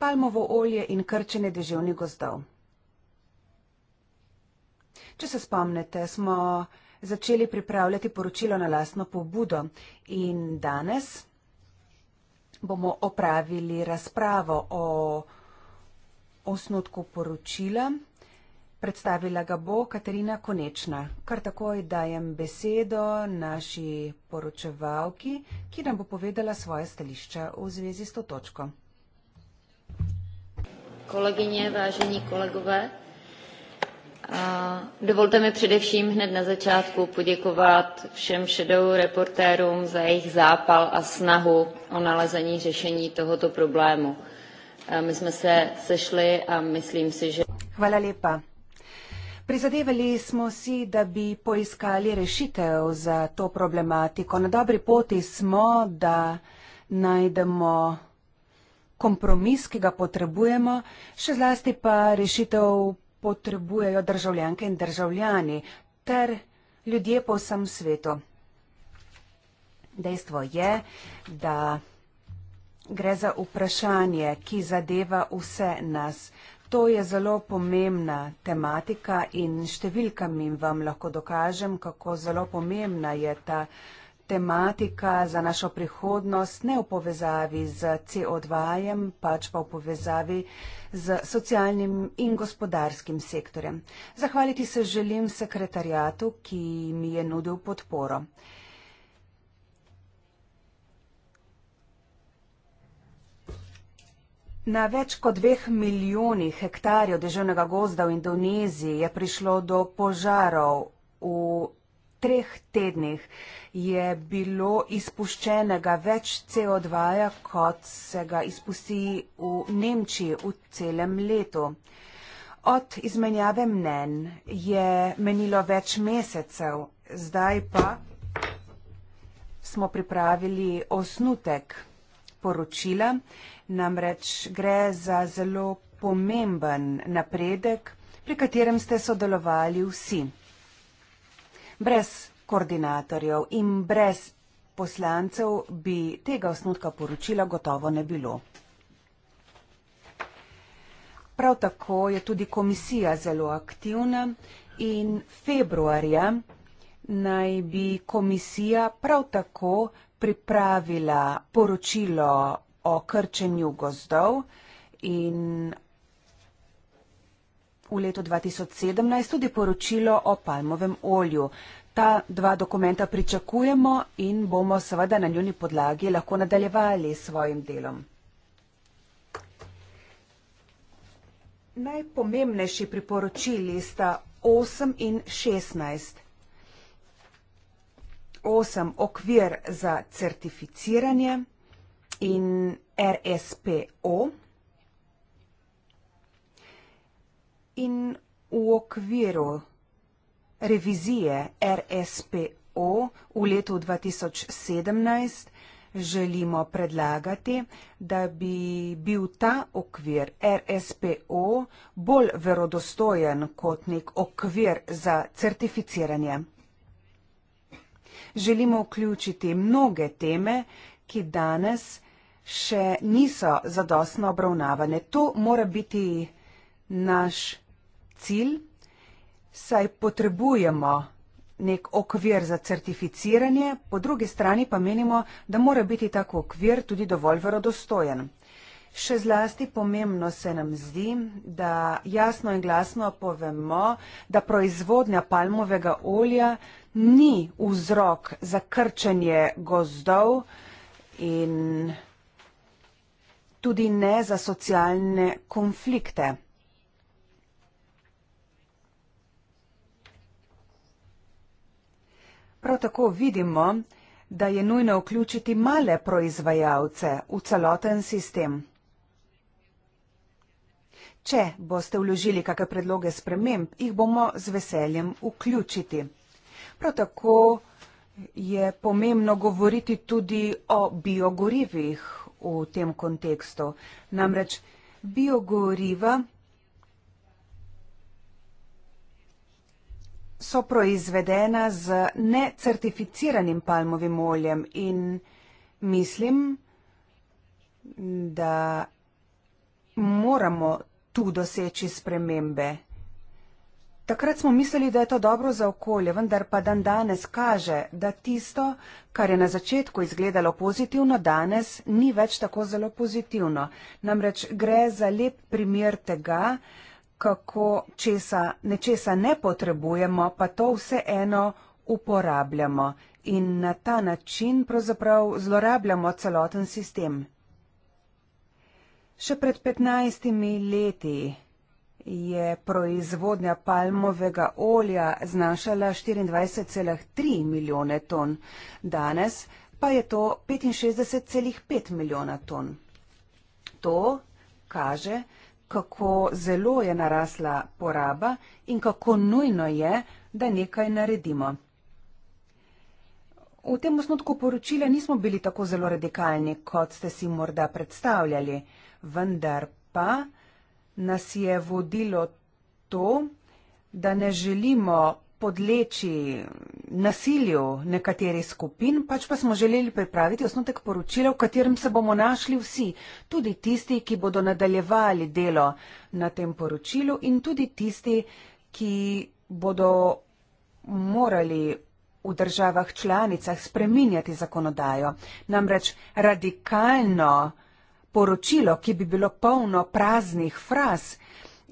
palmovo olje in krčenje deževnih gozdov. Če se spomnite, smo začeli pripravljati poročilo na lastno pobudo in danes bomo opravili razpravo o osnutku poročila. Predstavila ga bo Katarina Konečna. Kar takoj dajem besedo naši poročevalki, ki nam bo povedala svoje stališče v zvezi s to točko kolegyně, vážení kolegové. Dovolte mi především hned na začátku poděkovat všem šedou reportérům za jejich zápal a snahu o nalezení řešení tohoto problému. My jsme se sešli a myslím si, že. Hvala lepa. Prizadevali smo si, da bi poiskali rešitev za to problematiko. Na dobri poti smo, da najdemo kompromis, ki ga potrebujemo, še zlasti pa rešitev potrebujejo državljanke in državljani ter ljudje po vsem svetu. Dejstvo je, da gre za vprašanje, ki zadeva vse nas. To je zelo pomembna tematika in številkami vam lahko dokažem, kako zelo pomembna je ta vprašanje tematika za našo prihodnost ne v povezavi z CO2, pač pa v povezavi z socialnim in gospodarskim sektorjem. Zahvaliti se želim sekretarjatu, ki mi je nudil podporo. Na več kot dveh milijonih hektarjev deževnega gozda v Indoneziji je prišlo do požarov v treh tednih je bilo izpuščenega več CO2, kot se ga izpusti v Nemčiji v celem letu. Od izmenjave mnen je menilo več mesecev, zdaj pa smo pripravili osnutek poročila, namreč gre za zelo pomemben napredek, pri katerem ste sodelovali vsi. Brez koordinatorjev in brez poslancev bi tega osnutka poročila gotovo ne bilo. Prav tako je tudi komisija zelo aktivna in februarja naj bi komisija prav tako pripravila poročilo o krčenju gozdov in v letu 2017 tudi poročilo o palmovem olju. Ta dva dokumenta pričakujemo in bomo seveda na njuni podlagi lahko nadaljevali s svojim delom. Najpomembnejši priporočili sta 8 in 16. 8 okvir za certificiranje in RSPO in v okviru revizije RSPO v letu 2017 želimo predlagati, da bi bil ta okvir RSPO bolj verodostojen kot nek okvir za certificiranje. Želimo vključiti mnoge teme, ki danes še niso zadostno obravnavane. To mora biti naš cilj, saj potrebujemo nek okvir za certificiranje, po drugi strani pa menimo, da mora biti tako okvir tudi dovolj verodostojen. Še zlasti pomembno se nam zdi, da jasno in glasno povemo, da proizvodnja palmovega olja ni vzrok za krčenje gozdov in tudi ne za socialne konflikte. Prav tako vidimo, da je nujno vključiti male proizvajalce v celoten sistem. Če boste vložili kakšne predloge sprememb, jih bomo z veseljem vključiti. Prav tako je pomembno govoriti tudi o biogorivih v tem kontekstu. Namreč biogoriva so proizvedena z necertificiranim palmovim oljem in mislim, da moramo tu doseči spremembe. Takrat smo mislili, da je to dobro za okolje, vendar pa dan danes kaže, da tisto, kar je na začetku izgledalo pozitivno, danes ni več tako zelo pozitivno. Namreč gre za lep primer tega, kako česa, nečesa ne potrebujemo, pa to vseeno uporabljamo in na ta način pravzaprav zlorabljamo celoten sistem. Še pred 15 leti je proizvodnja palmovega olja znašala 24,3 milijone ton, danes pa je to 65,5 milijona ton. To kaže, da kako zelo je narasla poraba in kako nujno je, da nekaj naredimo. V tem osnutku poročila nismo bili tako zelo radikalni, kot ste si morda predstavljali, vendar pa nas je vodilo to, da ne želimo podleči nasilju nekaterih skupin, pač pa smo želeli pripraviti osnotek poročila, v katerem se bomo našli vsi, tudi tisti, ki bodo nadaljevali delo na tem poročilu in tudi tisti, ki bodo morali v državah članicah spreminjati zakonodajo. Namreč radikalno poročilo, ki bi bilo polno praznih fraz,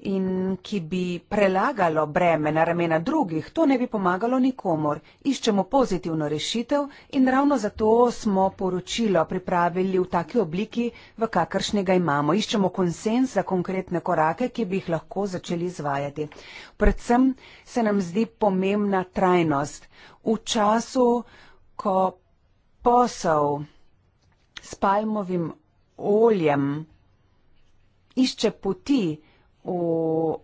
in ki bi prelagalo breme na ramena drugih, to ne bi pomagalo nikomor. Iščemo pozitivno rešitev in ravno zato smo poročilo pripravili v taki obliki, v kakršnega imamo. Iščemo konsens za konkretne korake, ki bi jih lahko začeli izvajati. Predvsem se nam zdi pomembna trajnost. V času, ko posel s palmovim oljem išče poti, v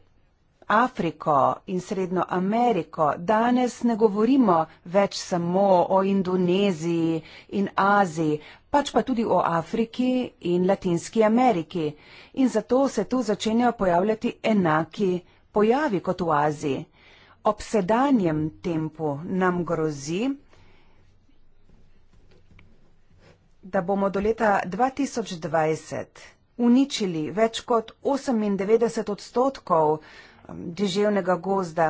Afriko in Srednjo Ameriko, danes ne govorimo več samo o Indoneziji in Aziji, pač pa tudi o Afriki in Latinski Ameriki. In zato se tu začenjajo pojavljati enaki pojavi kot v Aziji. Ob sedanjem tempu nam grozi, da bomo do leta 2020 uničili več kot 98 odstotkov um, deževnega gozda,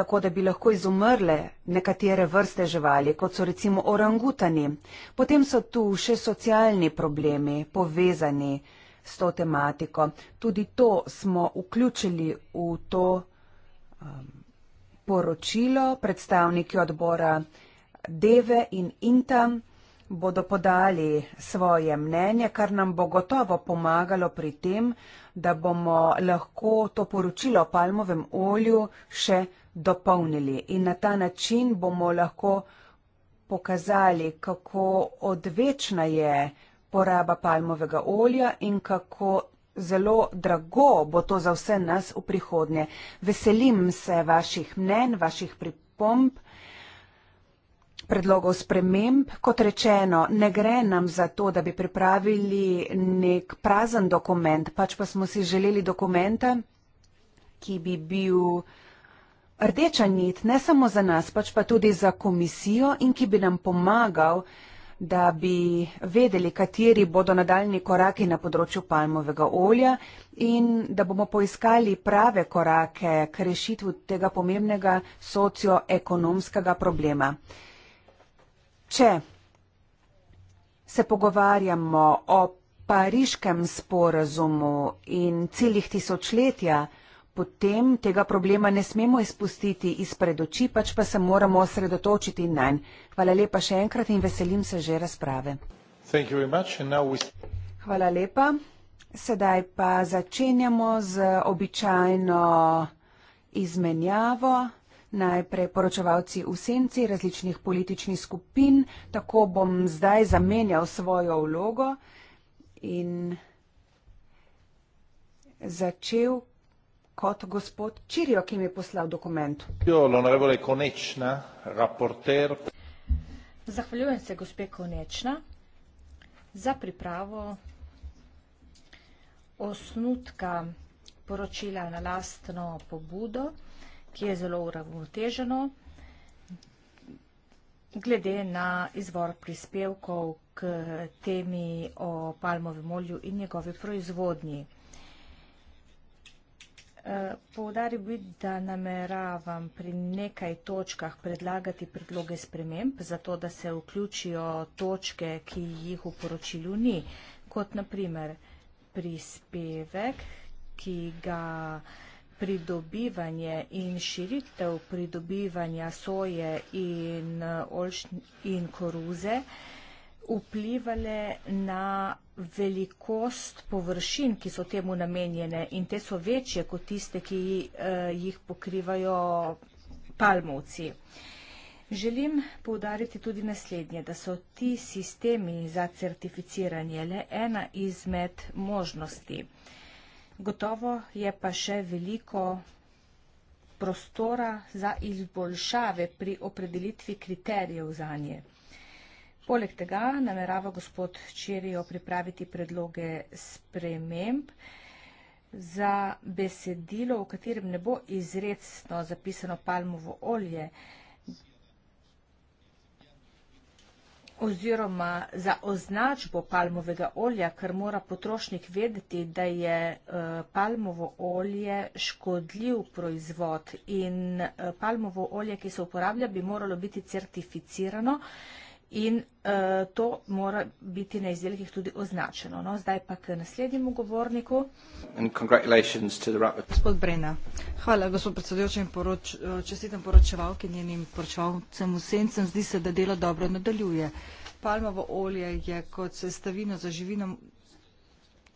tako da bi lahko izumrle nekatere vrste živali, kot so recimo orangutani. Potem so tu še socialni problemi povezani s to tematiko. Tudi to smo vključili v to um, poročilo predstavniki odbora Deve in Intam bodo podali svoje mnenje, kar nam bo gotovo pomagalo pri tem, da bomo lahko to poročilo o palmovem olju še dopolnili. In na ta način bomo lahko pokazali, kako odvečna je poraba palmovega olja in kako zelo drago bo to za vse nas v prihodnje. Veselim se vaših mnen, vaših pripomb predlogov sprememb. Kot rečeno, ne gre nam za to, da bi pripravili nek prazen dokument, pač pa smo si želeli dokumenta, ki bi bil rdeča nit, ne samo za nas, pač pa tudi za komisijo in ki bi nam pomagal, da bi vedeli, kateri bodo nadaljni koraki na področju palmovega olja in da bomo poiskali prave korake k rešitvu tega pomembnega socioekonomskega problema. Če se pogovarjamo o pariškem sporazumu in ciljih tisočletja, potem tega problema ne smemo izpustiti izpred oči, pač pa se moramo osredotočiti na nj. Hvala lepa še enkrat in veselim se že razprave. Hvala lepa. Sedaj pa začenjamo z običajno izmenjavo najprej poročevalci v senci različnih političnih skupin, tako bom zdaj zamenjal svojo vlogo in začel kot gospod Čirjo, ki mi je poslal dokument. Zahvaljujem se gospe Konečna za pripravo osnutka poročila na lastno pobudo ki je zelo uravnoteženo glede na izvor prispevkov k temi o palmovem olju in njegovi proizvodnji. E, Povdari bi, da nameravam pri nekaj točkah predlagati predloge sprememb, zato da se vključijo točke, ki jih v poročilju ni, kot naprimer prispevek, ki ga vključijo pridobivanje in širitev pridobivanja soje in, eh, in koruze vplivale na velikost površin, ki so temu namenjene in te so večje kot tiste, ki eh, jih pokrivajo palmovci. Želim poudariti tudi naslednje, da so ti sistemi za certificiranje le ena izmed možnosti. Gotovo je pa še veliko prostora za izboljšave pri opredelitvi kriterijev za nje. Poleg tega namerava gospod Čerijo pripraviti predloge sprememb za besedilo, v katerem ne bo izredno zapisano palmovo olje, oziroma za označbo palmovega olja, ker mora potrošnik vedeti, da je eh, palmovo olje škodljiv proizvod in eh, palmovo olje, ki se uporablja, bi moralo biti certificirano in uh, to mora biti na izdelkih tudi označeno. No, zdaj pa k naslednjemu govorniku. Gospod Brena, hvala gospod predsedujoči in poroč, čestitam poročevalki njenim poročevalcem v sencem. Zdi se, da delo dobro nadaljuje. Palmovo olje je kot sestavino za živino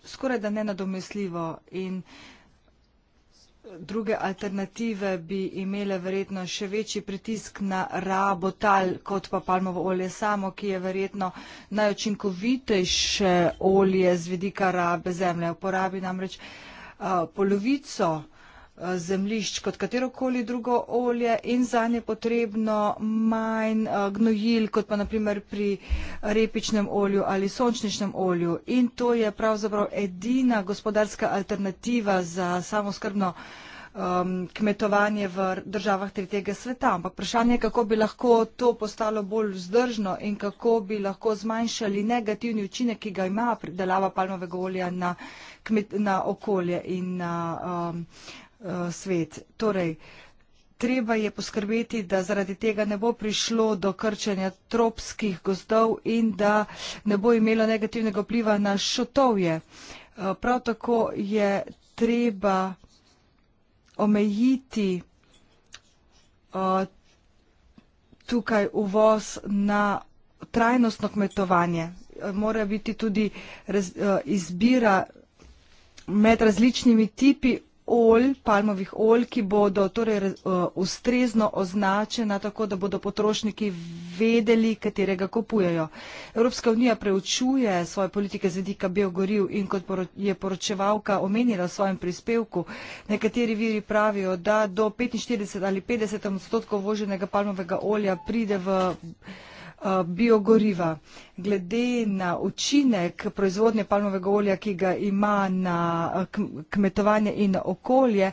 skoraj da nenadomestljivo in uh, druge alternative bi imele verjetno še večji pritisk na rabo tal, kot pa palmovo olje samo, ki je verjetno najočinkovitejše olje z vidika rabe zemlje. Uporabi namreč uh, polovico Eh, zemlišč kot katerokoli drugo olje in zanje je potrebno manj eh, gnojil kot pa naprimer pri repičnem olju ali sončničnem olju. In to je pravzaprav edina gospodarska alternativa za samoskrbno kmetovanje v državah tretjega sveta. Ampak vprašanje je, kako bi lahko to postalo bolj vzdržno in kako bi lahko zmanjšali negativni učinek, ki ga ima pridelava palmovega olja na, kmet, na okolje in na um, Eh, svet. Torej, treba je poskrbeti, da zaradi tega ne bo prišlo do krčenja tropskih gozdov in da ne bo imelo negativnega vpliva na šotovje. Eh, prav tako je treba omejiti eh, tukaj uvoz na trajnostno kmetovanje. Mora biti tudi izbira med različnimi tipi olj, palmovih olj, ki bodo torej, eh, ustrezno označena, tako da bodo potrošniki vedeli, katerega kupujejo. Evropska unija preučuje svoje politike z vedika biogoriv in kot je poročevalka omenila v svojem prispevku, nekateri viri pravijo, da do 45 ali 50 odstotkov voženega palmovega olja pride v Eh, biogoriva. Glede na učinek proizvodnje palmovega olja, ki ga ima na eh, kmetovanje in na okolje,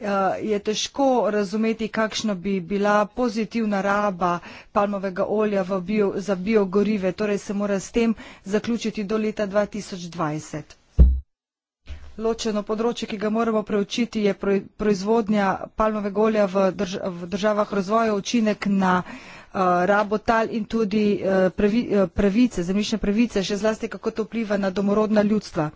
eh, je težko razumeti, kakšna bi bila pozitivna raba palmovega olja bio, za biogorive. Torej se mora s tem zaključiti do leta 2020. Ločeno področje, ki ga moramo preučiti, je proizvodnja palmovega olja v, drž v državah razvoja, učinek na uh, Eh, rabo tal in tudi eh, pravi, eh, pravice, zemljišne pravice, še zlasti kako to vpliva na domorodna ljudstva.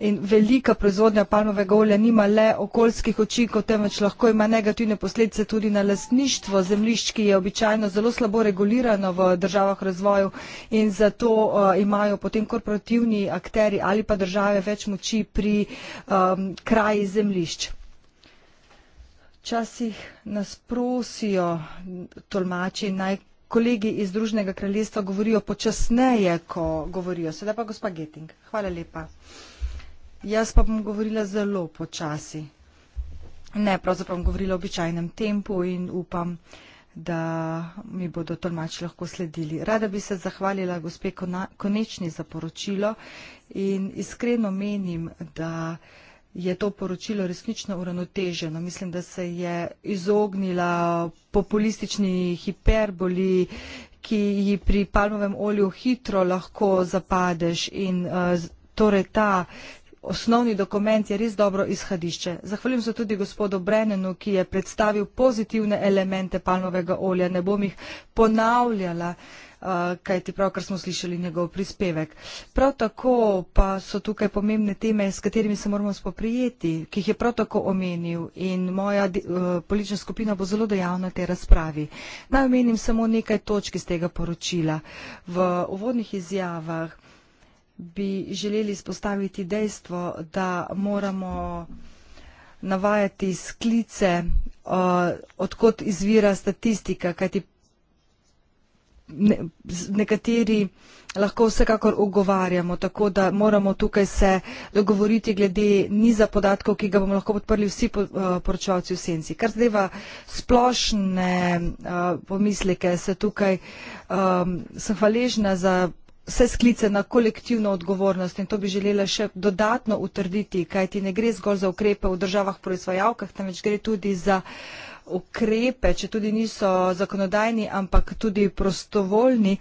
In velika proizvodnja palmovega olja nima le okoljskih očinkov, temveč lahko ima negativne posledice tudi na lasništvo zemljišč, ki je običajno zelo slabo regulirano v državah razvoju in zato uh, imajo potem korporativni akteri ali pa države več moči pri um, kraji zemljišč včasih nas prosijo tolmači naj. Kolegi iz Združnega kraljestva govorijo počasneje, ko govorijo. Sedaj pa gospa Geting. Hvala lepa. Jaz pa bom govorila zelo počasi. Ne, pravzaprav bom govorila v običajnem tempu in upam, da mi bodo tolmači lahko sledili. Rada bi se zahvalila gospe Konečni za poročilo in iskreno menim, da je to poročilo resnično uravnoteženo. Mislim, da se je izognila populistični hiperboli, ki ji pri palmovem olju hitro lahko zapadeš. In, uh, torej ta osnovni dokument je res dobro izhodišče. Zahvaljujem se tudi gospodu Brennenu, ki je predstavil pozitivne elemente palmovega olja. Ne bom jih ponavljala. Uh, Eh, kaj ti pravkar smo slišali njegov prispevek. Prav tako pa so tukaj pomembne teme, s katerimi se moramo spoprijeti, ki jih je prav tako omenil in moja eh, politična skupina bo zelo dejavna te razpravi. Naj omenim samo nekaj točk iz tega poročila. V uvodnih izjavah bi želeli spostaviti dejstvo, da moramo navajati sklice, eh, odkot izvira statistika, kajti ne, nekateri lahko vsekakor ogovarjamo, tako da moramo tukaj se dogovoriti glede niza podatkov, ki ga bomo lahko podprli vsi po, uh, eh, poročavci v senci. Kar zadeva splošne uh, pomisleke, se tukaj um, sem hvaležna za vse sklice na kolektivno odgovornost in to bi želela še dodatno utrditi, kajti ne gre zgolj za ukrepe v državah proizvajalkah, temveč gre tudi za uh, ukrepe, če tudi niso zakonodajni, ampak tudi prostovoljni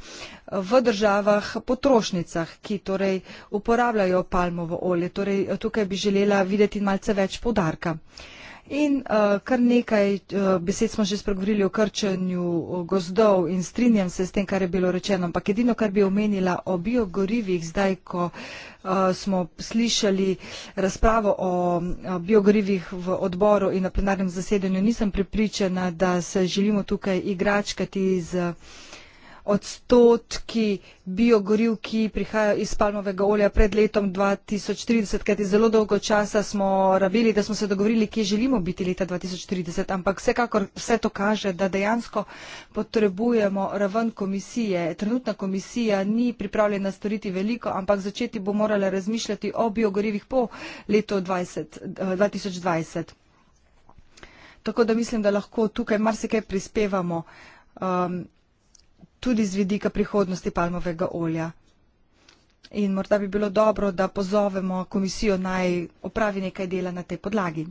v državah potrošnicah, ki torej uporabljajo palmovo olje. Torej, tukaj bi želela videti malce več podarka. Uh, In uh, kar nekaj uh, besed smo že spregovorili o krčenju uh, gozdov in strinjam se s tem, kar je bilo rečeno, ampak edino, kar bi omenila o biogorivih, zdaj, ko uh, smo slišali razpravo o uh, biogorivih v odboru in na plenarnem zasedanju, nisem prepričana, da se želimo tukaj igračkati z. Uh, odstotki biogoriv, ki prihajajo iz palmovega olja pred letom 2030, kajti zelo dolgo časa smo ravili, da smo se dogovorili, kje želimo biti leta 2030, ampak vsekakor vse to kaže, da dejansko potrebujemo raven komisije. Trenutna komisija ni pripravljena storiti veliko, ampak začeti bo morala razmišljati o biogorivih po letu 20, 2020. Eh, Tako da mislim, da lahko tukaj marsikaj prispevamo. Um, tudi z vidika prihodnosti palmovega olja. In morda bi bilo dobro, da pozovemo komisijo naj opravi nekaj dela na tej podlagi.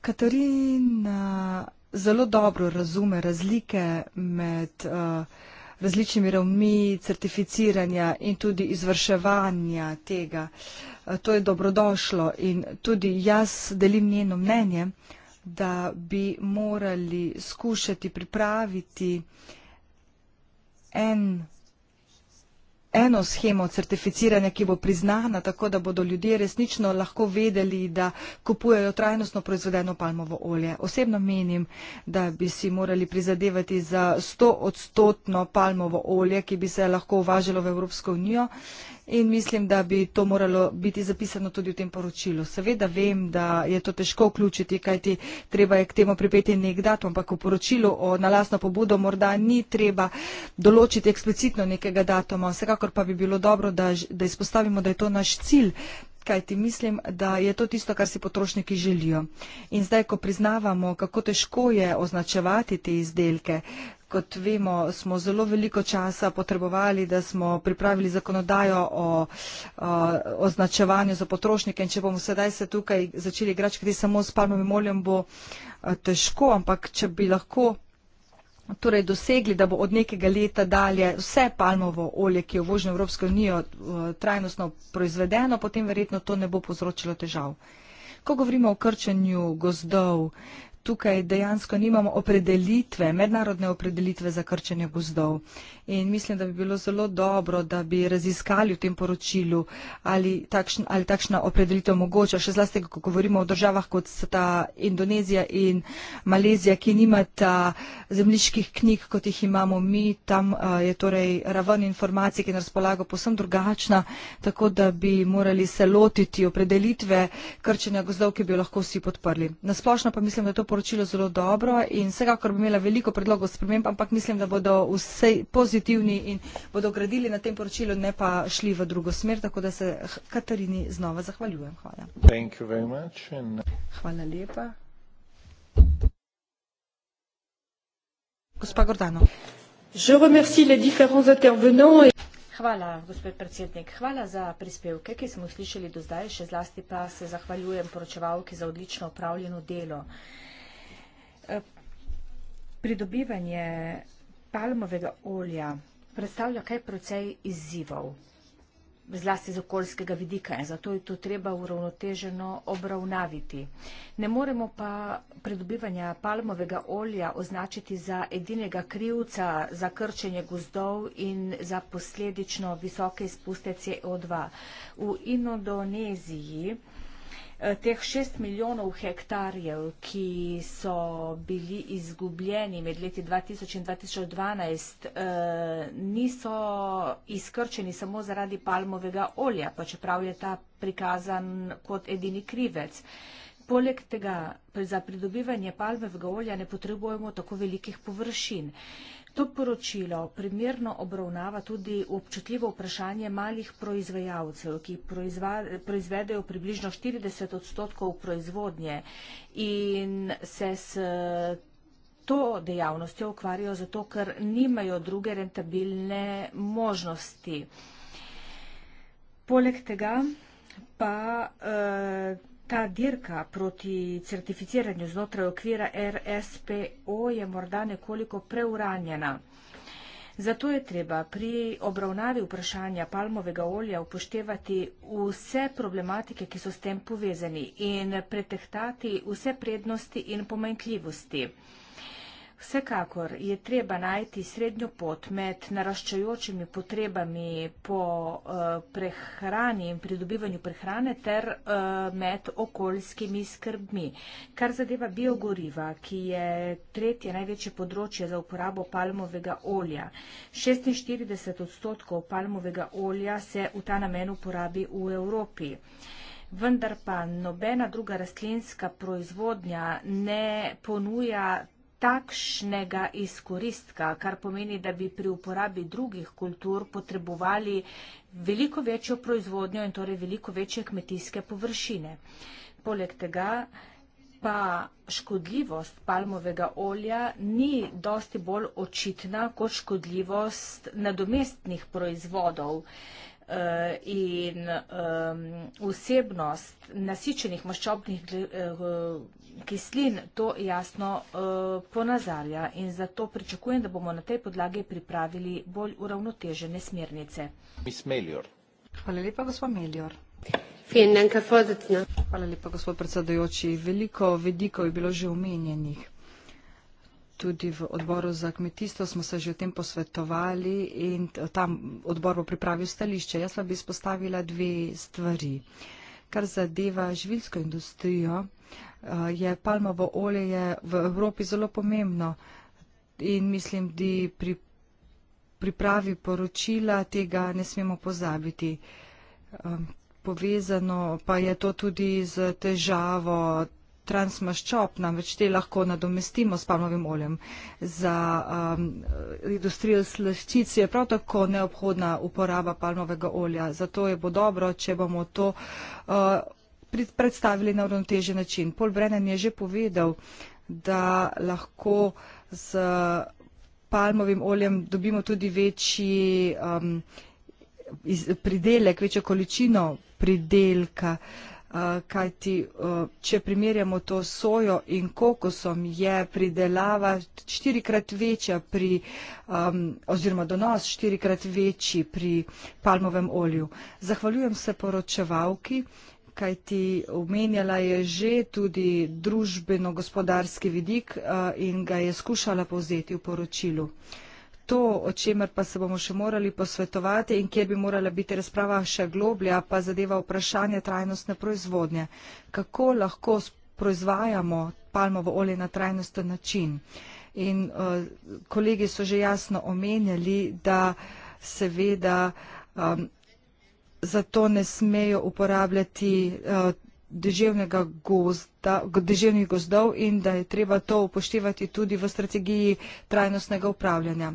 Katarina zelo dobro razume razlike med uh, različnimi ravni certificiranja in tudi izvrševanja tega. Uh, to je dobrodošlo in tudi jaz delim njeno mnenje, da bi morali skušati pripraviti uh, en, eno schemo certificiranja, ki bo priznana, tako da bodo ljudje resnično lahko vedeli, da kupujejo trajnostno proizvedeno palmovo olje. Osebno menim, da bi si morali prizadevati za 100 odstotno palmovo olje, ki bi se lahko uvažalo v Evropsko unijo in mislim, da bi to moralo biti zapisano tudi v tem poročilu. Seveda vem, da je to težko vključiti, kajti treba je k temu pripeti nek datum, ampak v poročilu o nalasno pobudo morda ni treba določiti eksplicitno nekega datuma. Vsekakor pa bi bilo dobro, da, da izpostavimo, da je to naš cilj kajti mislim, da je to tisto, kar si potrošniki želijo. In zdaj, ko priznavamo, kako težko je označevati te izdelke, Kot vemo, smo zelo veliko časa potrebovali, da smo pripravili zakonodajo o označevanju za potrošnike in če bomo sedaj se tukaj začeli igrački samo s palmovim oljem, bo eh, težko, ampak če bi lahko torej dosegli, da bo od nekega leta dalje vse palmovo olje, ki je uvoženo v Evropsko unijo, eh, trajnostno proizvedeno, potem verjetno to ne bo povzročilo težav. Ko govorimo o krčenju gozdov, tukaj dejansko nimamo opredelitve, mednarodne opredelitve za krčenje gozdov. In mislim, da bi bilo zelo dobro, da bi raziskali v tem poročilu, ali, takšn, ali takšna opredelitev mogoča, še zlasti, ko govorimo o državah, kot sta Indonezija in Malezija, ki nimata zemljiških knjig, kot jih imamo mi. Tam uh, je torej raven informacij, ki je na razpolago posem drugačna, tako da bi morali se lotiti opredelitve krčenja gozdov, ki bi jo lahko vsi podprli. Nasplošno pa mislim, da je to poročilo zelo dobro in vsekakor bi imela veliko predlogov sprememb, ampak mislim, da bodo vsej pozitivni in bodo gradili na tem poročilu, ne pa šli v drugo smer, tako da se Katarini znova zahvaljujem. Hvala. Hvala lepa. Gospa Gordano. Hvala, gospod predsednik. Hvala za prispevke, ki smo slišali do zdaj, še zlasti pa se zahvaljujem poročevalki za odlično upravljeno delo. Eh, pridobivanje palmovega olja predstavlja kaj precej izzivov, zlasti z okoljskega vidika in zato je to treba uravnoteženo obravnaviti. Ne moremo pa pridobivanja palmovega olja označiti za edinega krivca za krčenje gozdov in za posledično visoke izpuste CO2. V Indoneziji Eh, teh šest milijonov hektarjev, ki so bili izgubljeni med leti 2000 in 2012, eh, niso izkrčeni samo zaradi palmovega olja, pa čeprav je ta prikazan kot edini krivec. Poleg tega, za pridobivanje palmevega olja ne potrebujemo tako velikih površin. To poročilo primerno obravnava tudi občutljivo vprašanje malih proizvajalcev, ki proizvedejo približno 40 odstotkov proizvodnje in se s to dejavnostjo ukvarjajo zato, ker nimajo druge rentabilne možnosti. Poleg tega pa eh, Ta dirka proti certificiranju znotraj okvira RSPO je morda nekoliko preuranjena. Zato je treba pri obravnavi vprašanja palmovega olja upoštevati vse problematike, ki so s tem povezani in pretehtati vse prednosti in pomanjkljivosti. Vsekakor je treba najti srednjo pot med naraščajočimi potrebami po uh, prehrani in pridobivanju prehrane ter uh, med okoljskimi skrbmi. Kar zadeva biogoriva, ki je tretje največje področje za uporabo palmovega olja. 46 odstotkov palmovega olja se v ta namen uporabi v Evropi. Vendar pa nobena druga rastlinska proizvodnja ne ponuja takšnega izkoristka, kar pomeni, da bi pri uporabi drugih kultur potrebovali veliko večjo proizvodnjo in torej veliko večje kmetijske površine. Poleg tega pa škodljivost palmovega olja ni dosti bolj očitna kot škodljivost nadomestnih proizvodov eh, in um, vsebnost nasičenih maščobnih uh, kislin to jasno eh, ponazarja in zato pričakujem, da bomo na tej podlagi pripravili bolj uravnotežene smernice. Hvala lepa, gospod Melior. Hvala lepa, gospod predsedajoči. Veliko vedikov je bilo že omenjenih. Tudi v odboru za kmetijstvo smo se že o tem posvetovali in tam odbor bo pripravil stališče. Jaz pa bi izpostavila dve stvari. Uh, kar zadeva živilsko industrijo, eh, je palmovo olje je v Evropi zelo pomembno in mislim, da pri pripravi poročila tega ne smemo pozabiti. Ehm, povezano pa je to tudi z težavo transmaščob, namreč te lahko nadomestimo s palmovim oljem. Za um, industrijo slaščic je prav tako neobhodna uporaba palmovega olja, zato je bo dobro, če bomo to uh, predstavili na uravnotežen način. Pol Brennan je že povedal, da lahko z palmovim oljem dobimo tudi večji um, iz, pridelek, večjo količino pridelka. Uh, Eh, kajti eh, če primerjamo to s sojo in kokosom, je pridelava štirikrat večja pri, oziroma donos štirikrat večji pri palmovem olju. Zahvaljujem se poročevalki kajti omenjala je že tudi družbeno-gospodarski vidik eh, in ga je skušala povzeti v poročilu to, o čemer pa se bomo še morali posvetovati in kjer bi morala biti razprava še globlja, pa zadeva vprašanje trajnostne proizvodnje. Kako lahko proizvajamo palmovo olje na trajnosten način? In uh, kolegi so že jasno omenjali, da seveda um, eh, zato ne smejo uporabljati uh, deževnega gozda, deževnih gozdov in da je treba to upoštevati tudi v strategiji trajnostnega upravljanja.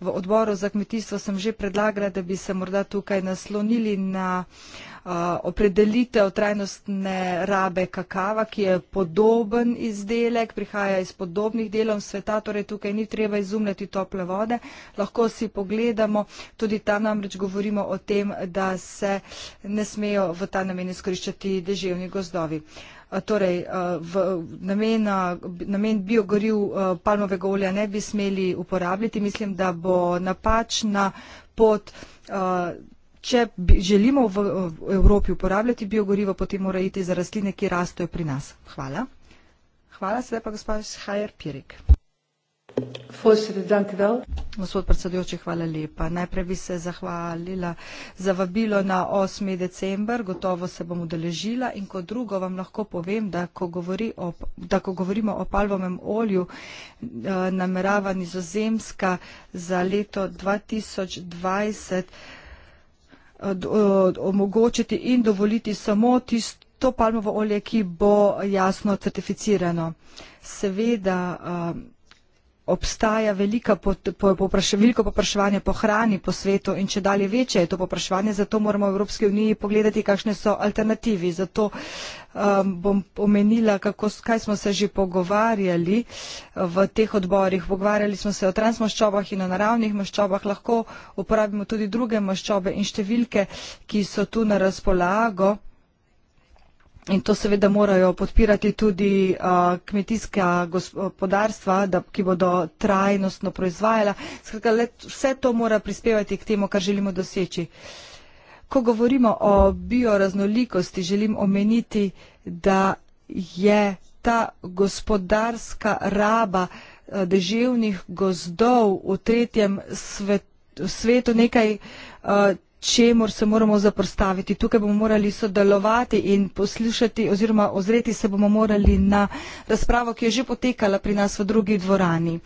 V odboru za kmetijstvo sem že predlagala, da bi se morda tukaj naslonili na uh, Uh, opredelitev trajnostne rabe kakava, ki je podoben izdelek, prihaja iz podobnih delov sveta, torej tukaj ni treba izumljati tople vode. Lahko si pogledamo, tudi tam namreč govorimo o tem, da se ne smejo v ta namen izkoriščati deževni gozdovi. Uh, torej, uh, v namen, namen biogoriv palmovega olja ne bi smeli uporabljati. Mislim, da bo napačna pot če želimo v Evropi uporabljati biogorivo, potem mora iti za rastline, ki rastejo pri nas. Hvala. Hvala, sedaj pa gospod Hajer Pirik. Gospod predsedujoči, hvala lepa. Najprej bi se zahvalila za vabilo na 8. december, gotovo se bom udeležila in kot drugo vam lahko povem, da ko, govori o, da ko govorimo o palvomem olju, eh, namerava nizozemska za leto 2020 omogočiti in dovoliti samo tisto palmovo olje, ki bo jasno certificirano. Seveda, um, obstaja velika popraševilko popraševanja po hrani po svetu in če dalje večje je to popraševanje, zato moramo v Evropski uniji pogledati, kakšne so alternativi. Zato um, bom omenila, kako, kaj smo se že pogovarjali uh, v teh odborih. Pogovarjali smo se o transmaščobah in o naravnih maščobah. Lahko uporabimo tudi druge maščobe in številke, ki so tu na razpolago. In to seveda morajo podpirati tudi uh, kmetijska gospodarstva, da, ki bodo trajnostno proizvajala. Skratka, let, vse to mora prispevati k temu, kar želimo doseči. Ko govorimo o bioraznolikosti, želim omeniti, da je ta gospodarska raba deževnih gozdov v tretjem svet, svetu nekaj uh, čemu se moramo zaprstaviti. Tukaj bomo morali sodelovati in poslušati oziroma ozreti se bomo morali na razpravo, ki je že potekala pri nas v drugi dvorani.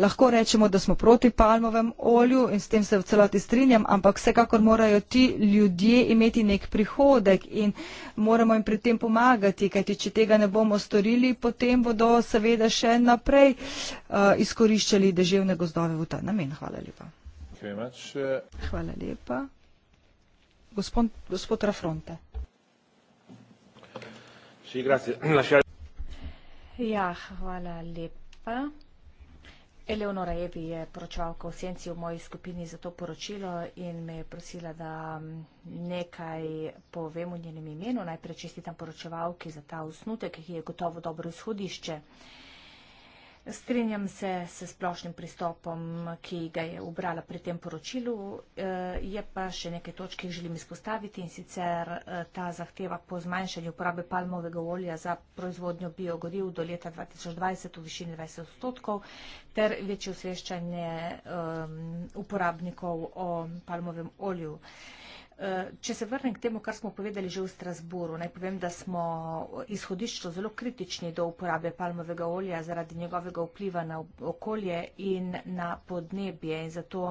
Lahko rečemo, da smo proti palmovem olju in s tem se v celoti strinjam, ampak vsekakor morajo ti ljudje imeti nek prihodek in moramo jim pri tem pomagati, kajti če tega ne bomo storili, potem bodo seveda še naprej uh, izkoriščali deževne gozdove v ta namen. Hvala lepa. Hvala lepa. Gospod, gospod Rafronte. Si, grazie. Lasciare... Ja, hvala lepa. Eleonora Evi je poročeval konsenci v moji skupini za to poročilo in me je prosila, da nekaj povem v njenem imenu. Najprej čestitam poročevalki za ta osnutek, ki je gotovo dobro izhodišče. Strenjam se s splošnim pristopom, ki ga je obrala pri tem poročilu. Eh, je pa še nekaj točk, ki jih želim izpostaviti in sicer eh, ta zahteva po zmanjšanju uporabe palmovega olja za proizvodnjo biogoriv do leta 2020 v višini 20 odstotkov ter večje osveščanje eh, uporabnikov o palmovem olju. Eh, če se vrnem k temu, kar smo povedali že v Strasboru, naj povem, da smo izhodiščno zelo kritični do uporabe palmovega olja zaradi njegovega vpliva na okolje in na podnebje. In zato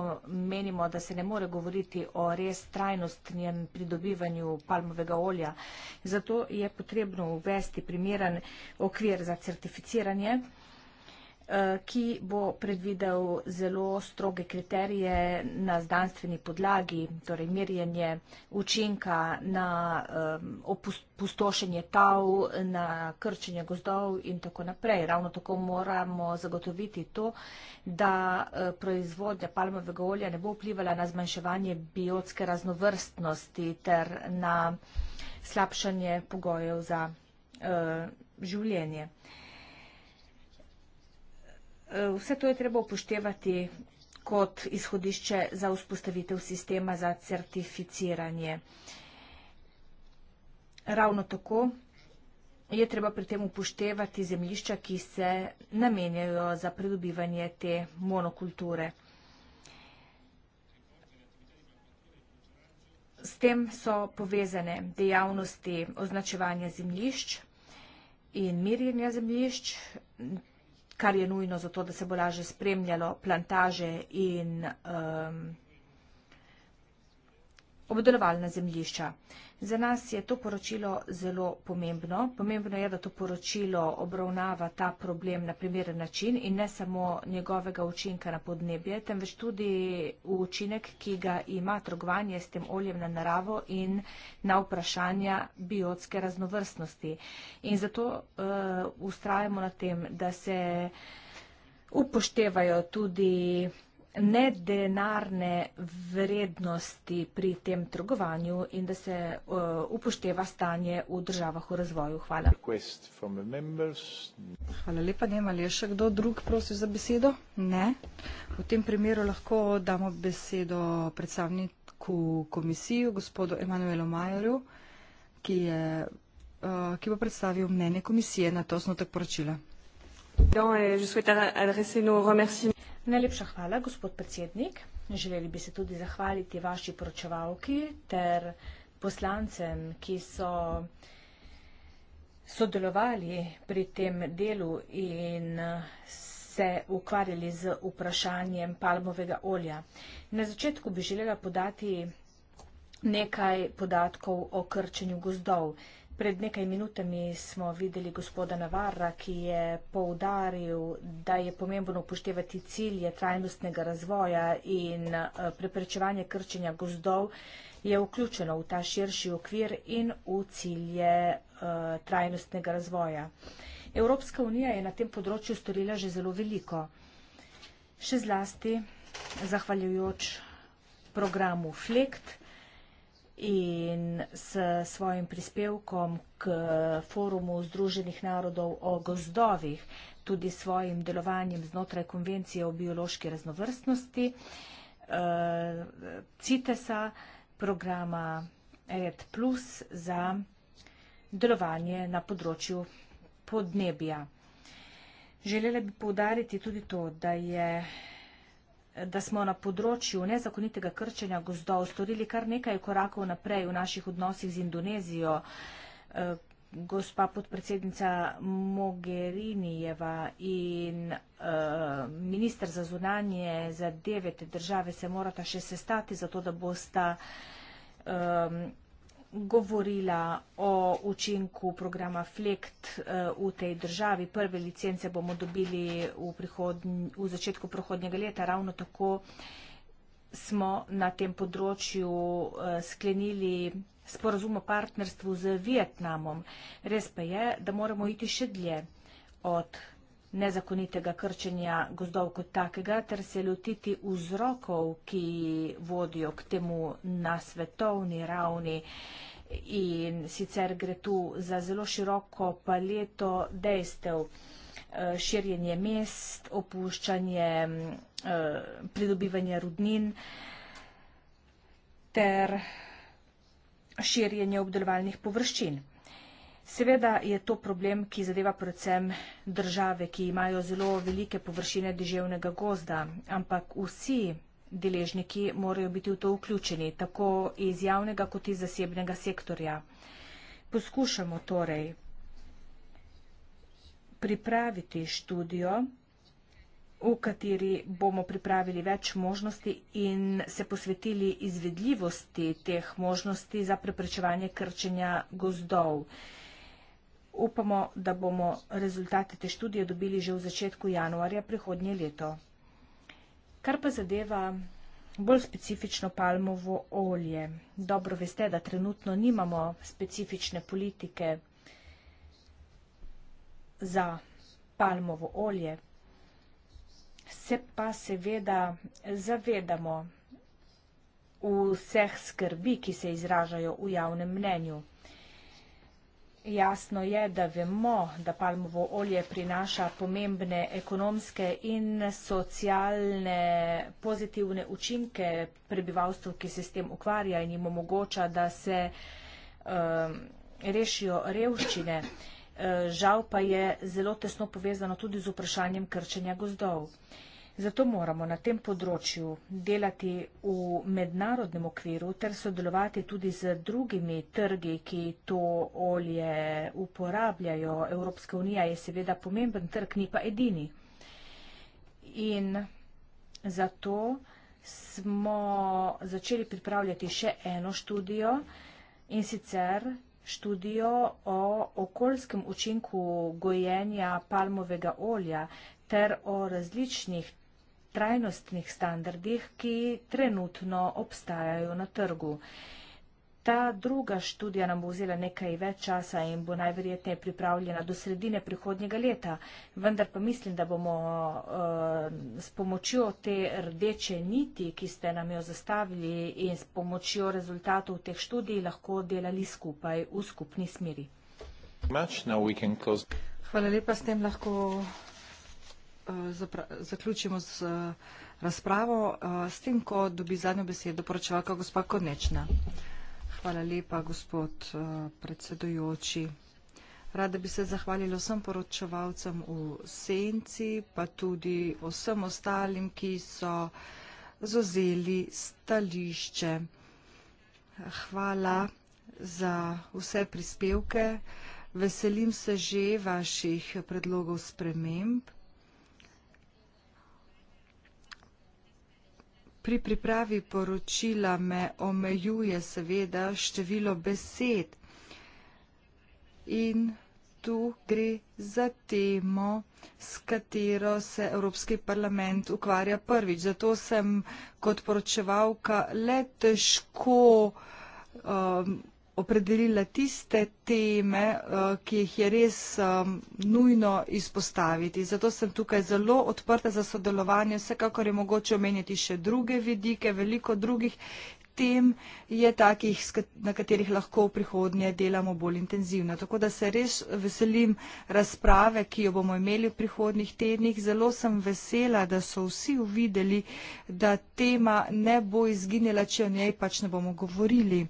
menimo, da se ne more govoriti o res trajnostnem pridobivanju palmovega olja. Zato je potrebno uvesti primeren okvir za certificiranje. Eh, ki bo predvidel zelo stroge kriterije na zdanstveni podlagi, torej merjenje učinka na opustošenje tav, na krčenje gozdov in tako naprej. Ravno tako moramo zagotoviti to, da eh, proizvodnja palmovega olja ne bo vplivala na zmanjševanje biotske raznovrstnosti ter na slabšanje pogojev za eh, življenje. Vse to je treba upoštevati kot izhodišče za vzpostavitev sistema za certificiranje. Ravno tako je treba pri tem upoštevati zemljišča, ki se namenjajo za pridobivanje te monokulture. S tem so povezane dejavnosti označevanja zemljišč in mirjenja zemljišč, kar je nujno za to, da se bo lažje spremljalo plantaže in um, obdelovalna zemljišča. Za nas je to poročilo zelo pomembno. Pomembno je, da to poročilo obravnava ta problem na primeren način in ne samo njegovega učinka na podnebje, temveč tudi učinek, ki ga ima trgovanje s tem oljem na naravo in na vprašanja biotske raznovrstnosti. In zato uh, eh, ustrajamo na tem, da se upoštevajo tudi nedenarne vrednosti pri tem trgovanju in da se uh, upošteva stanje v državah v razvoju. Hvala. Hvala lepa. Nema le še kdo drug prosil za besedo? Ne. V tem primeru lahko damo besedo predstavniku komisiju, gospodu Emanuelu Majerju, ki, je, uh, ki bo predstavil mnenje komisije na to osnotek poročila. Hvala. Najlepša hvala, gospod predsednik. Želeli bi se tudi zahvaliti vaši poročevalki ter poslancem, ki so sodelovali pri tem delu in uh, se ukvarjali z vprašanjem palmovega olja. Na začetku bi želela podati nekaj podatkov o krčenju gozdov. Pred nekaj minutami smo videli gospoda Navarra, ki je poudaril, da je pomembno upoštevati cilje trajnostnega razvoja in eh, preprečevanje krčenja gozdov je vključeno v ta širši okvir in v cilje eh, trajnostnega razvoja. Evropska unija je na tem področju storila že zelo veliko, še zlasti zahvaljujoč programu FLEKT, in s svojim prispevkom k forumu Združenih narodov o gozdovih, tudi s svojim delovanjem znotraj konvencije o biološki raznovrstnosti, eh, CITES-a, programa RED Plus za delovanje na področju podnebja. Želela bi poudariti tudi to, da je da smo na področju nezakonitega krčenja gozdov storili kar nekaj korakov naprej v naših odnosih z Indonezijo. E, gospa podpredsednica Mogherinijeva in uh, minister za zunanje za devete države se morata še sestati, zato da bosta um, govorila o učinku programa FLEKT eh, v tej državi. Prve licence bomo dobili v, v začetku prihodnjega leta. Ravno tako smo na tem področju eh, sklenili sporazum o partnerstvu z Vietnamom. Res pa je, da moramo iti še dlje od nezakonitega krčenja gozdov kot takega, ter se lotiti vzrokov, ki vodijo k temu na svetovni ravni. In sicer gre tu za zelo široko paleto dejstev, eh, širjenje mest, opuščanje, mm, eh, pridobivanje rudnin ter širjenje obdelovalnih površin. Seveda je to problem, ki zadeva predvsem države, ki imajo zelo velike površine deževnega gozda, ampak vsi deležniki morajo biti v to vključeni, tako iz javnega kot iz zasebnega sektorja. Poskušamo torej pripraviti študijo, v kateri bomo pripravili več možnosti in se posvetili izvedljivosti teh možnosti za preprečevanje krčenja gozdov. Upamo, da bomo rezultate te študije dobili že v začetku januarja prihodnje leto. Kar pa zadeva bolj specifično palmovo olje. Dobro veste, da trenutno nimamo specifične politike za palmovo olje. Se pa seveda zavedamo vseh skrbi, ki se izražajo v javnem mnenju. Jasno je, da vemo, da palmovo olje prinaša pomembne ekonomske in socialne pozitivne učinke prebivalstvu, ki se s tem ukvarja in jim omogoča, da se um, rešijo revščine. Uh, žal pa je zelo tesno povezano tudi z vprašanjem krčenja gozdov. Uh, Zato moramo na tem področju delati v mednarodnem okviru ter sodelovati tudi z drugimi trgi, ki to olje uporabljajo. Evropska unija je seveda pomemben trg, ni pa edini. In zato smo začeli pripravljati še eno študijo in sicer študijo o okoljskem učinku gojenja palmovega olja ter o različnih trajnostnih standardih, ki trenutno obstajajo na trgu. Ta druga študija nam bo vzela nekaj več časa in bo najverjetneje pripravljena do sredine prihodnjega leta, vendar pa mislim, da bomo uh, s pomočjo te rdeče niti, ki ste nam jo zastavili in s pomočjo rezultatov teh študij lahko delali skupaj v skupni smeri. Hvala lepa, s tem lahko Eh, zaključimo z eh, razpravo. Eh, s tem, ko dobi zadnjo besedo poročevalka gospa Konečna. Hvala lepa, gospod predsedujoči. Rada bi se zahvalila vsem poročevalcem v senci, pa tudi vsem ostalim, ki so zozeli stališče. Hvala za vse prispevke. Veselim se že vaših predlogov sprememb. Pri pripravi poročila me omejuje seveda število besed in tu gre za temo, s katero se Evropski parlament ukvarja prvič. Zato sem kot poročevalka le težko um, opredelila tiste teme, eh, ki jih je res eh, nujno izpostaviti. Zato sem tukaj zelo odprta za sodelovanje. Vsekakor je mogoče omenjati še druge vidike, veliko drugih tem je takih, na katerih lahko v prihodnje delamo bolj intenzivno. Tako da se res veselim razprave, ki jo bomo imeli v prihodnih tednih. Zelo sem vesela, da so vsi uvideli, da tema ne bo izginjala, če o njej pač ne bomo govorili.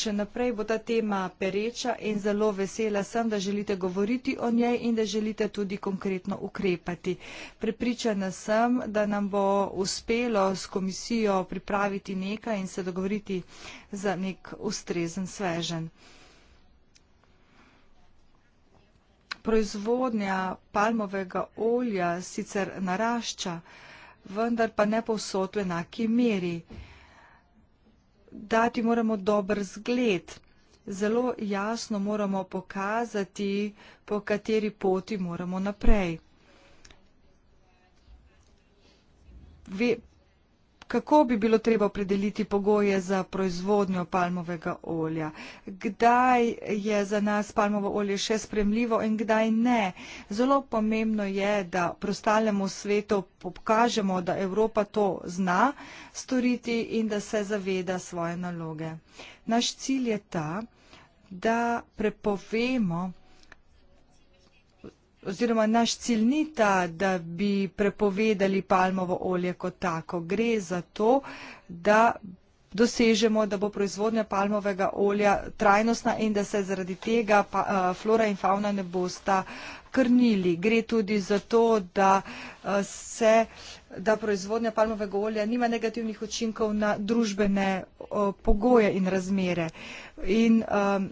Še naprej bo ta tema pereča in zelo vesela sem, da želite govoriti o njej in da želite tudi konkretno ukrepati. Prepričana sem, da nam bo uspelo s komisijo pripraviti nekaj in se dogovoriti dogovoriti za nek ustrezen svežen. Proizvodnja palmovega olja sicer narašča, vendar pa ne povsod v enaki meri. Dati moramo dober zgled, zelo jasno moramo pokazati, po kateri poti moramo naprej kako bi bilo treba predeliti pogoje za proizvodnjo palmovega olja. Kdaj je za nas palmovo olje še spremljivo in kdaj ne? Zelo pomembno je, da prostalnemu svetu pokažemo, da Evropa to zna storiti in da se zaveda svoje naloge. Naš cilj je ta, da prepovemo, oziroma naš cilj ni ta, da bi prepovedali palmovo olje kot tako. Gre za to, da dosežemo, da bo proizvodnja palmovega olja trajnostna in da se zaradi tega pa, uh, flora in fauna ne bosta krnili. Gre tudi za to, da, uh, se, da proizvodnja palmovega olja nima negativnih učinkov na družbene uh, pogoje in razmere. In, uh,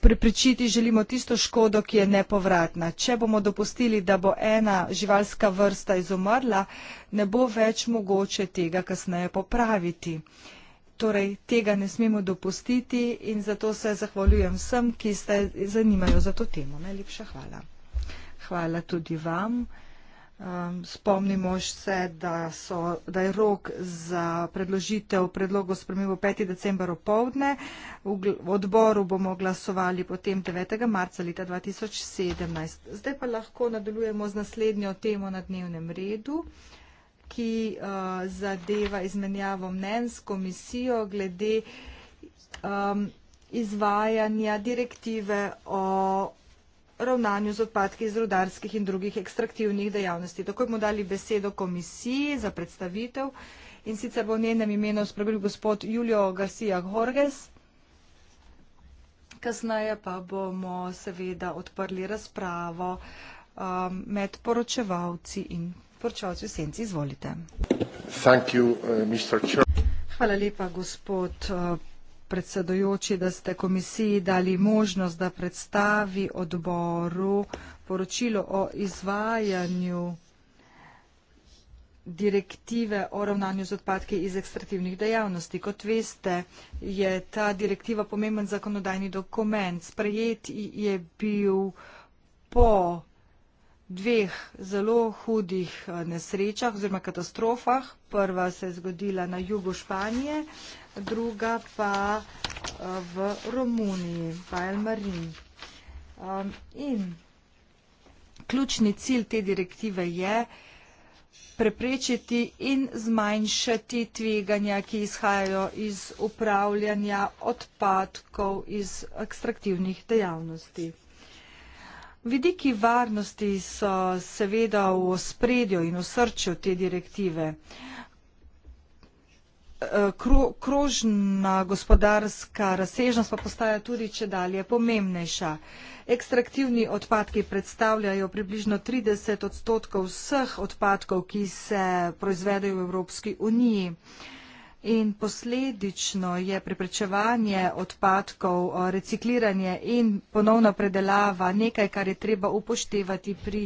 preprečiti želimo tisto škodo, ki je nepovratna. Če bomo dopustili, da bo ena živalska vrsta izumrla, ne bo več mogoče tega kasneje popraviti. Torej, tega ne smemo dopustiti in zato se zahvaljujem vsem, ki se zanimajo za to temo. Najlepša hvala. Hvala tudi vam. Um, spomnimo se, da, so, da je rok za predložitev predlogov spremembo 5. decembra opovdne. V, v odboru bomo glasovali potem 9. marca leta 2017. Zdaj pa lahko nadaljujemo z naslednjo temo na dnevnem redu, ki uh, zadeva izmenjavo mnen s komisijo glede um, izvajanja direktive o ravnanju z odpadki iz rudarskih in drugih ekstraktivnih dejavnosti. Tako bomo dali besedo komisiji za predstavitev in sicer bo v njenem imenu spregovoril gospod Julio Garcia Jorges. Kasneje pa bomo seveda odprli razpravo um, med poročevalci in poročevalci v senci. Izvolite. Thank you, uh, Hvala lepa, gospod uh, predsedojoči, da ste komisiji dali možnost, da predstavi odboru poročilo o izvajanju direktive o ravnanju z odpadki iz ekstraktivnih dejavnosti. Kot veste, je ta direktiva pomemben zakonodajni dokument. Sprejet je bil po dveh zelo hudih eh, nesrečah oziroma katastrofah. Prva se je zgodila na jugu Španije, uh, druga pa eh, v Romuniji, Bajalmarin. In ključni cilj te direktive je preprečiti in zmanjšati tveganja, ki izhajajo iz upravljanja odpadkov iz ekstraktivnih dejavnosti. Vidiki varnosti so seveda v spredju in v srčju te direktive. Eh, kro, krožna gospodarska razsežnost pa postaja tudi če dalje pomembnejša. Ekstraktivni odpadki predstavljajo približno 30 odstotkov vseh odpadkov, ki se proizvedejo v Evropski uniji. In posledično je preprečevanje odpadkov, eh, recikliranje in ponovna predelava nekaj, kar je treba upoštevati pri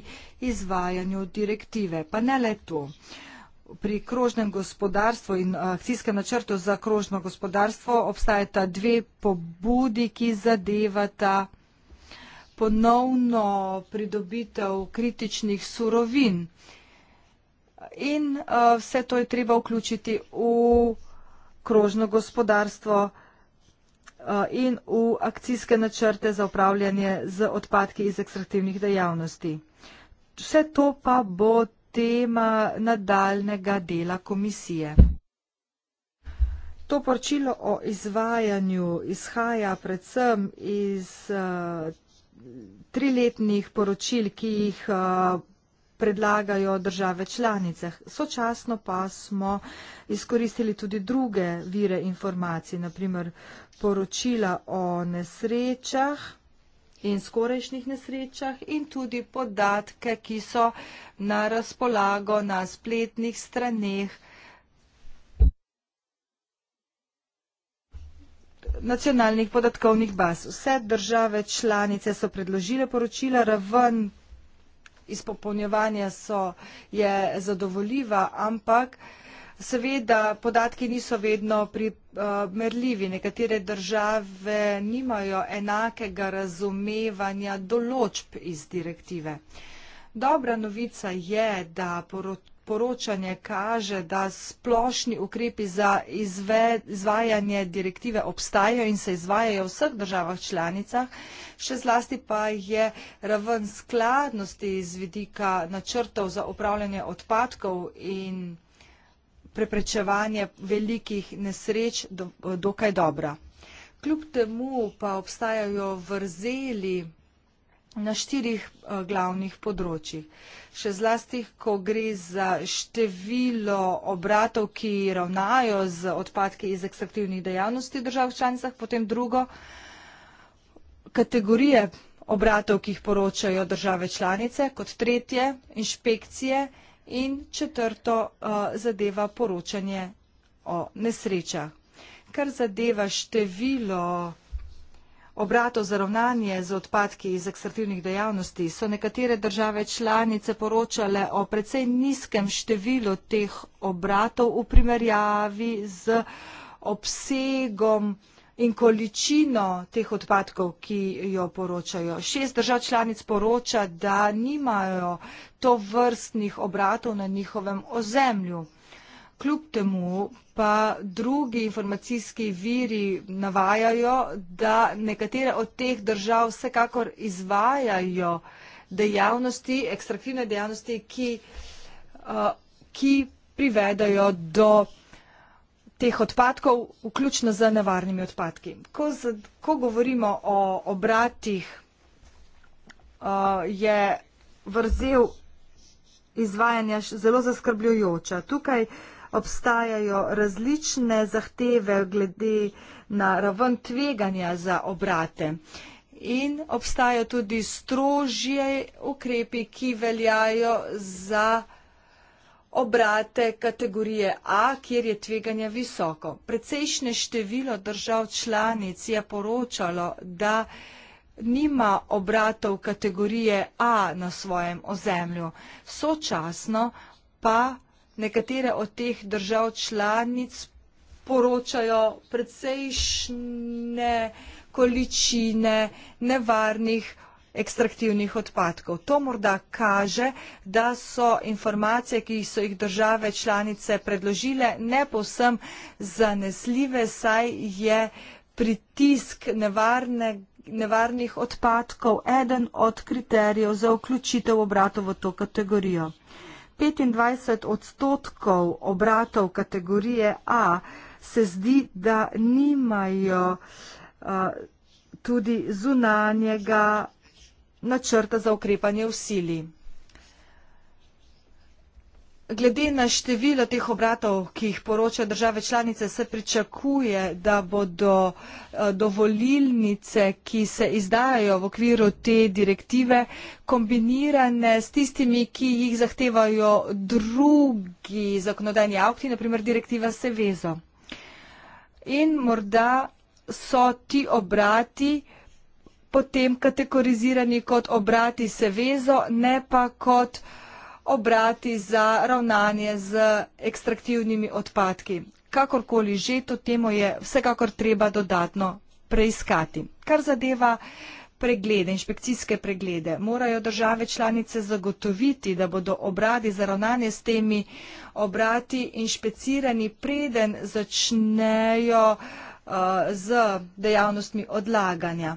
izvajanju direktive. Pa ne le to. Uh, pri krožnem gospodarstvu in eh, akcijskem načrtu za krožno gospodarstvo obstajata dve pobudi, ki zadevata ponovno pridobitev kritičnih surovin. In eh, vse to je treba vključiti v krožno gospodarstvo eh, in v akcijske načrte za upravljanje z odpadki iz ekstraktivnih dejavnosti. Vse to pa bo tema nadaljnega dela komisije. To poročilo o izvajanju izhaja predvsem iz uh, triletnih poročil, ki jih uh, predlagajo države članice. Sočasno pa smo izkoristili tudi druge vire informacij, naprimer poročila o nesrečah in skorajšnjih nesrečah in tudi podatke, ki so na razpolago na spletnih straneh nacionalnih podatkovnih baz. Vse države članice so predložile poročila, raven izpopolnjevanja so je zadovoljiva, ampak Seveda podatki niso vedno primerljivi. Eh, Nekatere države nimajo enakega razumevanja določb iz direktive. Dobra novica je, da poročanje kaže, da splošni ukrepi za izve, izvajanje direktive obstajajo in se izvajajo v vseh državah članicah, še zlasti pa je raven skladnosti z vidika načrtov za upravljanje odpadkov in preprečevanje velikih nesreč dokaj dobra. Kljub temu pa obstajajo vrzeli na štirih eh, glavnih področjih. Še zlasti, ko gre za število obratov, ki ravnajo z odpadki iz ekstraktivnih dejavnosti v državah članicah, potem drugo, kategorije obratov, ki jih poročajo države članice, kot tretje, inšpekcije, in četrto uh, zadeva poročanje o nesrečah. Kar zadeva število obratov za ravnanje z odpadki iz ekstraktivnih dejavnosti, so nekatere države članice poročale o precej nizkem številu teh obratov v primerjavi z obsegom in količino teh odpadkov, ki jo poročajo. Šest držav članic poroča, da nimajo to vrstnih obratov na njihovem ozemlju. Kljub temu pa drugi informacijski viri navajajo, da nekatere od teh držav vsekakor izvajajo dejavnosti, ekstraktivne dejavnosti, ki, uh, ki privedajo do teh odpadkov, vključno z nevarnimi odpadki. Ko, z, ko govorimo o obratih, uh, je vrzel izvajanja zelo zaskrbljujoča. Tukaj obstajajo različne zahteve glede na raven tveganja za obrate. In obstajajo tudi strožje ukrepi, ki veljajo za obrate kategorije A, kjer je tveganje visoko. Predsejšnje število držav članic je poročalo, da nima obratov kategorije A na svojem ozemlju. Sočasno pa nekatere od teh držav članic poročajo predsejšnje količine nevarnih obratov, ekstraktivnih odpadkov. To morda kaže, da so informacije, ki so jih države članice predložile, ne povsem zanesljive, saj je pritisk nevarne, nevarnih odpadkov eden od kriterijev za vključitev obratov v to kategorijo. 25 odstotkov obratov kategorije A se zdi, da nimajo uh, tudi zunanjega načrta za ukrepanje v sili. Glede na število teh obratov, ki jih poročajo države članice, se pričakuje, da bodo eh, dovolilnice, ki se izdajajo v okviru te direktive, kombinirane s tistimi, ki jih zahtevajo drugi zakonodajni akti, naprimer direktiva Sevezo. In morda so ti obrati, ki potem kategorizirani kot obrati se vezo, ne pa kot obrati za ravnanje z ekstraktivnimi odpadki. Kakorkoli že, to temo je vsekakor treba dodatno preiskati. Kar zadeva preglede, inšpekcijske preglede, morajo države članice zagotoviti, da bodo obradi za ravnanje s temi obrati inšpecirani, preden začnejo uh, z dejavnostmi odlaganja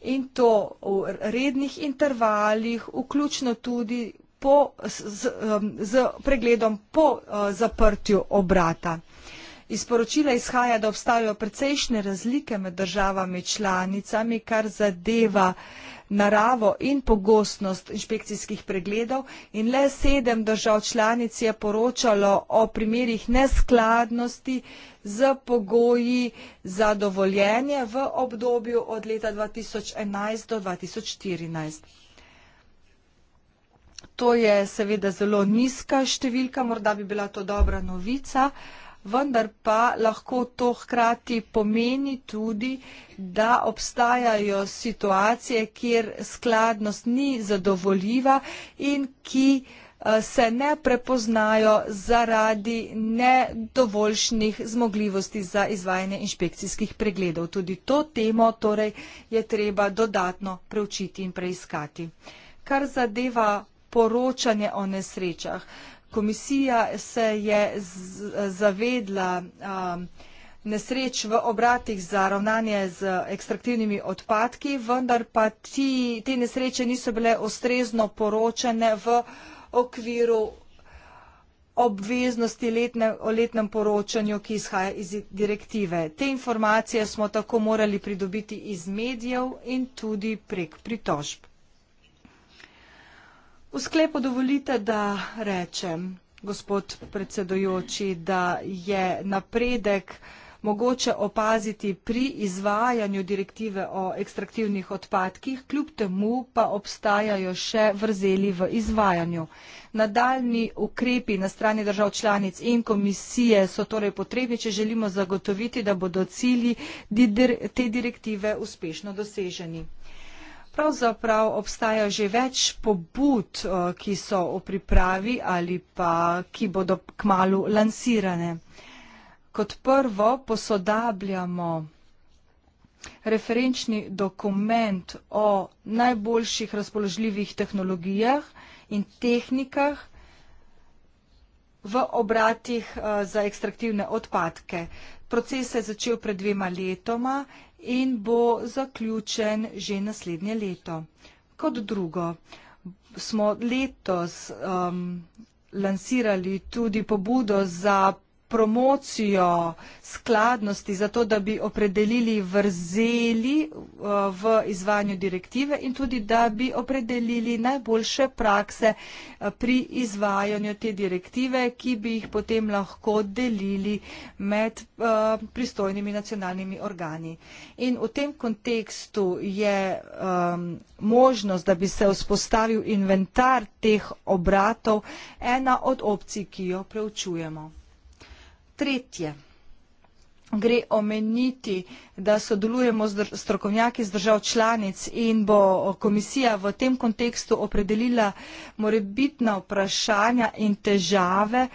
in to v rednih intervalih, vključno tudi po, z, z, um, z pregledom po uh, zaprtju obrata. Iz poročila izhaja, da obstajajo precejšnje razlike med državami članicami, kar zadeva naravo in pogostnost inšpekcijskih pregledov in le sedem držav članic je poročalo o primerjih neskladnosti z pogoji za dovoljenje v obdobju od leta 2011 do 2014. To je seveda zelo nizka številka, morda bi bila to dobra novica vendar pa lahko to hkrati pomeni tudi, da obstajajo situacije, kjer skladnost ni zadovoljiva in ki eh, se ne prepoznajo zaradi nedovoljšnih zmogljivosti za izvajanje inšpekcijskih pregledov. Tudi to temo torej je treba dodatno preučiti in preiskati. Kar zadeva poročanje o nesrečah komisija se je zavedla um, nesreč v obratih za ravnanje z ekstraktivnimi odpadki, vendar pa ti, te nesreče niso bile ustrezno poročene v okviru obveznosti letne, o letnem poročanju, ki izhaja iz direktive. Te informacije smo tako morali pridobiti iz medijev in tudi prek pritožb. V sklepu dovolite, da rečem, gospod predsedojoči, da je napredek mogoče opaziti pri izvajanju direktive o ekstraktivnih odpadkih, kljub temu pa obstajajo še vrzeli v izvajanju. Nadaljni ukrepi na strani držav članic in komisije so torej potrebni, če želimo zagotoviti, da bodo cilji te direktive uspešno doseženi. Pravzaprav obstaja že več pobud, eh, ki so v pripravi ali pa ki bodo kmalo lansirane. Kot prvo posodabljamo referenčni dokument o najboljših razpoložljivih tehnologijah in tehnikah v obratih eh, za ekstraktivne odpadke. Proces se je začel pred dvema letoma in bo zaključen že naslednje leto. Kot drugo, smo letos um, lansirali tudi pobudo za promocijo skladnosti za to, da bi opredelili vrzeli eh, v izvanju direktive in tudi, da bi opredelili najboljše prakse eh, pri izvajanju te direktive, ki bi jih potem lahko delili med eh, pristojnimi nacionalnimi organi. In v tem kontekstu je ehm, možnost, da bi se vzpostavil inventar teh obratov ena od opcij, ki jo preučujemo. Tretje. Gre omeniti, da sodelujemo z strokovnjaki z držav članic in bo komisija v tem kontekstu opredelila morebitna vprašanja in težave,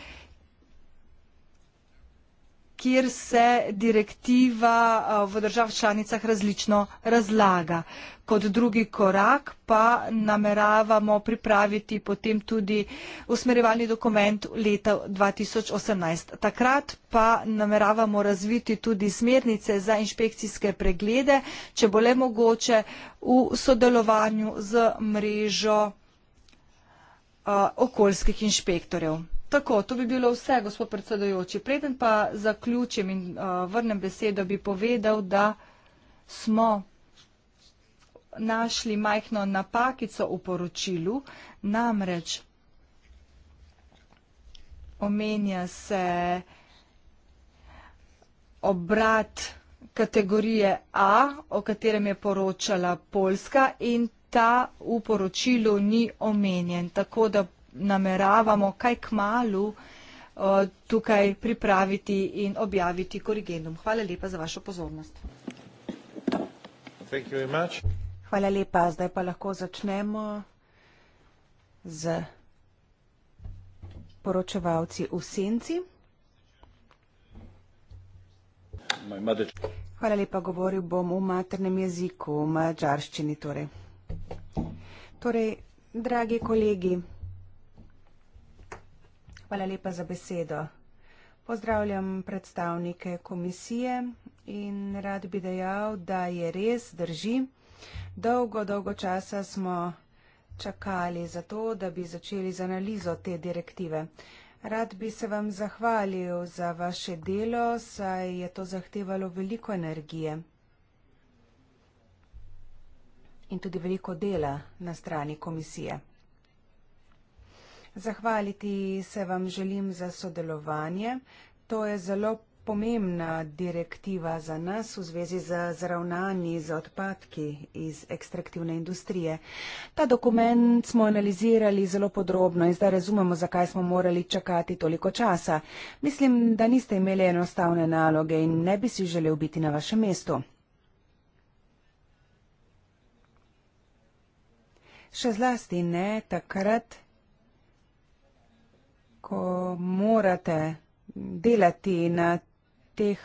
kjer se direktiva v držav članicah različno razlaga. Kot drugi korak pa nameravamo pripraviti potem tudi usmerjevalni dokument leta 2018. Takrat pa nameravamo razviti tudi smernice za inšpekcijske preglede, če bo le mogoče v sodelovanju z mrežo eh, okoljskih inšpektorjev. Tako, to bi bilo vse, gospod predsedojoči. Preden pa zaključim in uh, vrnem besedo, bi povedal, da smo našli majhno napakico v poročilu, namreč omenja se obrat kategorije A, o katerem je poročala Poljska in ta v poročilu ni omenjen, tako da nameravamo kaj k malu eh, tukaj pripraviti in objaviti korigendum. Hvala lepa za vašo pozornost. Thank you very much. Hvala lepa. Zdaj pa lahko začnemo z poročevalci v senci. Hvala lepa, govoril bom v maternem jeziku, v mačarščini torej. Torej, dragi kolegi, hvala lepa za besedo. Pozdravljam predstavnike komisije in rad bi dejal, da je res drži, Dolgo, dolgo časa smo čakali za to, da bi začeli z analizo te direktive. Rad bi se vam zahvalil za vaše delo, saj je to zahtevalo veliko energije in tudi veliko dela na strani komisije. Zahvaliti se vam želim za sodelovanje. To je zelo pomembna direktiva za nas v zvezi z zravnanji z odpadki iz ekstraktivne industrije. Ta dokument smo analizirali zelo podrobno in zdaj razumemo, zakaj smo morali čakati toliko časa. Mislim, da niste imeli enostavne naloge in ne bi si želel biti na vašem mestu. Še zlasti ne takrat, ko morate delati na teh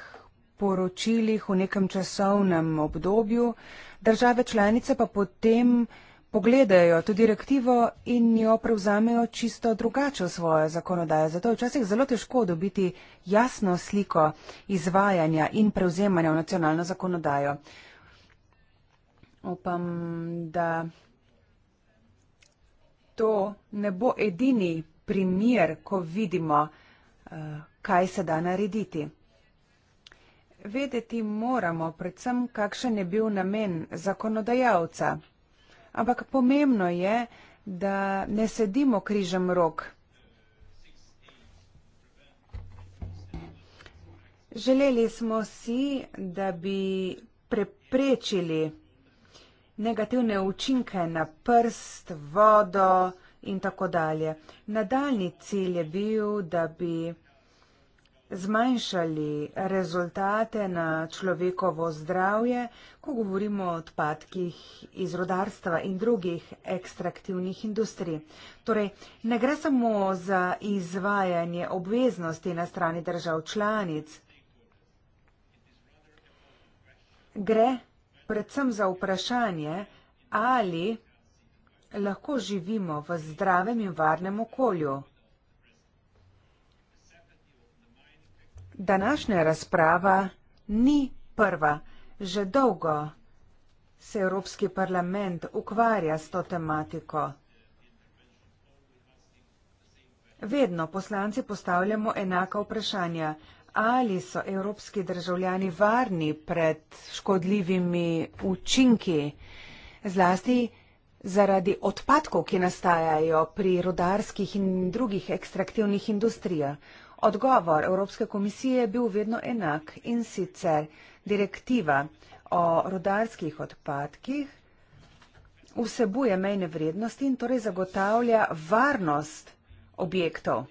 poročilih v nekem časovnem obdobju, države članice pa potem pogledajo to direktivo in jo prevzamejo čisto drugače v svojo zakonodajo. Zato je včasih zelo težko dobiti jasno sliko izvajanja in prevzemanja v nacionalno zakonodajo. Upam, da to ne bo edini primer, ko vidimo, eh, kaj se da narediti. Vedeti moramo predvsem, kakšen je bil namen zakonodajalca. Ampak pomembno je, da ne sedimo križem rok. Želeli smo si, da bi preprečili negativne učinke na prst, vodo in tako dalje. Nadaljni cilj je bil, da bi zmanjšali rezultate na človekovo zdravje, ko govorimo o odpadkih iz rodarstva in drugih ekstraktivnih industrij. Torej, ne gre samo za izvajanje obveznosti na strani držav članic, gre predvsem za vprašanje, ali lahko živimo v zdravem in varnem okolju. Današnja razprava ni prva. Že dolgo se Evropski parlament ukvarja s to tematiko. Vedno poslanci postavljamo enaka vprašanja. Ali so evropski državljani varni pred škodljivimi učinki, zlasti zaradi odpadkov, ki nastajajo pri rodarskih in drugih ekstraktivnih industrijah? Odgovor Evropske komisije je bil vedno enak in sicer direktiva o rodarskih odpadkih vsebuje mejne vrednosti in torej zagotavlja varnost objektov.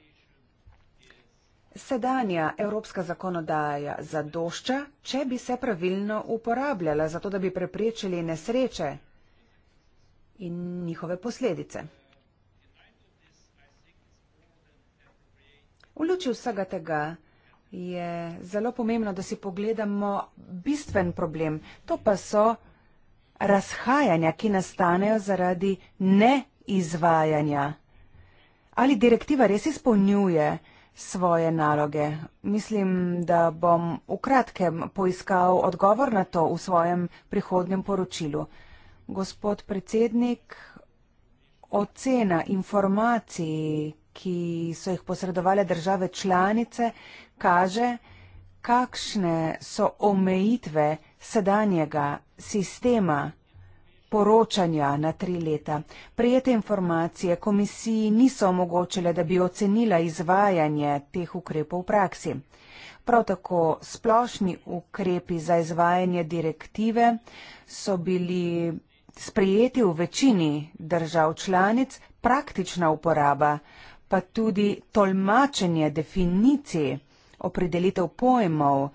Sedanja evropska zakonodaja zadošča, če bi se pravilno uporabljala, zato da bi preprečili nesreče in njihove posledice. V luči vsega tega je zelo pomembno, da si pogledamo bistven problem. To pa so razhajanja, ki nastanejo zaradi neizvajanja. Ali direktiva res izpolnjuje svoje naloge? Mislim, da bom v kratkem poiskal odgovor na to v svojem prihodnem poročilu. Gospod predsednik, ocena informacij ki so jih posredovali države članice, kaže, kakšne so omejitve sedanjega sistema poročanja na tri leta. Prijete informacije komisiji niso omogočile, da bi ocenila izvajanje teh ukrepov v praksi. Prav tako splošni ukrepi za izvajanje direktive so bili sprejeti v večini držav članic, praktična uporaba pa tudi tolmačenje definicij, opredelitev pojmov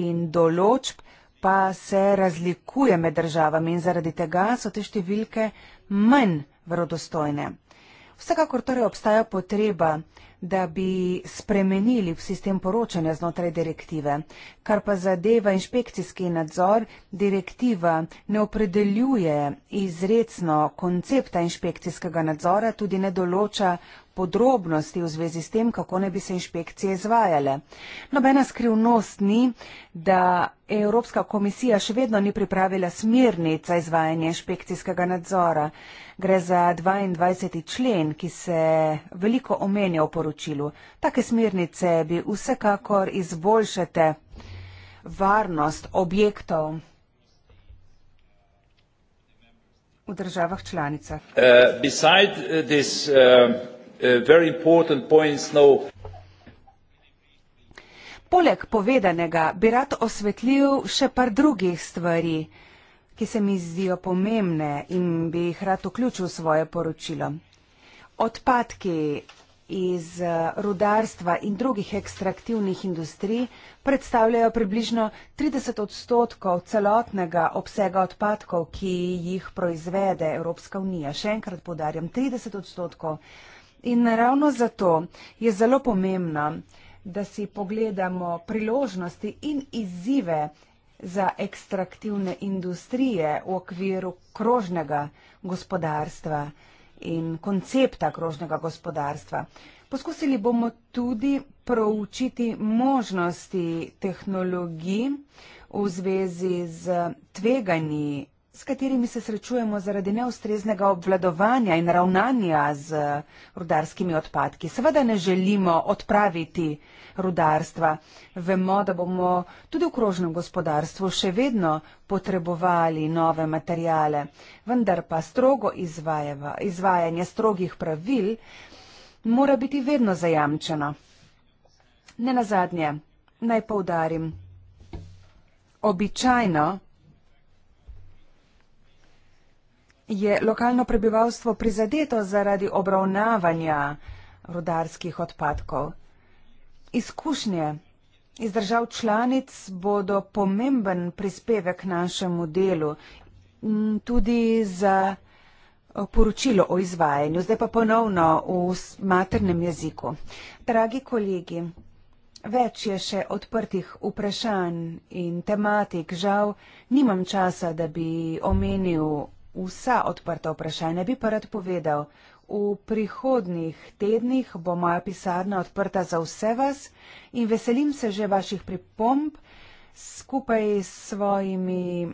in določb pa se razlikuje med državami in zaradi tega so te številke manj verodostojne. Vsekakor torej obstaja potreba, da bi spremenili v sistem poročanja znotraj direktive, kar pa zadeva inšpekcijski nadzor, direktiva ne opredeljuje izredno koncepta inšpekcijskega nadzora, tudi ne določa podrobnosti v zvezi s tem, kako ne bi se inšpekcije izvajale. Nobena skrivnost ni, da Evropska komisija še vedno ni pripravila smernica izvajanja inšpekcijskega nadzora. Gre za 22. člen, ki se veliko omenja v poročilu. Take smernice bi vsekakor izboljšate varnost objektov. V državah članicah. Uh, uh, uh Eh, very important points now. Poleg povedanega bi rad osvetlil še par drugih stvari, ki se mi zdijo pomembne in bi jih rad vključil v svoje poročilo. Odpadki iz eh, rudarstva in drugih ekstraktivnih industrij predstavljajo približno 30 odstotkov celotnega obsega odpadkov, ki jih proizvede Evropska unija. Še enkrat podarjam, 30 odstotkov. In ravno zato je zelo pomembno, da si pogledamo priložnosti in izzive za ekstraktivne industrije v okviru krožnega gospodarstva in koncepta krožnega gospodarstva. Poskusili bomo tudi proučiti možnosti tehnologij v zvezi z tveganji s katerimi se srečujemo zaradi neustreznega obvladovanja in ravnanja z rudarskimi odpadki. Seveda ne želimo odpraviti rudarstva. Vemo, da bomo tudi v krožnem gospodarstvu še vedno potrebovali nove materijale, vendar pa strogo izvajanje strogih pravil mora biti vedno zajamčeno. Ne nazadnje, naj poudarim, običajno, Je lokalno prebivalstvo prizadeto zaradi obravnavanja rudarskih odpadkov? Izkušnje iz držav članic bodo pomemben prispevek našemu delu tudi za poročilo o izvajanju. Zdaj pa ponovno v maternem jeziku. Dragi kolegi, več je še odprtih vprašanj in tematik. Žal nimam časa, da bi omenil vsa odprta vprašanja, bi pa rad povedal, v prihodnih tednih bo moja pisarna odprta za vse vas in veselim se že vaših pripomb skupaj s svojimi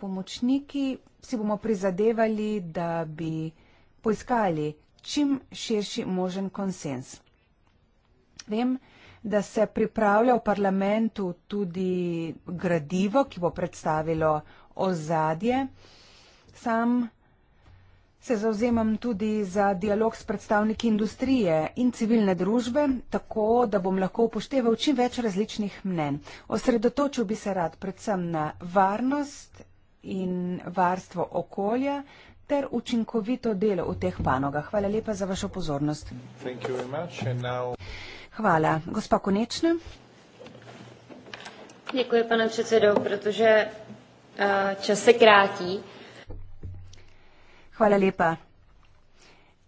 pomočniki. Si bomo prizadevali, da bi poiskali čim širši možen konsens. Vem, da se pripravlja v parlamentu tudi gradivo, ki bo predstavilo ozadje. Sam se zauzemam tudi za dialog s predstavniki industrije in civilne družbe, tako da bom lahko upošteval čim več različnih mnen. Osredotočil bi se rad predvsem na varnost in varstvo okolja ter učinkovito delo v teh panogah. Hvala lepa za vašo pozornost. Hvala. Gospa Konečna. Děkuji, pane předsedo, protože Eh, čas se krati. Hvala lepa.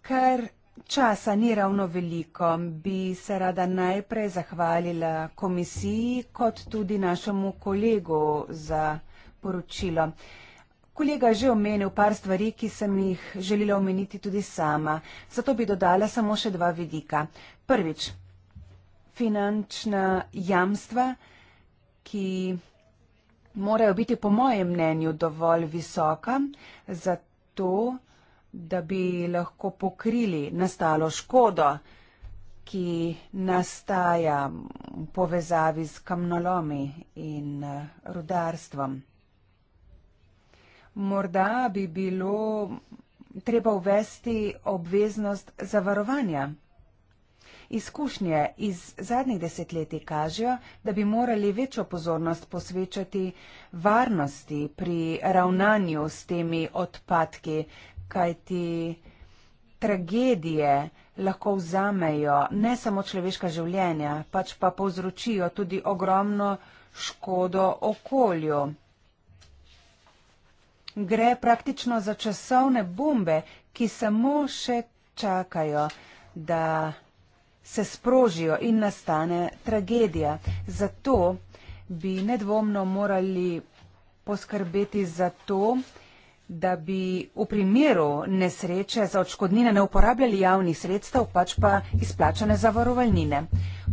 Ker časa ni ravno veliko, bi se rada najprej zahvalila komisiji kot tudi našemu kolegu za poročilo. Kolega je že omenil par stvari, ki sem jih želela omeniti tudi sama, zato bi dodala samo še dva vidika. Prvič, finančna jamstva, ki morajo biti po mojem mnenju dovolj visoka, zato da bi lahko pokrili nastalo škodo, ki nastaja v povezavi s kamnolomi in eh, rudarstvom. Morda bi bilo treba uvesti obveznost zavarovanja. Izkušnje iz zadnjih desetletij kažejo, da bi morali večjo pozornost posvečati varnosti pri ravnanju s temi odpadki, kajti tragedije lahko vzamejo ne samo človeška življenja, pač pa povzročijo tudi ogromno škodo okolju. Gre praktično za časovne bombe, ki samo še čakajo, da se sprožijo in nastane tragedija. Zato bi nedvomno morali poskrbeti za to, da bi v primeru nesreče za odškodnine ne uporabljali javnih sredstev, pač pa izplačane zavarovalnine.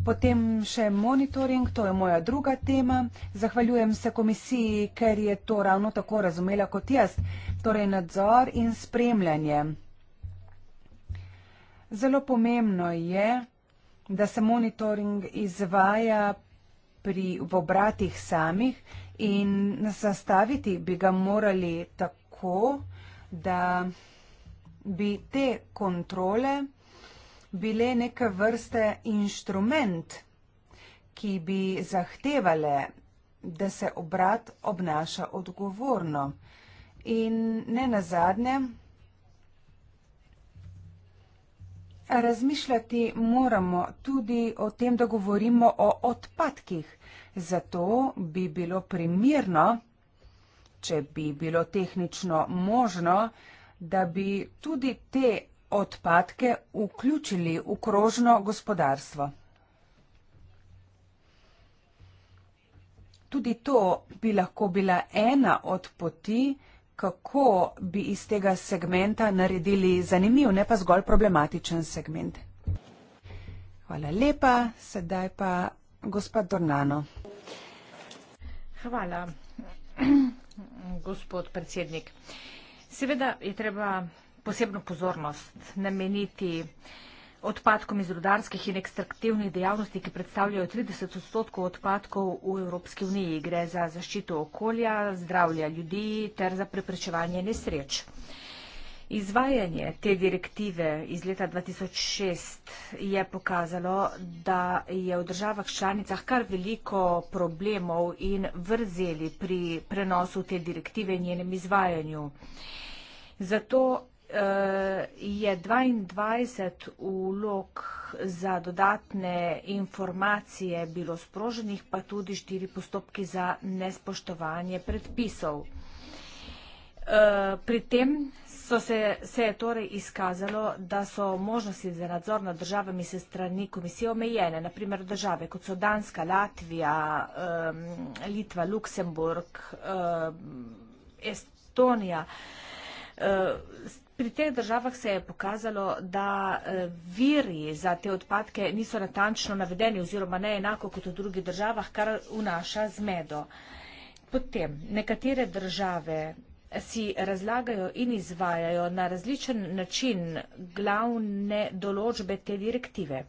Potem še monitoring, to je moja druga tema. Zahvaljujem se komisiji, ker je to ravno tako razumela kot jaz. Torej nadzor in spremljanje. Zelo pomembno je, da se monitoring izvaja pri v obratih samih in zastaviti bi ga morali tako, da bi te kontrole bile neke vrste inštrument, ki bi zahtevale, da se obrat obnaša odgovorno. In ne nazadnje, Razmišljati moramo tudi o tem, da govorimo o odpadkih. Zato bi bilo primirno, če bi bilo tehnično možno, da bi tudi te odpadke vključili v krožno gospodarstvo. Tudi to bi lahko bila ena od poti, kako bi iz tega segmenta naredili zanimiv, ne pa zgolj problematičen segment. Hvala lepa, sedaj pa gospod Dornano. Hvala, gospod predsednik. Seveda je treba posebno pozornost nameniti odpadkom iz rudarskih in ekstraktivnih dejavnosti, ki predstavljajo 30 odstotkov odpadkov v Evropski uniji. Gre za zaščito okolja, zdravlja ljudi ter za preprečevanje nesreč. Izvajanje te direktive iz leta 2006 je pokazalo, da je v državah članicah kar veliko problemov in vrzeli pri prenosu te direktive in njenem izvajanju. Zato Eh, je 22 ulog za dodatne informacije bilo sproženih, pa tudi štiri postopki za nespoštovanje predpisov. Eh, pri tem so se, se je torej izkazalo, da so možnosti za nadzor nad državami se strani komisije omejene, naprimer države kot so Danska, Latvija, eh, Litva, Luksemburg, Estonija, pri teh državah se je pokazalo, da eh, viri za te odpadke niso natančno navedeni oziroma ne enako kot v drugih državah, kar vnaša zmedo. Potem, nekatere države si razlagajo in izvajajo na različen način glavne določbe te direktive.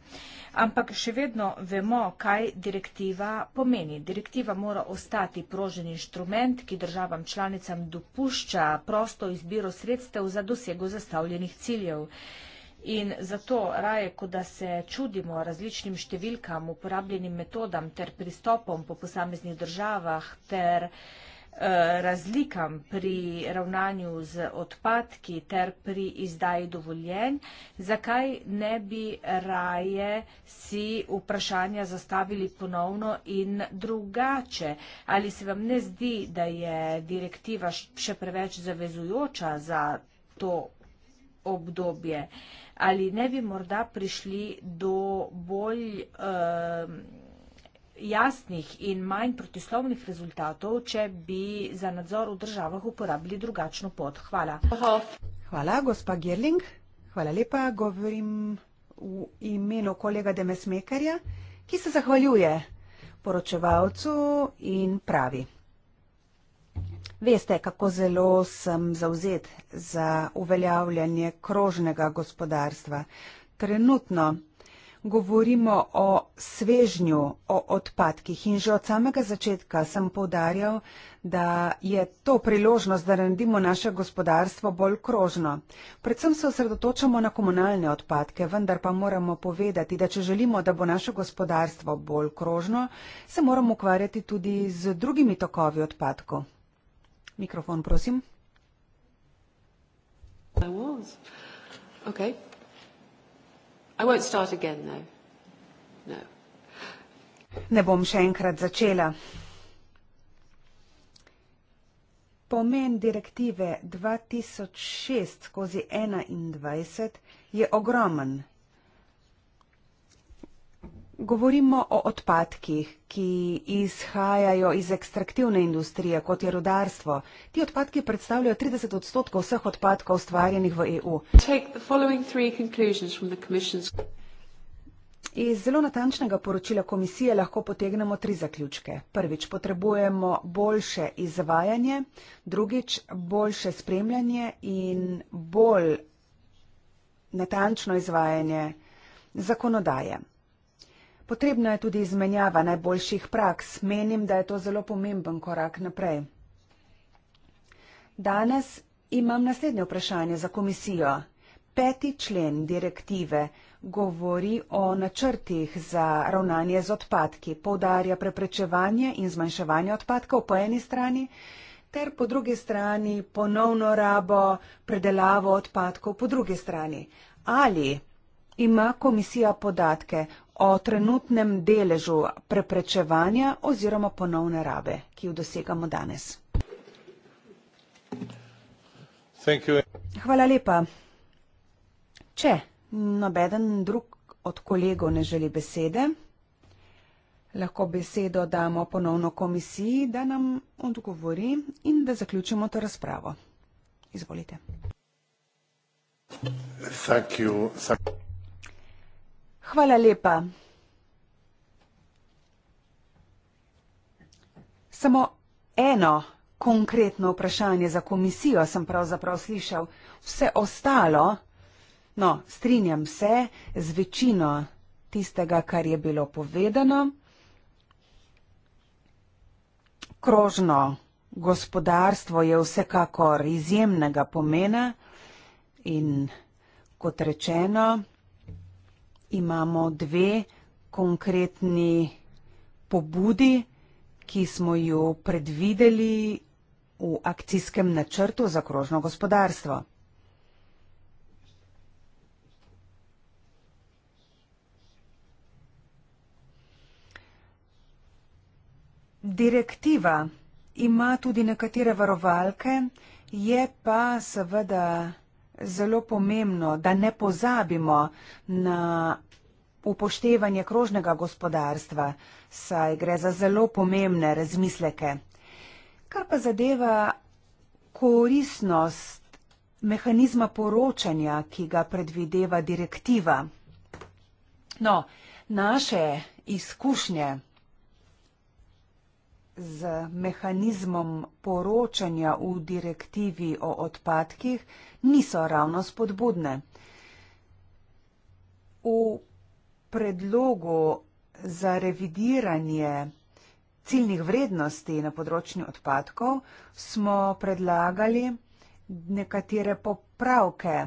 Ampak še vedno vemo, kaj direktiva pomeni. Direktiva mora ostati prožen inštrument, ki državam članicam dopušča prosto izbiro sredstev za dosego zastavljenih ciljev. In zato raje, ko da se čudimo različnim številkam, uporabljenim metodam ter pristopom po posameznih državah ter pristopom, Eh, razlikam pri ravnanju z odpadki ter pri izdaji dovoljenj, zakaj ne bi raje si vprašanja zastavili ponovno in drugače? Ali se vam ne zdi, da je direktiva še preveč zavezujoča za to obdobje? Ali ne bi morda prišli do bolj uh, jasnih in manj protislovnih rezultatov, če bi za nadzor v državah uporabili drugačno pot. Hvala. Hvala, gospa Gerling. Hvala lepa. Govorim v imenu kolega Demesmekarja, ki se zahvaljuje poročevalcu in pravi. Veste, kako zelo sem zauzet za uveljavljanje krožnega gospodarstva. Trenutno govorimo o svežnju, o odpadkih. In že od samega začetka sem povdarjal, da je to priložnost, da naredimo naše gospodarstvo bolj krožno. Predvsem se osredotočamo na komunalne odpadke, vendar pa moramo povedati, da če želimo, da bo naše gospodarstvo bolj krožno, se moramo ukvarjati tudi z drugimi tokovi odpadkov. Mikrofon, prosim. I was. Okay. I won't start again, though. No. Ne bom še enkrat začela. Pomen direktive 2006 skozi 21 je ogromen. Govorimo o odpadkih, ki izhajajo iz ekstraktivne industrije, kot je rudarstvo. Ti odpadki predstavljajo 30 odstotkov vseh odpadkov ustvarjenih v EU. Iz zelo natančnega poročila komisije lahko potegnemo tri zaključke. Prvič, potrebujemo boljše izvajanje, drugič, boljše spremljanje in bolj natančno izvajanje zakonodaje. Potrebna je tudi izmenjava najboljših praks. Menim, da je to zelo pomemben korak naprej. Danes imam naslednje vprašanje za komisijo. Peti člen direktive govori o načrtih za ravnanje z odpadki, povdarja preprečevanje in zmanjševanje odpadkov po eni strani, ter po drugi strani ponovno rabo, predelavo odpadkov po drugi strani. Ali ima komisija podatke o trenutnem deležu preprečevanja oziroma ponovne rabe, ki jo dosegamo danes. Hvala lepa. Če nobeden drug od kolegov ne želi besede, lahko besedo damo ponovno komisiji, da nam odgovori in da zaključimo to razpravo. Izvolite. Thank you. Thank you. Hvala lepa. Samo eno konkretno vprašanje za komisijo sem pravzaprav slišal. Vse ostalo, no, strinjam se z večino tistega, kar je bilo povedano. Krožno gospodarstvo je vsekakor izjemnega pomena in kot rečeno, imamo dve konkretni pobudi, ki smo jo predvideli v akcijskem načrtu za krožno gospodarstvo. Direktiva ima tudi nekatere varovalke, je pa seveda zelo pomembno, da ne pozabimo na upoštevanje krožnega gospodarstva, saj gre za zelo pomembne razmisleke. Kar pa zadeva koristnost mehanizma poročanja, ki ga predvideva direktiva. No, naše izkušnje z mehanizmom poročanja v direktivi o odpadkih niso ravno spodbudne. V predlogu za revidiranje ciljnih vrednosti na področju odpadkov smo predlagali nekatere popravke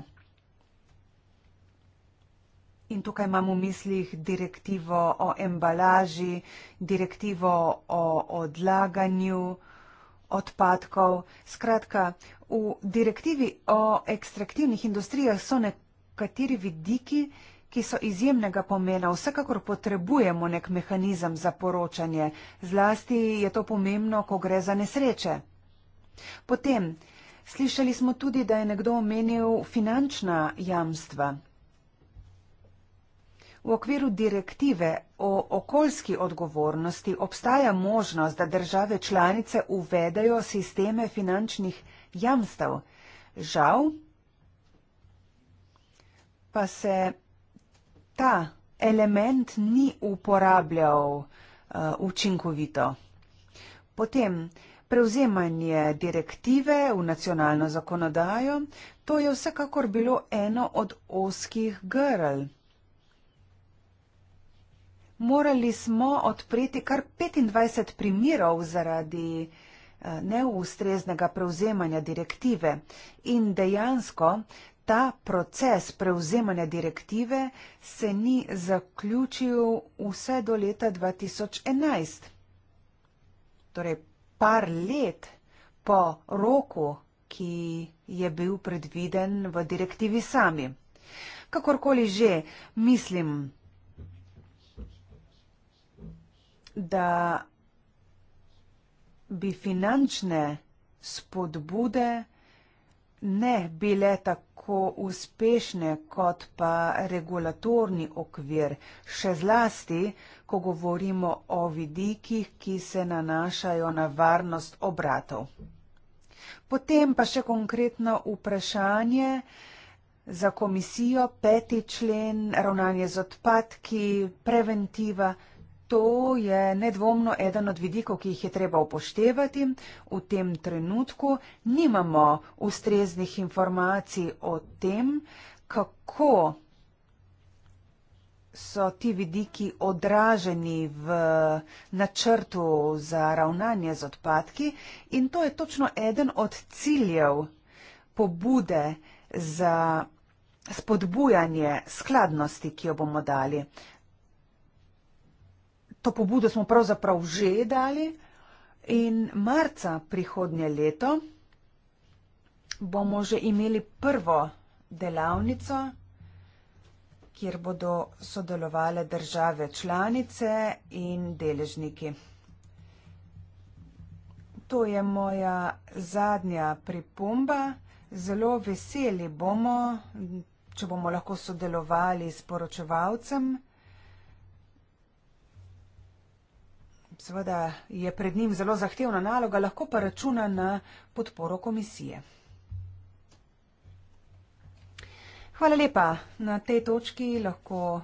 In tukaj imam v mislih direktivo o embalaži, direktivo o odlaganju odpadkov. Skratka, v direktivi o ekstraktivnih industrijah so nekateri vidiki, ki so izjemnega pomena. Vsekakor potrebujemo nek mehanizem za poročanje. Zlasti je to pomembno, ko gre za nesreče. Potem, slišali smo tudi, da je nekdo omenil finančna jamstva. V okviru direktive o okoljski odgovornosti obstaja možnost, da države članice uvedejo sisteme finančnih jamstev. Žal pa se ta element ni uporabljal uh, učinkovito. Potem prevzemanje direktive v nacionalno zakonodajo, to je vsekakor bilo eno od oskih grl morali smo odpreti kar 25 primerov zaradi eh, neustreznega prevzemanja direktive in dejansko ta proces prevzemanja direktive se ni zaključil vse do leta 2011. Torej, par let po roku, ki je bil predviden v direktivi sami. Kakorkoli že, mislim, da bi finančne spodbude ne bile tako uspešne kot pa regulatorni okvir, še zlasti, ko govorimo o vidikih, ki se nanašajo na varnost obratov. Potem pa še konkretno vprašanje za komisijo, peti člen, ravnanje z odpadki, preventiva. To je nedvomno eden od vidikov, ki jih je treba upoštevati. V tem trenutku nimamo ustreznih informacij o tem, kako so ti vidiki odraženi v načrtu za ravnanje z odpadki in to je točno eden od ciljev pobude za spodbujanje skladnosti, ki jo bomo dali to pobudo smo pravzaprav že dali in marca prihodnje leto bomo že imeli prvo delavnico, kjer bodo sodelovale države članice in deležniki. To je moja zadnja pripomba. Zelo veseli bomo, če bomo lahko sodelovali s poročevalcem. Seveda je pred njim zelo zahtevna naloga, lahko pa računa na podporo komisije. Hvala lepa. Na tej točki lahko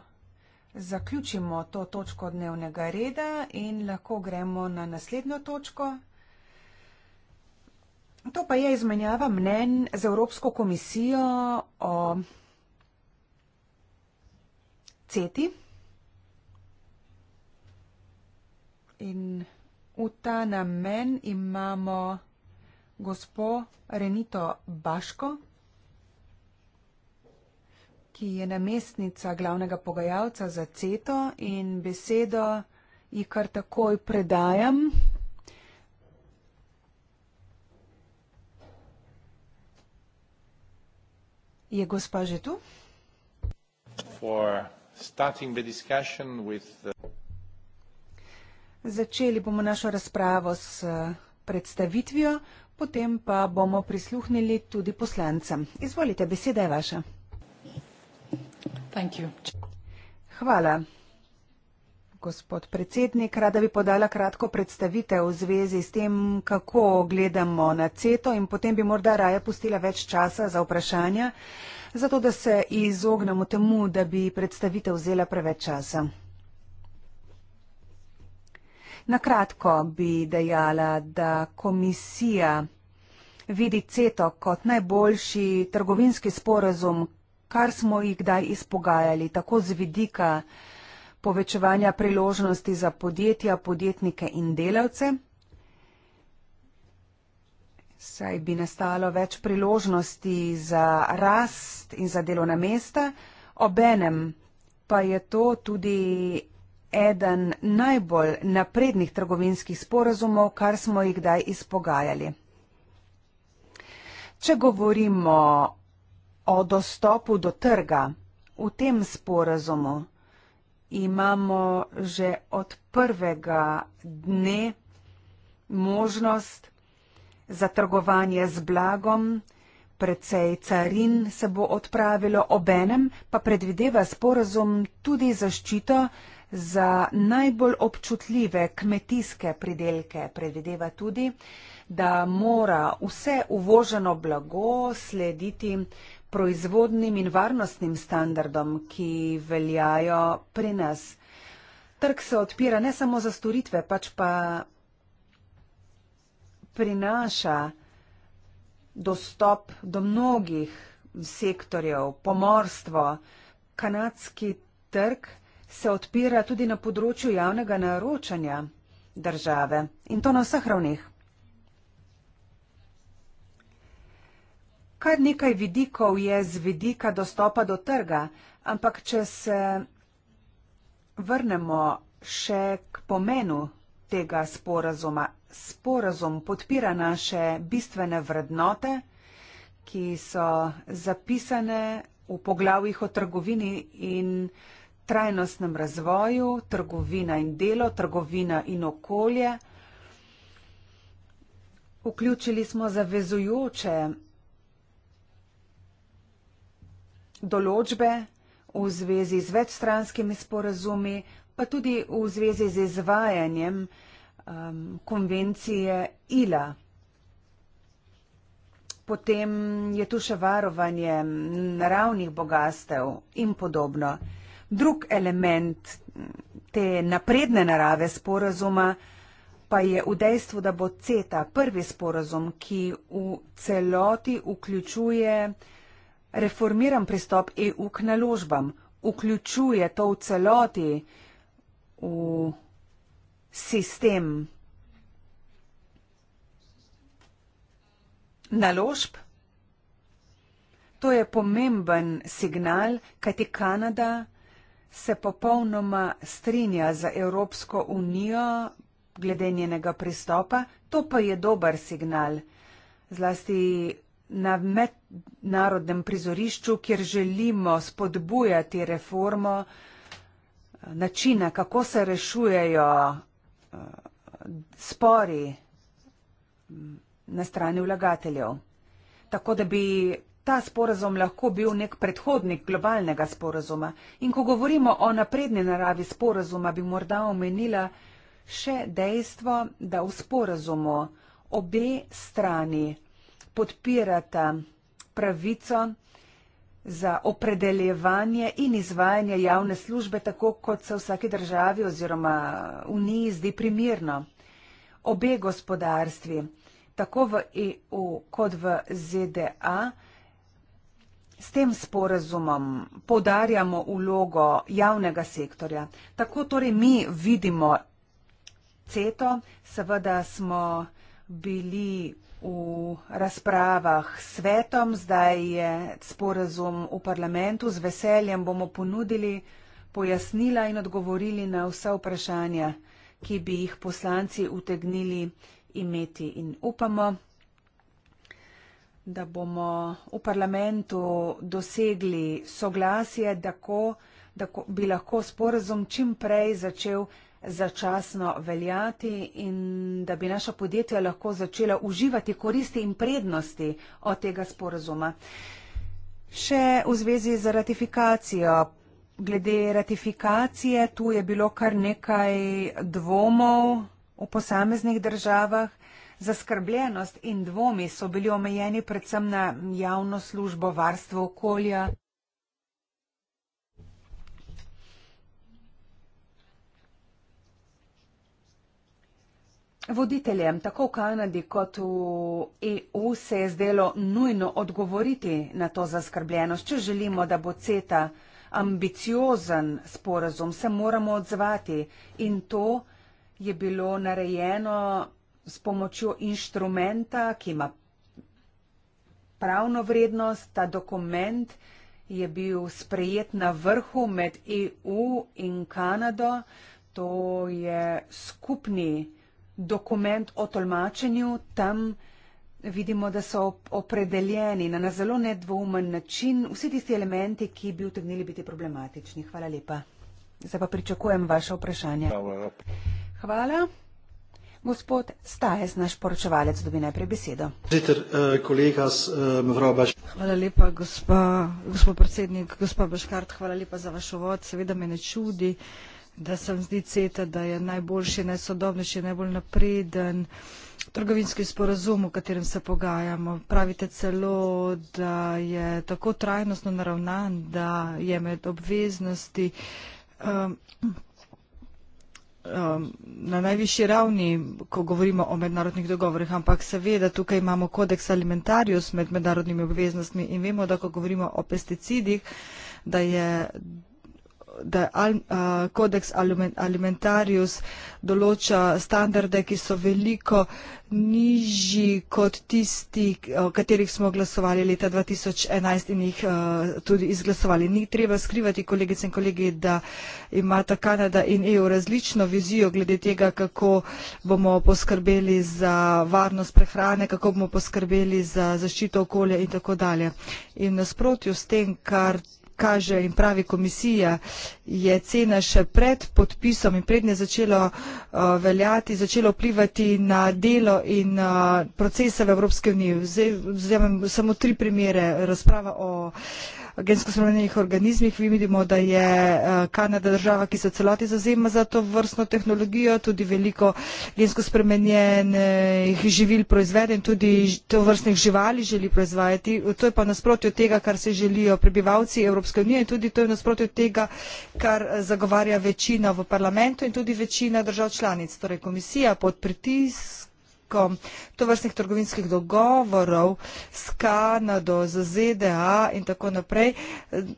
zaključimo to točko dnevnega reda in lahko gremo na naslednjo točko. To pa je izmenjava mnen z Evropsko komisijo o CETI. In v ta namen imamo gospo Renito Baško, ki je namestnica glavnega pogajalca za CETO in besedo ji kar takoj predajam. Je gospa že tu? For starting the discussion with the Začeli bomo našo razpravo s eh, predstavitvijo, potem pa bomo prisluhnili tudi poslancem. Izvolite, beseda je vaša. Hvala. Gospod predsednik, rada bi podala kratko predstavitev v zvezi s tem, kako gledamo na CETO in potem bi morda raje pustila več časa za vprašanja, zato da se izognemo temu, da bi predstavitev vzela preveč časa. Na kratko bi dejala, da komisija vidi CETO kot najboljši trgovinski sporazum, kar smo jih kdaj izpogajali, tako z vidika povečevanja priložnosti za podjetja, podjetnike in delavce. Saj bi nastalo več priložnosti za rast in za delovna mesta, obenem pa je to tudi eden najbolj naprednih trgovinskih sporazumov, kar smo jih kdaj izpogajali. Če govorimo o dostopu do trga, v tem sporazumu imamo že od prvega dne možnost za trgovanje z blagom, precej carin se bo odpravilo, obenem pa predvideva sporazum tudi zaščito za najbolj občutljive kmetijske pridelke. Predvideva tudi, da mora vse uvoženo blago slediti proizvodnim in varnostnim standardom, ki veljajo pri nas. Trg se odpira ne samo za storitve, pač pa prinaša dostop do mnogih sektorjev, pomorstvo, kanadski trg se odpira tudi na področju javnega naročanja države in to na vseh ravneh. Kar nekaj vidikov je z vidika dostopa do trga, ampak če se vrnemo še k pomenu tega sporazuma, sporazum podpira naše bistvene vrednote, ki so zapisane v poglavjih o trgovini in trgovini trajnostnem razvoju, trgovina in delo, trgovina in okolje. Vključili smo zavezujoče določbe v zvezi z večstranskimi sporazumi, pa tudi v zvezi z izvajanjem um, konvencije ILA. Potem je tu še varovanje naravnih bogastev in podobno. Drug element te napredne narave sporazuma pa je v dejstvu, da bo CETA prvi sporazum, ki v celoti vključuje reformiran pristop EU k naložbam, vključuje to v celoti v sistem naložb. To je pomemben signal, kajti Kanada se popolnoma strinja z Evropsko unijo glede njenega pristopa, to pa je dober signal, zlasti na mednarodnem prizorišču, kjer želimo spodbujati reformo eh, načina, kako se rešujejo eh, spori mm, na strani vlagateljev. Tako da bi ta sporazum lahko bil nek predhodnik globalnega sporazuma. In ko govorimo o napredni naravi sporazuma, bi morda omenila še dejstvo, da v sporazumu obe strani podpirata pravico za opredeljevanje in izvajanje javne službe tako, kot se vsake državi oziroma uniji zdi primirno. Obe gospodarstvi, tako v EU kot v ZDA, S tem sporazumom podarjamo ulogo javnega sektorja. Tako torej mi vidimo CETO, seveda smo bili v razpravah s svetom, zdaj je sporazum v parlamentu, z veseljem bomo ponudili pojasnila in odgovorili na vsa vprašanja, ki bi jih poslanci utegnili imeti in upamo da bomo v parlamentu dosegli soglasje, da, ko, da ko, bi lahko sporazum čim prej začel začasno veljati in da bi naša podjetja lahko začela uživati koristi in prednosti od tega sporazuma. Še v zvezi z ratifikacijo. Glede ratifikacije, tu je bilo kar nekaj dvomov v posameznih državah. Zaskrbljenost in dvomi so bili omejeni predvsem na javno službo varstva okolja. Voditeljem tako v Kanadi kot v EU se je zdelo nujno odgovoriti na to zaskrbljenost. Če želimo, da bo CETA ambiciozen sporazum, se moramo odzvati in to je bilo narejeno s pomočjo inštrumenta, ki ima pravno vrednost, ta dokument je bil sprejet na vrhu med EU in Kanado. To je skupni dokument o tolmačenju. Tam vidimo, da so opredeljeni na zelo nedvoumen način vsi tisti elementi, ki bi utegnili biti problematični. Hvala lepa. Zdaj pa pričakujem vaše vprašanje. Hvala. Hvala. Gospod Stajes, naš poročevalec, dobi najprej besedo. Zdaj, eh, kolega z eh, Mrobaš. Hvala lepa, gospa, gospod predsednik, gospa Baškart, hvala lepa za vaš ovod. Seveda me ne čudi, da sem zdi CETA, da je najboljši, najsodobnejši, najbolj napreden trgovinski sporazum, o katerem se pogajamo. Pravite celo, da je tako trajnostno naravnan, da je med obveznosti. Um, eh, um, na najvišji ravni, ko govorimo o mednarodnih dogovorih, ampak seveda tukaj imamo kodeks alimentarius med mednarodnimi obveznostmi in vemo, da ko govorimo o pesticidih, da je da al, a, kodeks alimentarius določa standarde, ki so veliko nižji kot tisti, o katerih smo glasovali leta 2011 in jih a, tudi izglasovali. Ni treba skrivati, kolegice in kolegi, da imata Kanada in EU različno vizijo glede tega, kako bomo poskrbeli za varnost prehrane, kako bomo poskrbeli za zaščito okolja in tako dalje. In nasprotju s tem, kar kaže in pravi komisija, je cena še pred podpisom in prednje začelo uh, veljati, začelo vplivati na delo in uh, procese v Evropske unije. Zdaj vzamem samo tri primere. Razprava o uh, gensko spremenjenih organizmih. Vidimo, da je eh, Kanada država, ki se celoti zazema za to vrstno tehnologijo, tudi veliko gensko spremenjenih živil proizvede in tudi to vrstnih živali želi proizvajati. To je pa nasprotjo tega, kar se želijo prebivalci Evropske unije in tudi to je nasprotjo tega, kar eh, zagovarja večina v parlamentu in tudi večina držav članic, torej komisija pod pritiskom preko tovrstnih trgovinskih dogovorov s Kanado, z ZDA in tako naprej.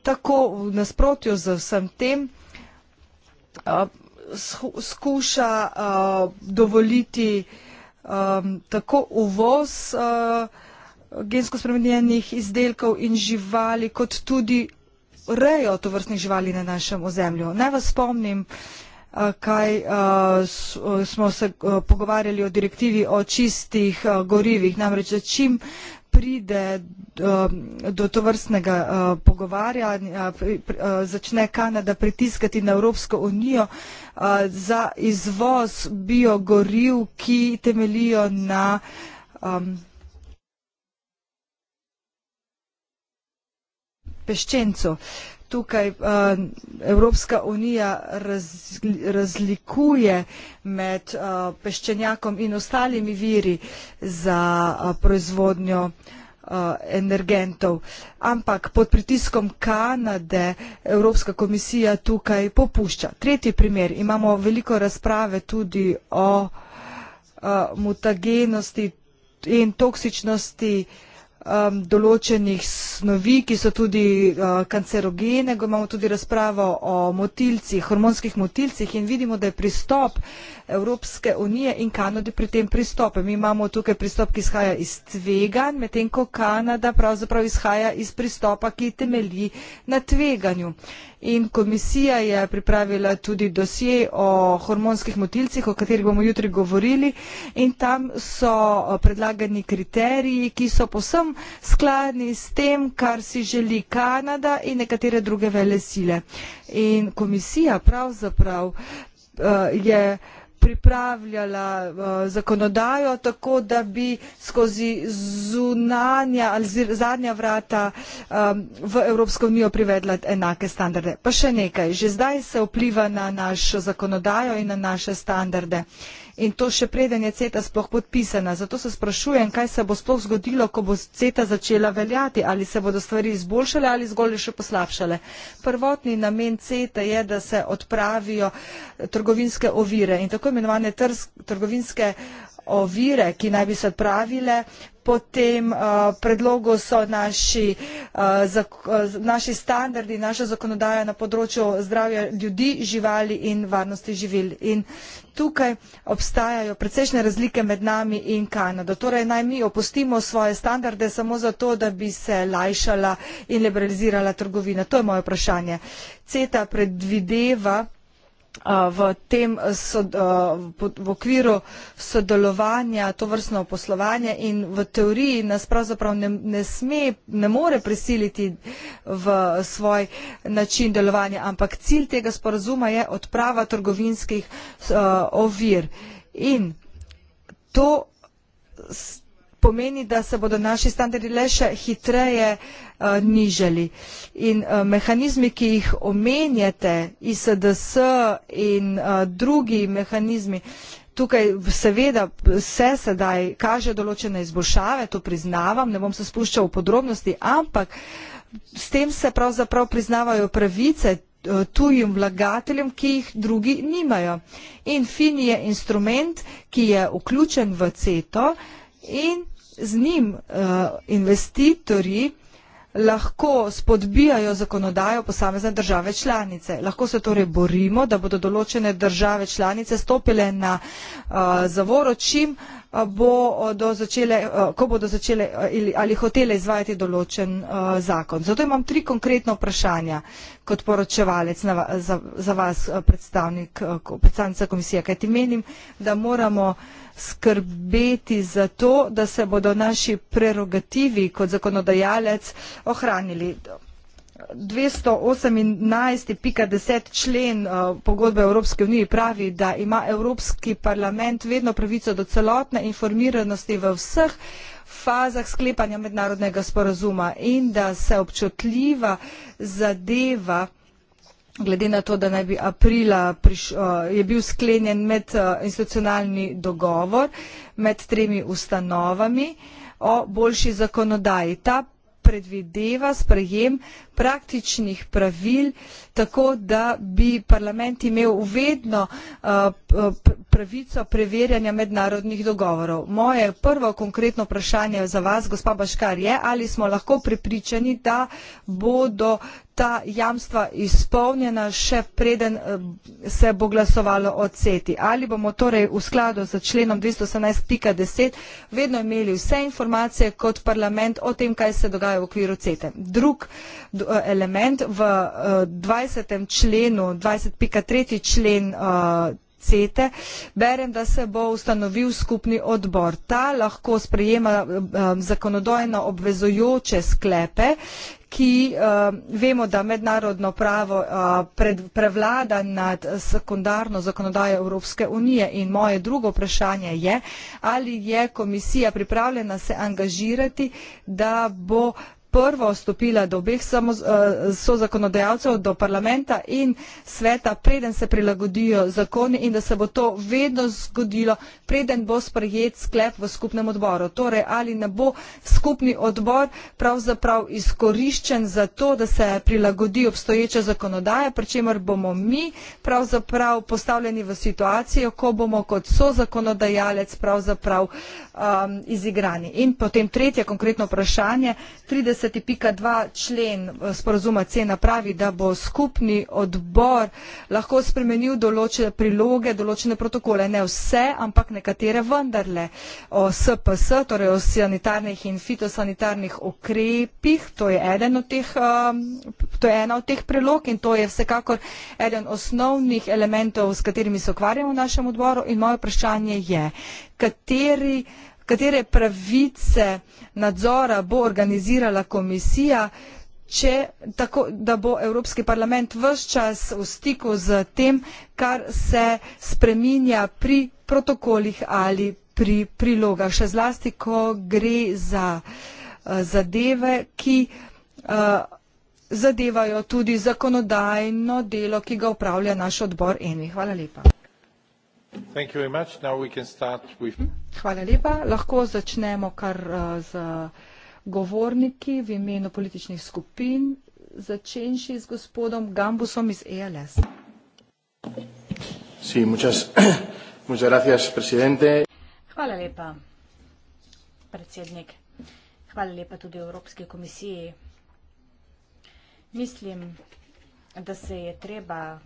Tako v nasprotju z vsem tem skuša dovoliti tako uvoz gensko spremenjenih izdelkov in živali, kot tudi rejo tovrstnih živali na našem ozemlju. Naj vas spomnim, da kaj smo se pogovarjali o direktivi o čistih gorivih. Namreč, da čim pride do tovrstnega pogovarjanja, začne Kanada pritiskati na Evropsko unijo za izvoz biogoriv, ki temelijo na peščencu tukaj uh, Evropska unija razli, razlikuje med uh, peščenjakom in ostalimi viri za uh, proizvodnjo uh, energentov. Ampak pod pritiskom Kanade Evropska komisija tukaj popušča. Tretji primer, imamo veliko razprave tudi o, o uh, mutagenosti in toksičnosti uh, um, določenih snovi, ki so tudi uh, kancerogene. Go imamo tudi razpravo o motilcih, hormonskih motilcih in vidimo, da je pristop Evropske unije in Kanade pri tem pristope. Mi imamo tukaj pristop, ki izhaja iz tveganj, medtem ko Kanada pravzaprav izhaja iz pristopa, ki temelji na tveganju in komisija je pripravila tudi dosje o hormonskih motilcih, o katerih bomo jutri govorili in tam so eh, predlagani kriteriji, ki so posem skladni s tem, kar si želi Kanada in nekatere druge vele sile. In komisija pravzaprav uh, je pripravljala eh, zakonodajo tako, da bi skozi zunanja ali zadnja vrata eh, v Evropsko unijo privedla enake standarde. Pa še nekaj, že zdaj se vpliva na našo zakonodajo in na naše standarde in to še preden je CETA sploh podpisana. Zato se sprašujem, kaj se bo sploh zgodilo, ko bo CETA začela veljati, ali se bodo stvari izboljšale ali zgolj še poslabšale. Prvotni namen CETA je, da se odpravijo trgovinske ovire in tako imenovane trgovinske ovire, ki naj bi se odpravile, po tem eh, predlogu so naši, eh, eh, naši standardi, naša zakonodaja na področju zdravja ljudi, živali in varnosti živil. In tukaj obstajajo precejšnje razlike med nami in Kanado. Torej naj mi opustimo svoje standarde samo zato, da bi se lajšala in liberalizirala trgovina. To je moje vprašanje. CETA predvideva v, tem, v okviru sodelovanja to vrstno poslovanje in v teoriji nas pravzaprav ne, ne sme, ne more prisiliti v svoj način delovanja, ampak cilj tega sporazuma je odprava trgovinskih ovir. In to pomeni, da se bodo naši standardi le še hitreje uh, nižali. In uh, mehanizmi, ki jih omenjate, ISDS in uh, drugi mehanizmi, tukaj seveda vse sedaj kaže določene izboljšave, to priznavam, ne bom se spuščal v podrobnosti, ampak s tem se pravzaprav priznavajo pravice tujim vlagateljem, ki jih drugi nimajo. In FINI je instrument, ki je vključen v CETO in z njim uh, investitorji lahko spodbijajo zakonodajo posamezne države članice. Lahko se torej borimo, da bodo določene države članice stopile na uh, eh, zavoro, čim uh, bodo začele, uh, ko bodo začele uh, ali, ali hotele izvajati določen uh, zakon. Zato imam tri konkretna vprašanja kot poročevalec na, za, za vas, predstavnik, predstavnica komisije, kajti menim, da moramo uh, skrbeti za to, da se bodo naši prerogativi kot zakonodajalec ohranili. 218.10 člen eh, pogodbe Evropske unije pravi, da ima Evropski parlament vedno pravico do celotne informiranosti v vseh fazah sklepanja mednarodnega sporazuma in da se občutljiva zadeva glede na to, da naj bi aprila priš, eh, je bil sklenjen med eh, institucionalni dogovor med tremi ustanovami o boljši zakonodaji. Ta predvideva sprejem praktičnih pravil, tako da bi parlament imel vedno uh, pravico preverjanja mednarodnih dogovorov. Moje prvo konkretno vprašanje za vas, gospa Baškar, je, ali smo lahko prepričani, da bodo ta jamstva izpolnjena še preden eh, se bo glasovalo o CETI. Ali bomo torej v skladu z členom 218.10 vedno imeli vse informacije kot parlament o tem, kaj se dogaja v okviru CETE. Drug Eh, element v 20. Eh, členu, 20.3. člen eh, CETE, berem, da se bo ustanovil skupni odbor. Ta lahko sprejema zakonodajno obvezojoče sklepe, ki vemo, da mednarodno pravo prevlada nad sekundarno zakonodajo Evropske unije. In moje drugo vprašanje je, ali je komisija pripravljena se angažirati, da bo prvo stopila do obeh eh, sozakonodajalcev, do parlamenta in sveta, preden se prilagodijo zakoni in da se bo to vedno zgodilo, preden bo sprejet sklep v skupnem odboru. Torej, ali ne bo skupni odbor pravzaprav izkoriščen za to, da se prilagodi obstoječa zakonodaja, pri čemer bomo mi pravzaprav postavljeni v situacijo, ko bomo kot sozakonodajalec pravzaprav um, izigrani. In potem tretje konkretno vprašanje. 30 30.2 člen eh, sporozuma cena pravi, da bo skupni odbor lahko spremenil določene priloge, določene protokole, ne vse, ampak nekatere vendarle o SPS, torej o sanitarnih in fitosanitarnih ukrepih, to je, eden od teh, eh, to je ena od teh prilog in to je vsekakor eden osnovnih elementov, s katerimi se ukvarjamo v našem odboru in moje vprašanje je, kateri katere pravice nadzora bo organizirala komisija če tako da bo evropski parlament ves čas v stiku s tem kar se spreminja pri protokolih ali pri prilogah še zlasti ko gre za eh, zadeve ki eh, zadevajo tudi zakonodajno delo ki ga opravlja naš odbor envi. Mhm. hvala lepa lahko začnemo kar eh, z govorniki v imenu političnih skupin začenši z gospodom Gambusom iz ELS sí, muchas, muchas gracias, hvala lepa predsednik hvala lepa tudi Evropski komisiji mislim da se je treba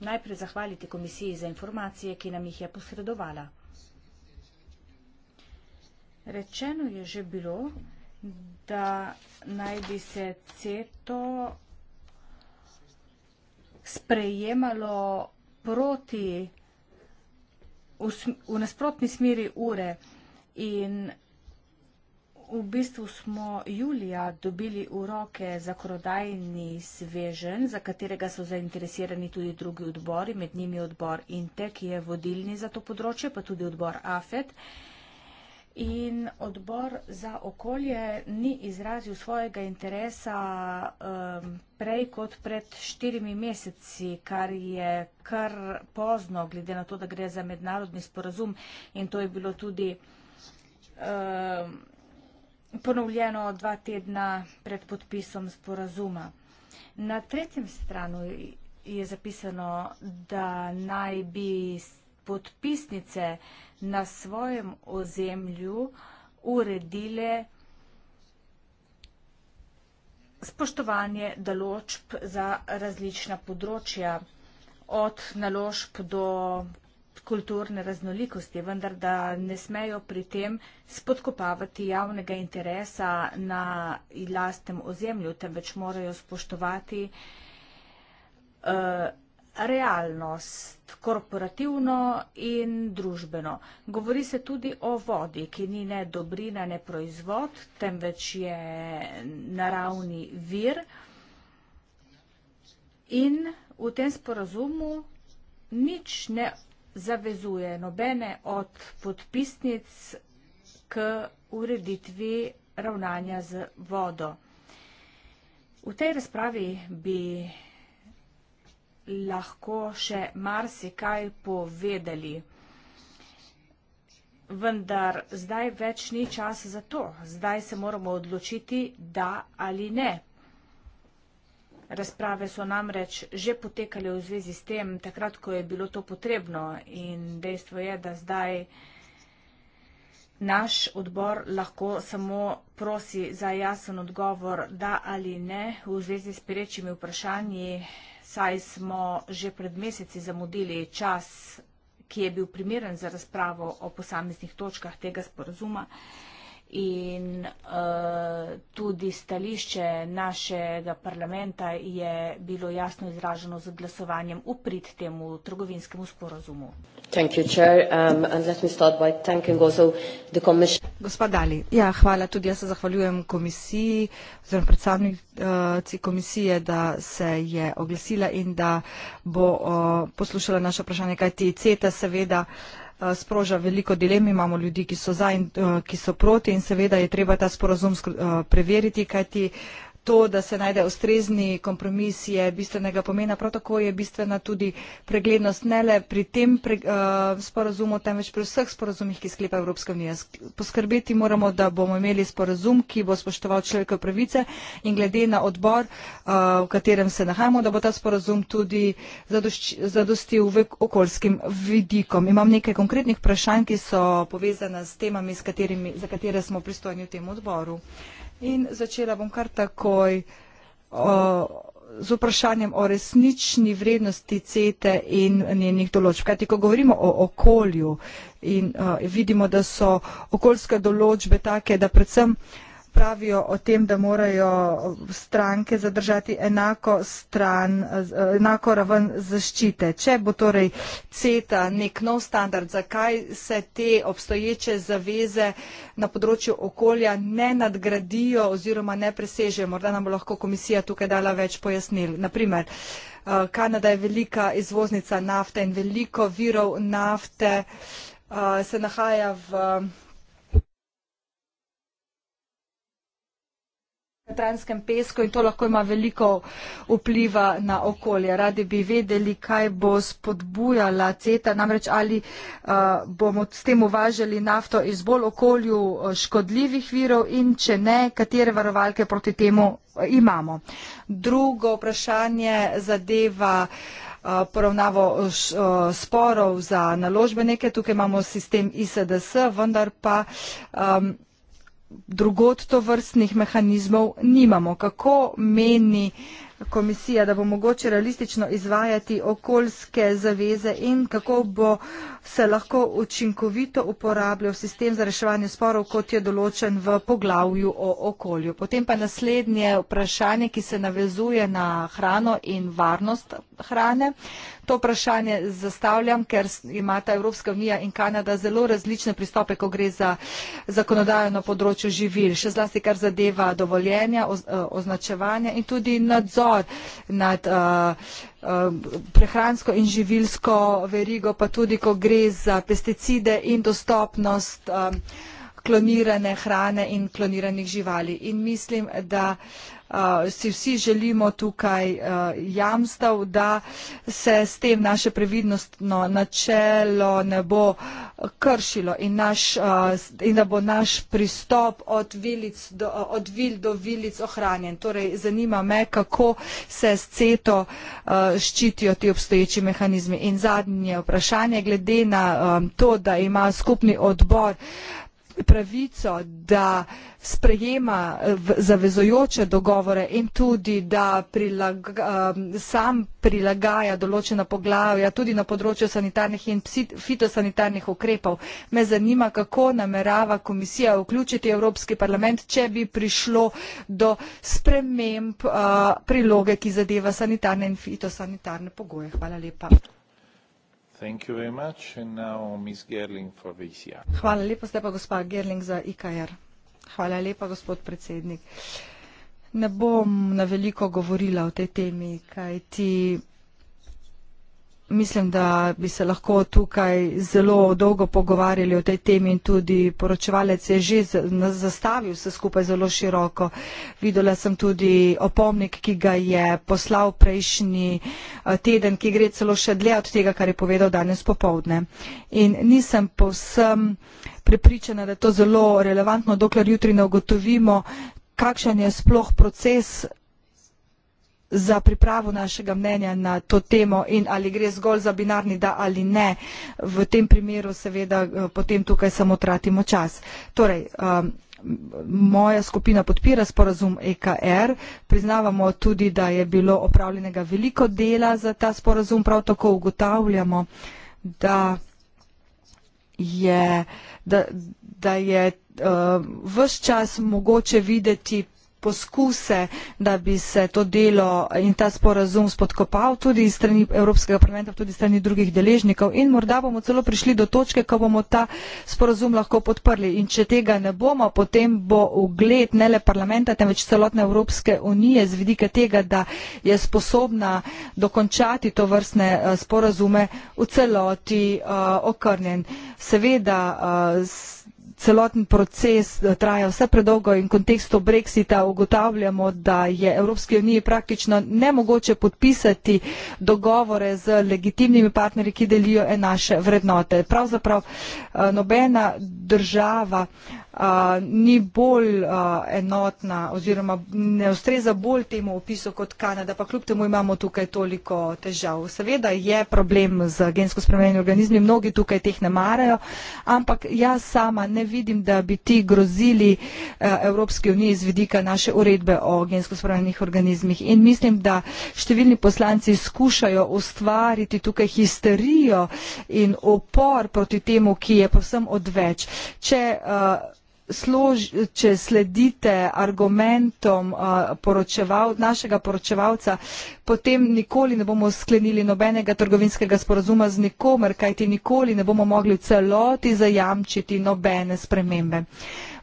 najprej zahvaliti komisiji za informacije, ki nam jih je posredovala. Rečeno je že bilo, da naj bi se CETO sprejemalo proti v nasprotni smeri ure in v bistvu smo julija dobili v roke zakonodajni svežen, za katerega so zainteresirani tudi drugi odbori, med njimi odbor INTE, ki je vodilni za to področje, pa tudi odbor AFET. In odbor za okolje ni izrazil svojega interesa um, prej kot pred štirimi meseci, kar je kar pozno, glede na to, da gre za mednarodni sporazum in to je bilo tudi um, ponovljeno dva tedna pred podpisom sporazuma. Na tretjem stranu je zapisano, da naj bi podpisnice na svojem ozemlju uredile spoštovanje določb za različna področja, od naložb do kulturne raznolikosti, vendar da ne smejo pri tem spodkopavati javnega interesa na lastnem ozemlju, temveč morajo spoštovati uh, realnost, korporativno in družbeno. Govori se tudi o vodi, ki ni ne dobrina, ne proizvod, temveč je naravni vir. In v tem sporazumu nič ne zavezuje nobene od podpisnic k ureditvi ravnanja z vodo. V tej razpravi bi lahko še marsikaj povedali, vendar zdaj več ni časa za to. Zdaj se moramo odločiti, da ali ne. Razprave so namreč že potekale v zvezi s tem, takrat, ko je bilo to potrebno in dejstvo je, da zdaj naš odbor lahko samo prosi za jasen odgovor, da ali ne, v zvezi s perečimi vprašanji, saj smo že pred meseci zamudili čas, ki je bil primeren za razpravo o posameznih točkah tega sporozuma in uh, tudi stališče našega parlamenta je bilo jasno izraženo z glasovanjem v prid temu trgovinskemu sporazumu. You, um, Gospod Dali, ja, hvala. Tudi jaz se zahvaljujem komisiji oziroma predstavnici komisije, da se je oglasila in da bo uh, poslušala naše vprašanje, kajti CETA seveda uh, Eh, sproža veliko dilem, imamo ljudi, ki so za in eh, ki so proti in seveda je treba ta sporazum eh, preveriti, kajti To, da se najde ustrezni kompromis, je bistvenega pomena. Prav tako je bistvena tudi preglednost ne le pri tem pre, uh, eh, sporazumu, temveč pri vseh sporazumih, ki sklepa Evropska unija. Poskrbeti moramo, da bomo imeli sporazum, ki bo spoštoval človekove pravice in glede na odbor, uh, v katerem se nahajamo, da bo ta sporazum tudi zadostil v okoljskim vidikom. Imam nekaj konkretnih vprašanj, ki so povezane s temami, katerimi, za katere smo pristojni v tem odboru. Uh, In začela bom kar takoj o, z vprašanjem o resnični vrednosti CETE in njenih določb. Kajti, ko govorimo o okolju in o, vidimo, da so okoljske določbe take, da predvsem. O, pravijo o tem, da morajo stranke zadržati enako, stran, enako raven zaščite. Če bo torej CETA nek nov standard, zakaj se te obstoječe zaveze na področju okolja ne nadgradijo oziroma ne presežejo? Morda nam bo lahko komisija tukaj dala več pojasnil. Naprimer, eh, Kanada je velika izvoznica nafte in veliko virov nafte eh, se nahaja v katranskem pesku in to lahko ima veliko vpliva na okolje. Radi bi vedeli, kaj bo spodbujala CETA, namreč ali uh, bomo s tem uvažali nafto iz bolj okolju uh, škodljivih virov in če ne, katere varovalke proti temu uh, imamo. Drugo vprašanje zadeva uh, poravnavo sporov za naložbe. Nekaj tukaj imamo sistem ISDS, vendar pa um, drugot to vrstnih mehanizmov nimamo. Kako meni komisija, da bo mogoče realistično izvajati okoljske zaveze in kako bo se lahko učinkovito uporabljal sistem za reševanje sporov, kot je določen v poglavju o okolju. Potem pa naslednje vprašanje, ki se navezuje na hrano in varnost hrane. To vprašanje zastavljam, ker imata Evropska unija in Kanada zelo različne pristope, ko gre za zakonodajo na področju živil, še zlasti kar zadeva dovoljenja, eh, označevanja in tudi nadzor nad uh, uh, prehransko in živilsko verigo, pa tudi, ko gre za pesticide in dostopnost uh, klonirane hrane in kloniranih živali. In mislim, da uh, Eh, si vsi želimo tukaj eh, jamstav, da se s tem naše previdnostno načelo ne bo kršilo in, naš, eh, in da bo naš pristop od, vilic do, od vil do vilic ohranjen. Torej, zanima me, kako se s CETO ščitijo ti obstoječi mehanizmi. In zadnje vprašanje, glede na to, da ima skupni odbor pravico, da sprejema eh, zavezojoče dogovore in tudi, da prilaga, eh, sam prilagaja določena poglavja tudi na področju sanitarnih in fitosanitarnih ukrepov. Me zanima, kako namerava komisija vključiti Evropski parlament, če bi prišlo do sprememb uh, priloge, ki zadeva sanitarne in fitosanitarne pogoje. Hvala lepa. E Hvala lepa, zdaj pa gospa Gerling za IKR. E Hvala lepa, gospod predsednik. Ne bom na veliko govorila o tej temi, kajti Mislim, da bi se lahko tukaj zelo dolgo pogovarjali o tej temi in tudi poročevalec je že zastavil vse skupaj zelo široko. Videla sem tudi opomnik, ki ga je poslal prejšnji eh, teden, ki gre celo še dlje od tega, kar je povedal danes popovdne. In nisem povsem prepričana, da je to zelo relevantno, dokler jutri ne ugotovimo, kakšen je sploh proces za pripravo našega mnenja na to temo in ali gre zgolj za binarni da ali ne. V tem primeru seveda eh, potem tukaj samo tratimo čas. Torej, um, moja skupina podpira sporazum EKR, priznavamo tudi, da je bilo opravljenega veliko dela za ta sporazum, prav tako ugotavljamo, da je, da, da je uh, eh, vse čas mogoče videti poskuse da bi se to delo in ta sporazum spodkopal tudi iz strani Evropskega parlamenta, tudi iz strani drugih deležnikov in morda bomo celo prišli do točke, ko bomo ta sporazum lahko podprli. In če tega ne bomo, potem bo ugled ne le parlamenta, temveč celotne Evropske unije z vidika tega, da je sposobna dokončati to vrstne eh, sporazume v celoti uh, okrnjen. Seveda uh, celoten proces traja vse predolgo in v kontekstu brexita ugotavljamo, da je Evropski uniji praktično nemogoče podpisati dogovore z legitimnimi partnerji, ki delijo naše vrednote. Pravzaprav eh, nobena država ni bolj uh, enotna oziroma ne ustreza bolj temu opisu kot Kanada, pa kljub temu imamo tukaj toliko težav. Seveda je problem z gensko spremenjenimi organizmi, mnogi tukaj teh ne marajo, ampak jaz sama ne vidim, da bi ti grozili uh, Evropski uniji z vidika naše uredbe o gensko spremenjenih organizmih. In mislim, da številni poslanci skušajo ustvariti tukaj histerijo in opor proti temu, ki je povsem odveč. Če, uh, služ, če sledite argumentom poročeval, našega poročevalca, potem nikoli ne bomo sklenili nobenega trgovinskega sporazuma z nikomer, kajti nikoli ne bomo mogli celoti zajamčiti nobene spremembe.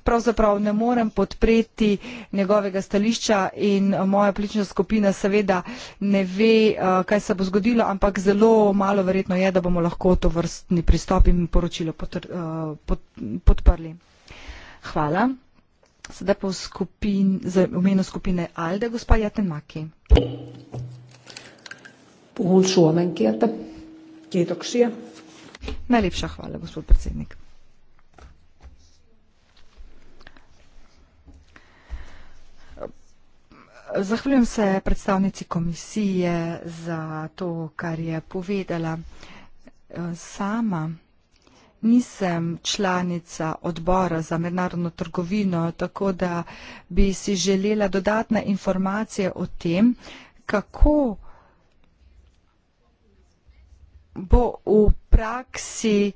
Pravzaprav ne morem podpreti njegovega stališča in moja politična skupina seveda ne ve, kaj se bo zgodilo, ampak zelo malo verjetno je, da bomo lahko to vrstni pristop in poročilo podprli. Hvala. Sedaj pa v skupin, z imenu skupine Alde, gospa Jaten Maki. Puhun suomen kielte. Kiitoksia. Najlepša hvala, gospod predsednik. Zahvaljujem se predstavnici komisije za to, kar je povedala sama nisem članica odbora za mednarodno trgovino, tako da bi si želela dodatne informacije o tem, kako bo v praksi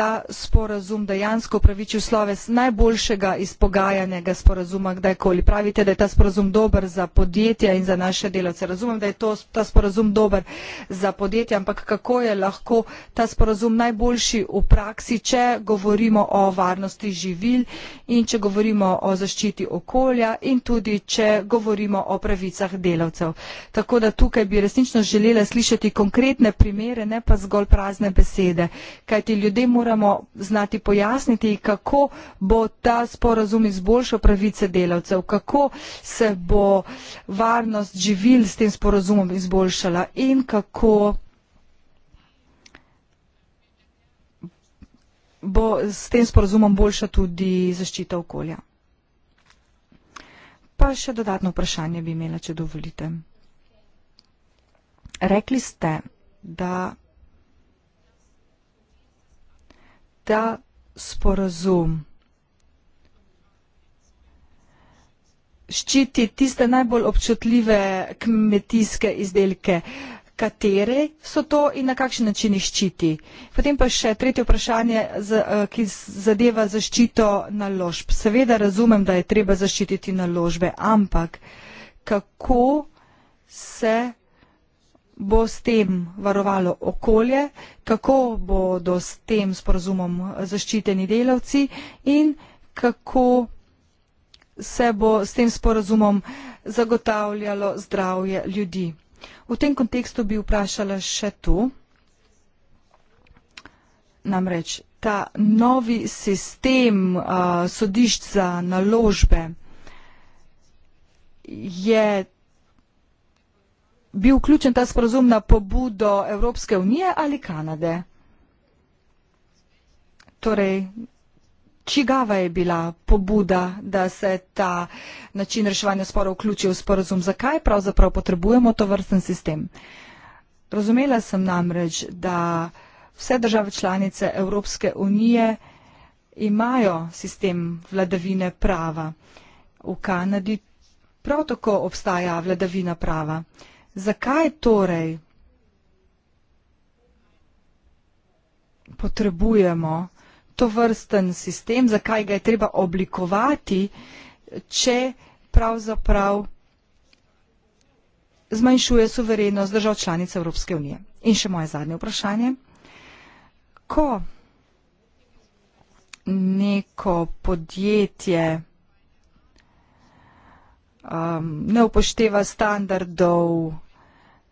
ta sporazum dejansko upravičil sloves najboljšega izpogajanega sporazuma kdajkoli. Pravite, da je ta sporazum dober za podjetja in za naše delavce. Razumem, da je to, ta sporazum dober za podjetja, ampak kako je lahko ta sporazum najboljši v praksi, če govorimo o varnosti živil in če govorimo o zaščiti okolja in tudi če govorimo o pravicah delavcev. Tako da tukaj bi resnično želela slišati konkretne primere, ne pa zgolj prazne besede, kajti ljudem mora moramo znati pojasniti, kako bo ta sporazum izboljšal pravice delavcev, kako se bo varnost živil s tem sporazumom izboljšala in kako bo s tem sporazumom boljša tudi zaščita okolja. Pa še dodatno vprašanje bi imela, če dovolite. Rekli ste, da ta sporazum ščiti tiste najbolj občutljive kmetijske izdelke, katere so to in na kakšen način jih ščiti. Potem pa še tretje vprašanje, eh, ki zadeva zaščito naložb. Seveda razumem, da je treba zaščititi naložbe, ampak kako se bo s tem varovalo okolje, kako bodo s tem sporozumom zaščiteni delavci in kako se bo s tem sporozumom zagotavljalo zdravje ljudi. V tem kontekstu bi vprašala še to, namreč ta novi sistem uh, sodišč za naložbe je bil vključen ta sporozum na pobudo Evropske unije ali Kanade? Torej, čigava je bila pobuda, da se ta način reševanja sporov vključi v sporozum? Zakaj pravzaprav potrebujemo to vrsten sistem? Razumela sem namreč, da vse države članice Evropske unije imajo sistem vladavine prava. V Kanadi prav tako obstaja vladavina prava. Zakaj torej potrebujemo to vrsten sistem, zakaj ga je treba oblikovati, če pravzaprav zmanjšuje suverenost držav članic Evropske unije? In še moje zadnje vprašanje. Ko neko podjetje um, ne upošteva standardov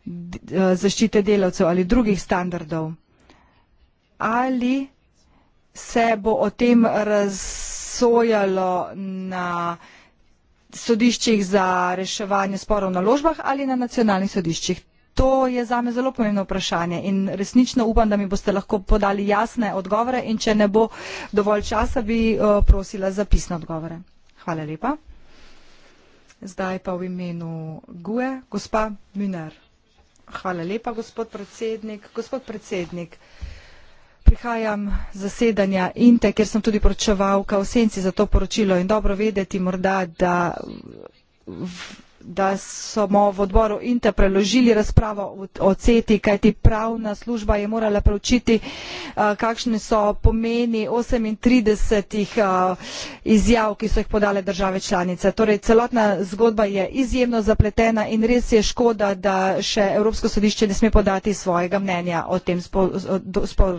eh, zaščite delavcev ali drugih standardov. Ali se bo o tem razsojalo na sodiščih za reševanje sporov na ložbah ali na nacionalnih sodiščih? To je za me zelo pomembno vprašanje in resnično upam, da mi boste lahko podali jasne odgovore in če ne bo dovolj časa, bi eh, prosila za pisne odgovore. Hvala lepa. Zdaj pa v imenu GUE, gospa Müner. Hvala lepa, gospod predsednik. Gospod predsednik, prihajam z zasedanja INTE, kjer sem tudi poročevalka v senci za to poročilo in dobro vedeti morda, da. V, da smo v odboru INTE preložili razpravo o CETI, kajti pravna služba je morala preučiti, eh, kakšni so pomeni 38 eh, izjav, ki so jih podale države članice. Torej, celotna zgodba je izjemno zapletena in res je škoda, da še Evropsko sodišče ne sme podati svojega mnenja o tem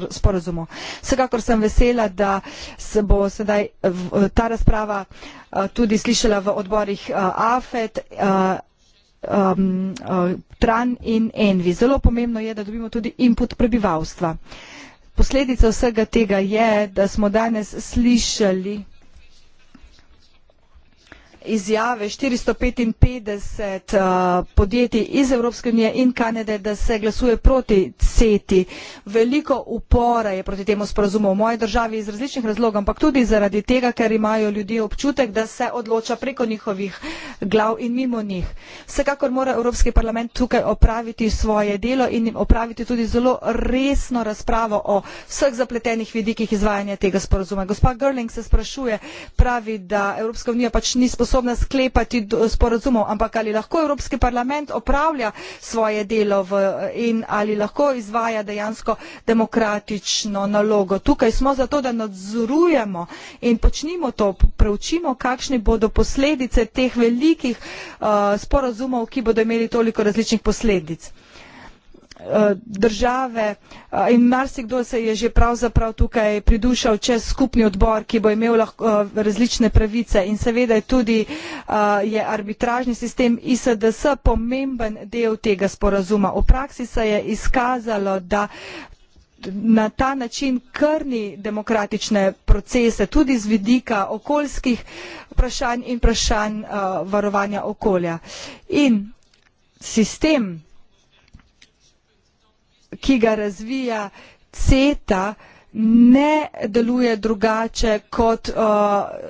sporozumu. Vsekakor sem vesela, da se bo sedaj ta razprava Eh, tudi slišala v odborih eh, AFET, eh, TRAN in ENVI. Zelo pomembno je, da dobimo tudi input prebivalstva. Posledica vsega tega je, da smo danes slišali izjave štiristo petinpetdeset eh, podjetij iz evropske unije in kanade da se glasuje proti ceti veliko upora je proti temu sporazumu v moji državi iz različnih razlogov ampak tudi zaradi tega ker imajo ljudje občutek da se odloča preko njihovih glav in mimo njih vsekakor mora evropski parlament tukaj opraviti svoje delo in opraviti tudi zelo resno razpravo o vseh zapletenih vidikih izvajanja tega sporazuma gospa girling se sprašuje pravi da evropska unija pač ni sposobna sklepati sporazumov ampak ali lahko evropski parlament opravlja svoje delo in ali lahko izvaja dejansko demokratično nalogo tukaj smo zato da nadzorujemo in počnimo to preučimo kakšne bodo posledice teh velikih eh, sporazumov ki bodo imeli toliko različnih posledic. Eh, države eh, in marsikdo se je že pravzaprav tukaj pridušal čez skupni odbor, ki bo imel lahko eh, različne pravice in seveda je tudi je arbitražni sistem ISDS pomemben del tega sporazuma. V praksi se je izkazalo, da na ta način krni demokratične procese tudi z vidika okoljskih vprašanj in vprašanj varovanja okolja. In sistem ki ga razvija ceta ne deluje drugače, kot uh,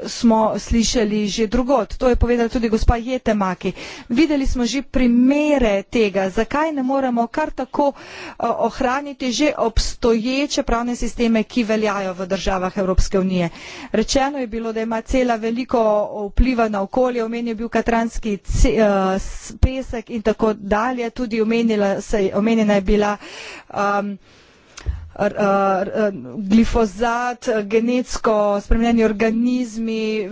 smo slišali že drugot. To je povedala tudi gospa Jetemaki. Videli smo že primere tega, zakaj ne moremo kar tako uh, ohraniti že obstoječe pravne sisteme, ki veljajo v državah Evropske unije. Rečeno je bilo, da ima cela veliko vpliva na okolje, omenil je bil katranski uh, pesek in tako dalje, tudi omenila, se, omenjena je bila. Um, glifozat, genetsko spremenjeni organizmi,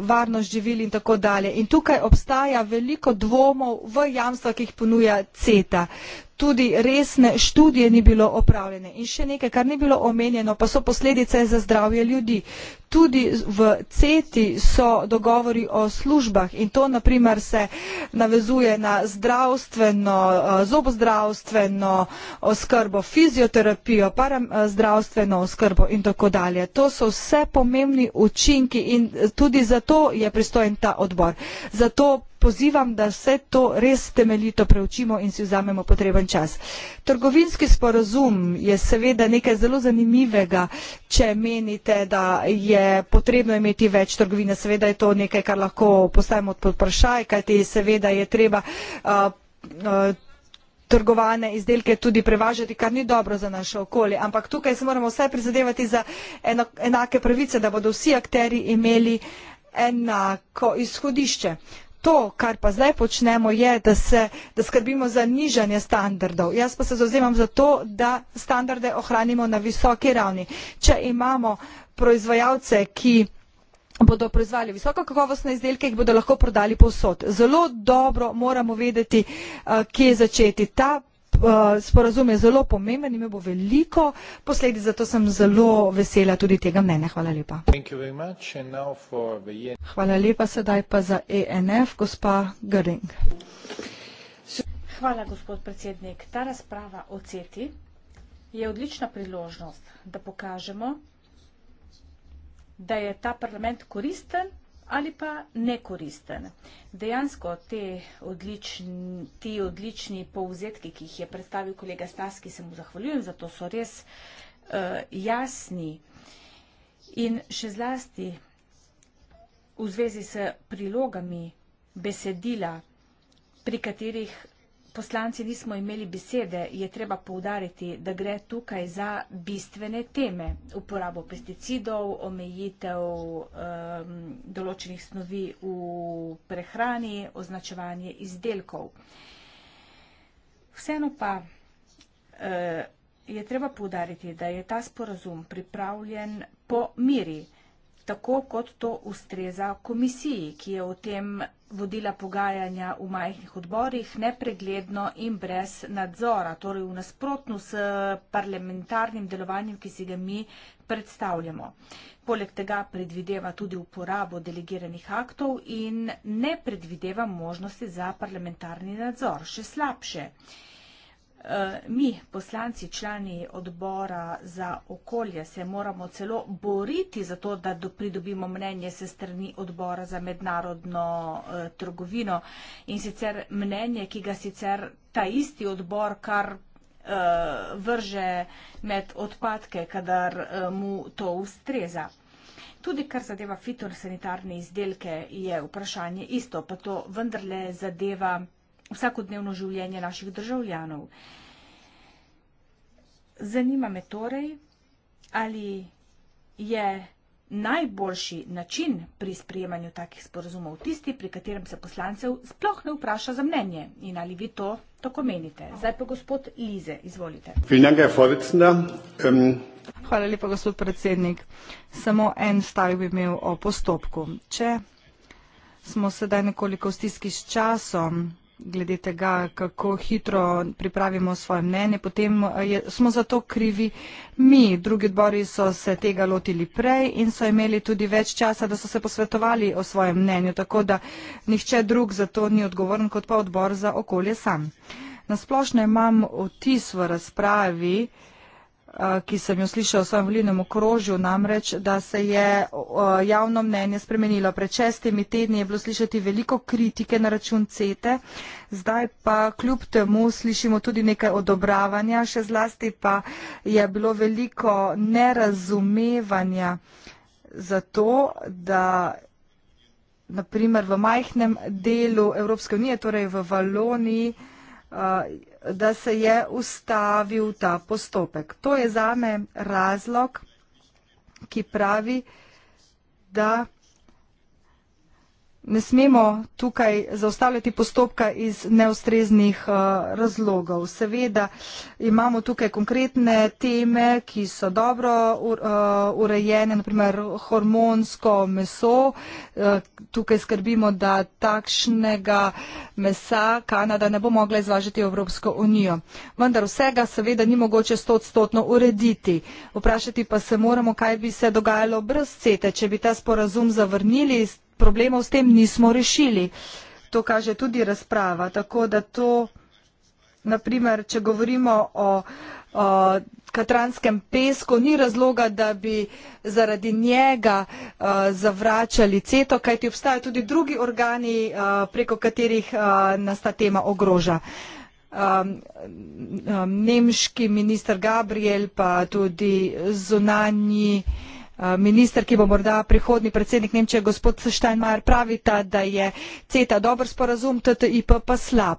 varnost živil in tako dalje. In tukaj obstaja veliko dvomov v jamstva, ki jih ponuja CETA. Tudi resne študije ni bilo opravljene. In še nekaj, kar ni bilo omenjeno, pa so posledice za zdravje ljudi. Tudi v CETI so dogovori o službah in to naprimer se navezuje na zdravstveno, eh, zobozdravstveno oskrbo, fizioterapijo, zdravstveno oskrbo in tako dalje. To so vse pomembni učinki in eh, tudi zato je pristojen ta odbor. Zato pozivam, da vse to res temeljito preučimo in si vzamemo potreben čas. Trgovinski sporozum je seveda nekaj zelo zanimivega, če menite, da je je potrebno imeti več trgovine. Seveda je to nekaj, kar lahko postavimo pod vprašaj, kajti seveda je treba trgovane izdelke tudi prevažati, kar ni dobro za naše okolje. Ampak tukaj se moramo vsaj prizadevati za enake pravice, da bodo vsi akteri imeli enako izhodišče. To, kar pa zdaj počnemo, je, da, se, da skrbimo za nižanje standardov. Jaz pa se zauzemam za to, da standarde ohranimo na visoki ravni. Če imamo proizvajalce ki bodo proizvajali visokokakovostne izdelke jih bodo lahko prodali povsod zelo dobro moramo vedeti eh, kje začeti ta eh, sporazum je zelo pomemben in bo veliko posledic zato sem zelo vesela tudi tega mnenja hvala lepa e hvala lepa sedaj pa za ENF gospa Göring Hvala, gospod predsednik. Ta razprava o CETI je odlična priložnost, da pokažemo, da je ta parlament koristen ali pa nekoristen. Dejansko te odlični, ti odlični povzetki, ki jih je predstavil kolega Staski, se mu zahvaljujem, zato so res uh, jasni. In še zlasti v zvezi s prilogami besedila, pri katerih poslanci nismo imeli besede, je treba povdariti, da gre tukaj za bistvene teme. Uporabo pesticidov, omejitev um, določenih snovi v prehrani, označevanje izdelkov. Vseeno pa uh, je treba povdariti, da je ta sporazum pripravljen po miri, tako kot to ustreza komisiji, ki je o tem vodila pogajanja v majhnih odborih nepregledno in brez nadzora, torej v nasprotno s parlamentarnim delovanjem, ki si ga mi predstavljamo. Poleg tega predvideva tudi uporabo delegiranih aktov in ne predvideva možnosti za parlamentarni nadzor. Še slabše. Eh, mi, poslanci, člani odbora za okolje, se moramo celo boriti za to, da pridobimo mnenje se strani odbora za mednarodno eh, trgovino in sicer mnenje, ki ga sicer ta isti odbor kar eh, vrže med odpadke, kadar mu to ustreza. Tudi kar zadeva fitosanitarne izdelke, je vprašanje isto, pa to vendarle zadeva vsakodnevno življenje naših državljanov. Zanima me torej, ali je najboljši način pri sprejemanju takih sporozumov tisti, pri katerem se poslancev sploh ne vpraša za mnenje in ali vi to tako menite. Zdaj pa gospod Lize, izvolite. Ähm, Hvala lepa, gospod predsednik. Samo en stavek bi imel o postopku. Če smo sedaj nekoliko v stiski s časom, glede tega, kako hitro pripravimo svoje mnenje, potem eh, je, smo za to krivi mi. Drugi odbori so se tega lotili prej in so imeli tudi več časa, da so se posvetovali o svojem mnenju, tako da nihče drug za to ni odgovoren kot pa odbor za okolje sam. Nasplošno imam vtis v razpravi, ki sem jo slišal v svojem volilnem okrožju, namreč, da se je javno mnenje spremenilo. Pred šestimi tedni je bilo slišati veliko kritike na račun CETE, zdaj pa kljub temu slišimo tudi nekaj odobravanja, še zlasti pa je bilo veliko nerazumevanja za to, da naprimer v majhnem delu Evropske unije, torej v Valoniji, da se je ustavil ta postopek. To je zame razlog, ki pravi, da ne smemo tukaj zaustavljati postopka iz neustreznih eh, razlogov. Seveda imamo tukaj konkretne teme, ki so dobro eh, urejene, naprimer hormonsko meso. Eh, tukaj skrbimo, da takšnega mesa Kanada ne bo mogla izvažati v Evropsko unijo. Vendar vsega seveda ni mogoče stotstotno urediti. Vprašati pa se moramo, kaj bi se dogajalo brez CETE, če bi ta sporazum zavrnili problemov s tem nismo rešili. To kaže tudi razprava. Tako da to, naprimer, če govorimo o, o katranskem pesku, ni razloga, da bi zaradi njega o, eh, zavračali ceto, kajti obstajajo tudi drugi organi, o, eh, preko katerih o, eh, nas ta tema ogroža. Um, nemški minister Gabriel pa tudi zunanji uh, Eh, minister ki bo morda prihodnji predsednik nemčije gospod steinmeier pravita da je ceta dober sporazum ttip pa slab.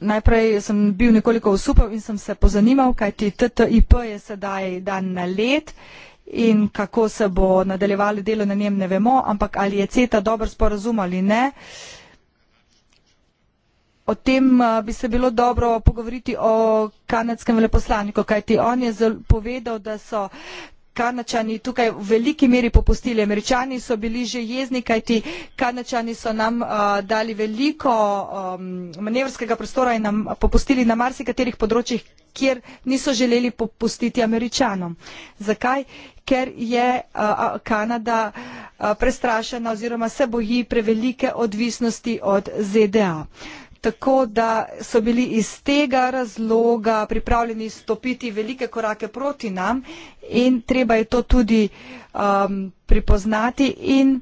najprej sem bil nekoliko osupel in sem se pozanimal kajti ttip je sedaj dan na led in kako se bo nadaljevalo delo na njem ne vemo ampak ali je ceta dober sporazum ali ne uh, o tem eh, bi se bilo dobro pogovoriti o kanadskem veleposlaniku, kajti on je povedal, da so kanačani tukaj v veliki meri popustili. Američani so bili že jezni, kajti kanačani so nam uh, dali veliko um, manevrskega prostora in nam popustili na marsikaterih področjih, kjer niso želeli popustiti američanom. Zakaj? Ker je uh, Kanada uh, prestrašena oziroma se boji prevelike odvisnosti od ZDA. Uh, tako da so bili iz tega razloga pripravljeni stopiti velike korake proti nam in treba je to tudi um, pripoznati in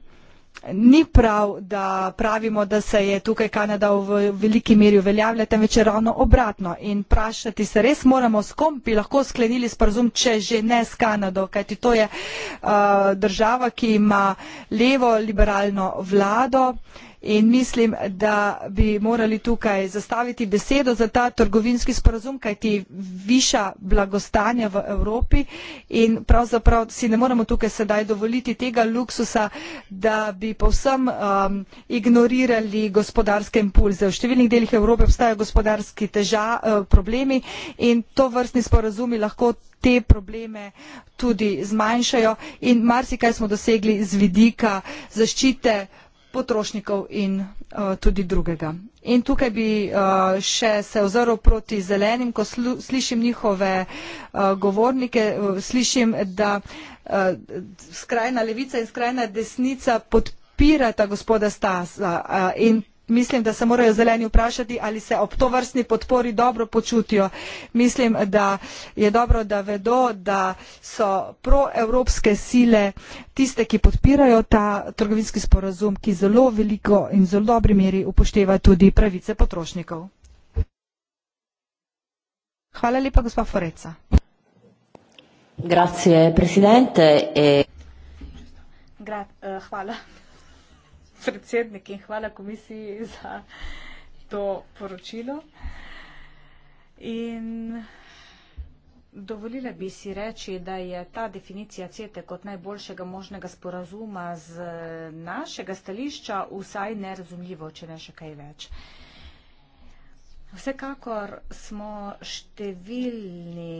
ni prav, da pravimo, da se je tukaj Kanada v veliki meri uveljavljala, temveč je ravno obratno in vprašati se res moramo, s kom bi lahko sklenili sporazum, če že ne s Kanado, kajti to je uh, država, ki ima levo liberalno vlado in mislim da bi morali tukaj zastaviti besedo za ta trgovinski sporazum kajti viša blagostanja v evropi in pravzaprav si ne moremo tukaj sedaj dovoliti tega luksuza da bi povsem um, ignorirali gospodarske impulze v številnih delih evrope obstajajo gospodarski teža, uh, problemi in to vrstni sporazumi lahko te probleme tudi zmanjšajo in marsikaj smo dosegli z vidika zaščite potrošnikov in uh, tudi drugega. In tukaj bi uh, še se ozrl proti zelenim, ko slu, slišim njihove uh, govornike, uh, slišim, da uh, skrajna levica in skrajna desnica podpirata gospoda Stasa uh, in mislim da se morajo zeleni vprašati ali se ob tovrstni podpori dobro počutijo mislim da je dobro da vedo da so proevropske sile tiste ki podpirajo ta trgovinski sporazum ki zelo veliko in zelo dobri meri upošteva tudi pravice potrošnikov Hvala lepa, gospa Foreca. Grazie, presidente. E... Gra uh, hvala predsednik in hvala komisiji za to poročilo. In dovolila bi si reči, da je ta definicija CETE kot najboljšega možnega sporazuma z našega stališča vsaj nerazumljivo, če ne še kaj več. Vsekakor smo številni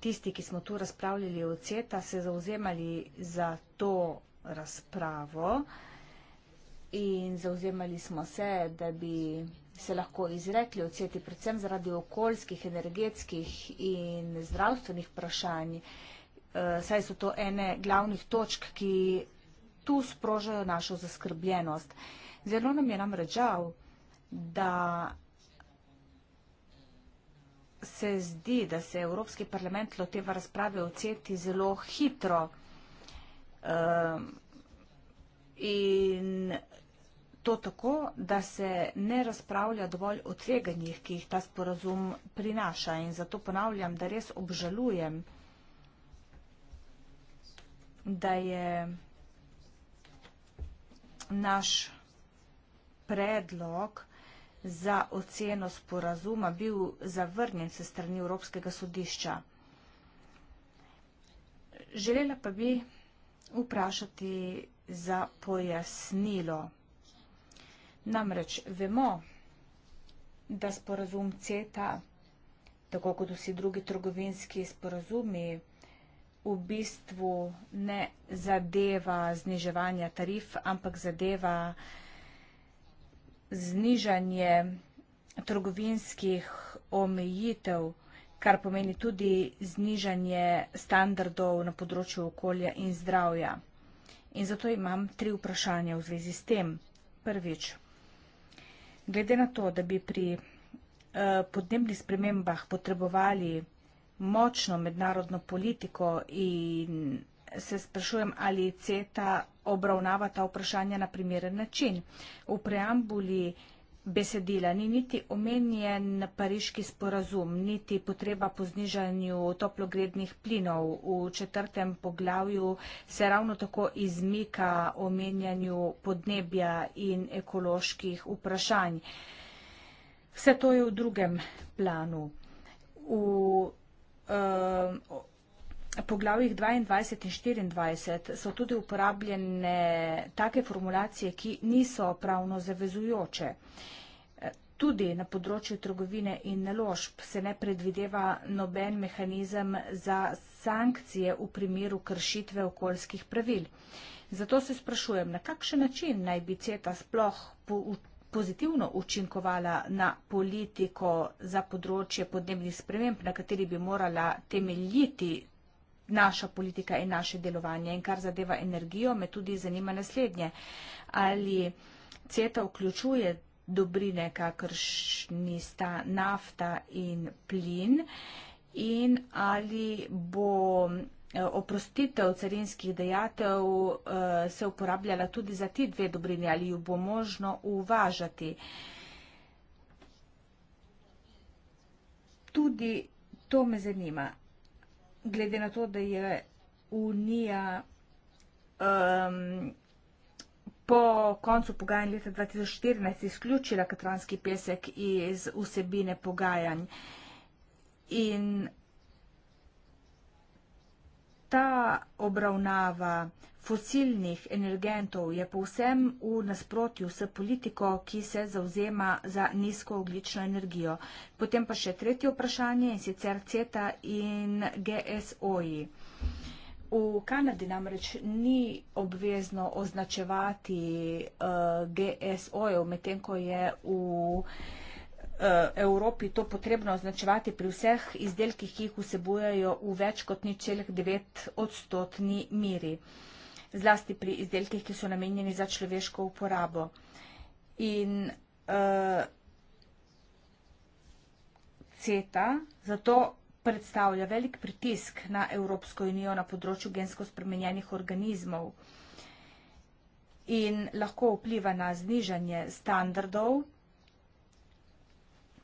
tisti, ki smo tu razpravljali o CETA, se zauzemali za to razpravo in zauzemali smo se, da bi se lahko izrekli odseti predvsem zaradi okoljskih, energetskih in zdravstvenih vprašanj, eh, saj so to ene glavnih točk, ki tu sprožajo našo zaskrbljenost. Zelo nam je nam rečal, da se zdi, da se Evropski parlament loteva razprave o CETI zelo hitro eh, in to tako, da se ne razpravlja dovolj o tveganjih, ki jih ta sporazum prinaša in zato ponavljam, da res obžalujem, da je naš predlog za oceno sporazuma bil zavrnjen se strani Evropskega sodišča. Želela pa bi vprašati za pojasnilo. Namreč vemo, da sporazum CETA, tako kot vsi drugi trgovinski sporazumi, v bistvu ne zadeva zniževanja tarif, ampak zadeva znižanje trgovinskih omejitev, kar pomeni tudi znižanje standardov na področju okolja in zdravja. In zato imam tri vprašanja v zvezi s tem. Prvič glede na to, da bi pri eh, podnebnih spremembah potrebovali močno mednarodno politiko in se sprašujem, ali CETA obravnava ta vprašanja na primeren način. V preambuli besedila, ni niti omenjen pariški sporazum, niti potreba po znižanju toplogrednih plinov. V četrtem poglavju se ravno tako izmika omenjanju podnebja in ekoloških vprašanj. Vse to je v drugem planu. V, uh, poglavjih 22 in 24 so tudi uporabljene take formulacije, ki niso pravno zavezujoče. E, tudi na področju trgovine in naložb se ne predvideva noben mehanizem za sankcije v primeru kršitve okoljskih pravil. Zato se sprašujem, na kakšen način naj bi CETA sploh pozitivno učinkovala na politiko za področje podnebnih sprememb, na kateri bi morala temeljiti naša politika in naše delovanje. In kar zadeva energijo, me tudi zanima naslednje. Ali CETA vključuje dobrine, kakršni sta nafta in plin in ali bo eh, oprostitev carinskih dejatev eh, se uporabljala tudi za ti dve dobrini ali ju bo možno uvažati. Tudi to me zanima glede na to, da je Unija um, po koncu pogajanj leta 2014 izključila katranski pesek iz vsebine pogajanj in ta obravnava fosilnih energentov je povsem v nasprotju s politiko, ki se zauzema za nizkooglično energijo. Potem pa še tretje vprašanje in sicer CETA in GSOI. V Kanadi namreč ni obvezno označevati uh, eh, GSO-jev, medtem ko je v uh, Eh, Evropi to potrebno označevati pri vseh izdelkih, ki jih vsebujejo v več kot ničelih 9 odstotni miri, zlasti pri izdelkih, ki so namenjeni za človeško uporabo. In uh, CETA zato predstavlja velik pritisk na Evropsko unijo na področju gensko spremenjenih organizmov in lahko vpliva na znižanje standardov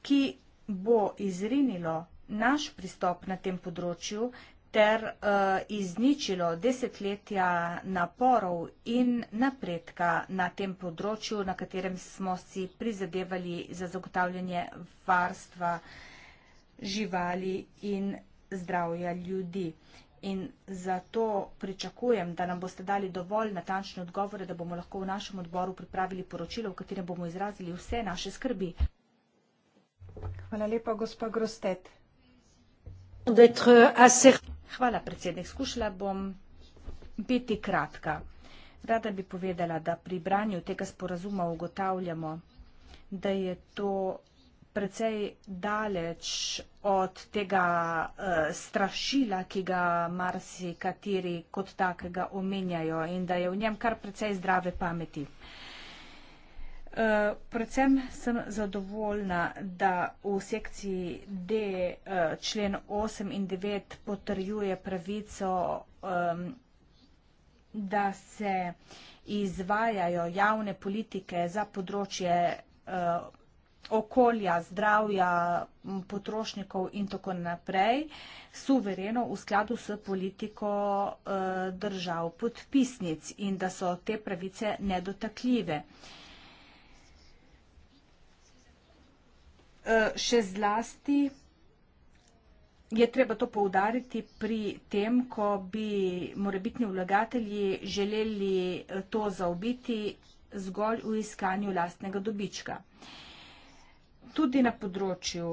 ki bo izrinilo naš pristop na tem področju ter uh, izničilo desetletja naporov in napredka na tem področju, na katerem smo si prizadevali za zagotavljanje varstva živali in zdravja ljudi. In zato pričakujem, da nam boste dali dovolj natančne odgovore, da bomo lahko v našem odboru pripravili poročilo, v katerem bomo izrazili vse naše skrbi. Hvala lepa, gospa Grostet. Hvala, predsednik. Skušala bom biti kratka. Rada bi povedala, da pri branju tega sporazuma ugotavljamo, da je to precej daleč od tega uh, strašila, ki ga marsikateri kot takega omenjajo in da je v njem kar precej zdrave pameti. Uh, Eh, predvsem sem zadovoljna, da v sekciji D eh, člen 8 in 9 potrjuje pravico, da se izvajajo javne politike za področje eh, okolja, zdravja, potrošnikov in tako naprej, suvereno v skladu s politiko držav podpisnic in da so te pravice nedotakljive. E, še zlasti je treba to poudariti pri tem, ko bi morebitni vlagatelji želeli e, to zaobiti zgolj v iskanju lastnega dobička. Tudi na področju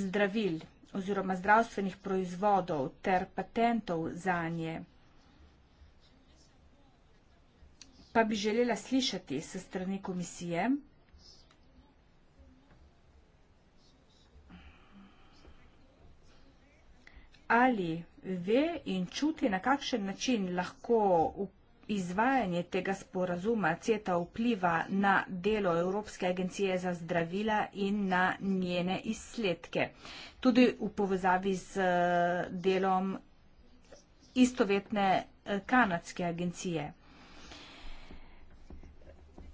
zdravil oziroma zdravstvenih proizvodov ter patentov za nje, pa bi želela slišati s strani komisije, ali ve in čuti, na kakšen način lahko izvajanje tega sporazuma CETA vpliva na delo Evropske agencije za zdravila in na njene izsledke. Tudi v povezavi z eh, delom istovetne eh, kanadske agencije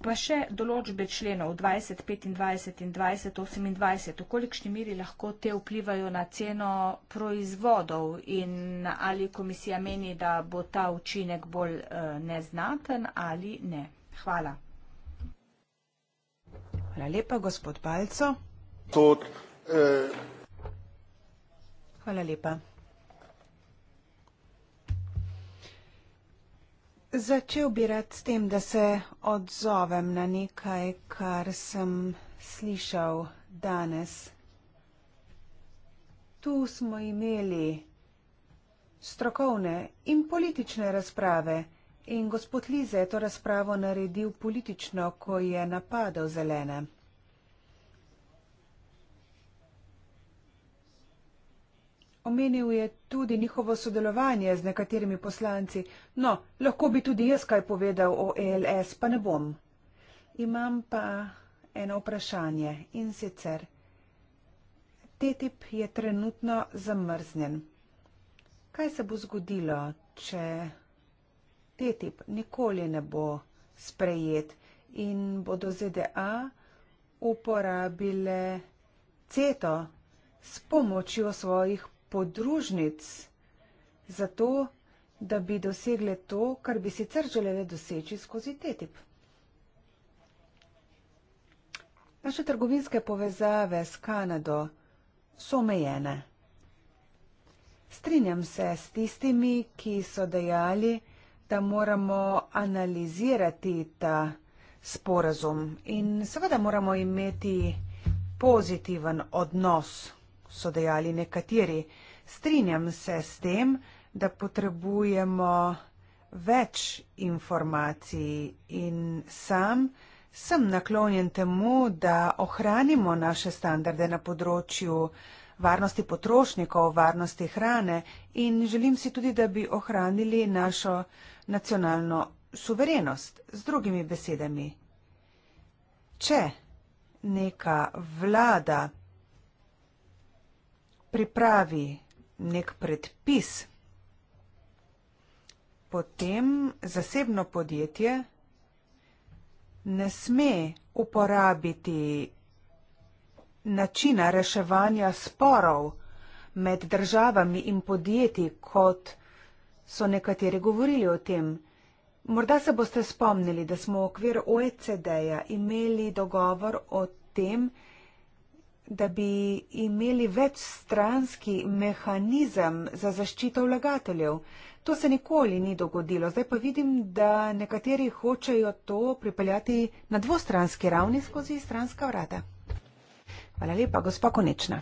pa še določbe členov 20, 25 in 20, 28, v kolikšni miri lahko te vplivajo na ceno proizvodov in ali komisija meni, da bo ta učinek bolj eh, neznaten ali ne. Hvala. Hvala lepa, gospod Balco. Tud, eh... Hvala lepa. Začel bi rad s tem, da se odzovem na nekaj, kar sem slišal danes. Tu smo imeli strokovne in politične razprave in gospod Lize je to razpravo naredil politično, ko je napadal zelene. Omenil je tudi njihovo sodelovanje z nekaterimi poslanci. No, lahko bi tudi jaz kaj povedal o ELS, pa ne bom. Imam pa eno vprašanje in sicer. TTIP je trenutno zamrznjen. Kaj se bo zgodilo, če TTIP nikoli ne bo sprejet in bodo ZDA uporabile CETO s pomočjo svojih podružnic za to, da bi dosegle to, kar bi sicer želele doseči skozi TTIP. Naše trgovinske povezave s Kanado so omejene. Strinjam se s tistimi, ki so dejali, da moramo analizirati ta sporazum in seveda moramo imeti pozitiven odnos so dejali nekateri. Strinjam se s tem, da potrebujemo več informacij in sam sem naklonjen temu, da ohranimo naše standarde na področju varnosti potrošnikov, varnosti hrane in želim si tudi, da bi ohranili našo nacionalno suverenost. Z drugimi besedami, če neka vlada pripravi nek predpis, potem zasebno podjetje ne sme uporabiti načina reševanja sporov med državami in podjetji, kot so nekateri govorili o tem. Morda se boste spomnili, da smo v okviru OECD-ja imeli dogovor o tem, da bi imeli več stranski mehanizem za zaščito vlagateljev. To se nikoli ni dogodilo. Zdaj pa vidim, da nekateri hočejo to pripeljati na dvostranski ravni skozi stranska vrata. Hvala lepa, gospa Konečna.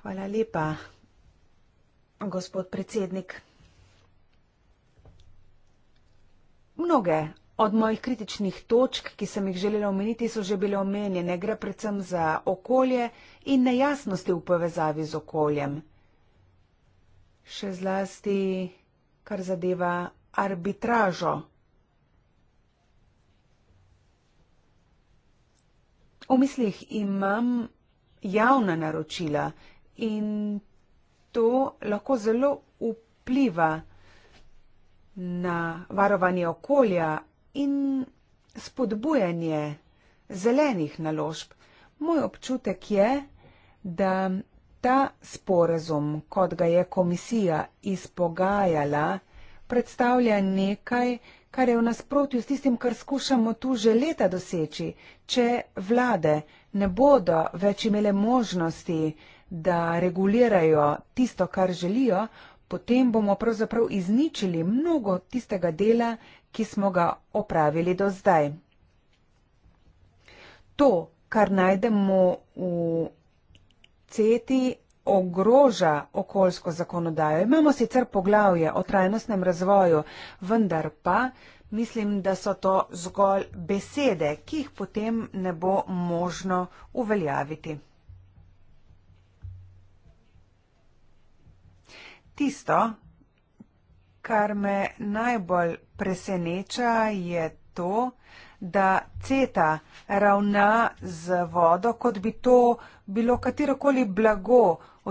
Hvala lepa, gospod predsednik. Mnoge Od mojih kritičnih točk, ki sem jih želela omeniti, so že bile omenjene. Gre predvsem za okolje in nejasnosti v povezavi z okoljem. Še zlasti, kar zadeva arbitražo. V mislih imam javna naročila in to lahko zelo vpliva na varovanje okolja in spodbujanje zelenih naložb. Moj občutek je, da ta sporazum, kot ga je komisija izpogajala, predstavlja nekaj, kar je v nasprotju s tistim, kar skušamo tu že leta doseči, če vlade ne bodo več imele možnosti, da regulirajo tisto, kar želijo, potem bomo pravzaprav izničili mnogo tistega dela, ki smo ga opravili do zdaj. To, kar najdemo v ceti, ogroža okoljsko zakonodajo. Imamo sicer poglavje o trajnostnem razvoju, vendar pa mislim, da so to zgolj besede, ki jih potem ne bo možno uveljaviti. Tisto, kar me najbolj preseneča, je to, da ceta ravna z vodo, kot bi to bilo katerokoli blago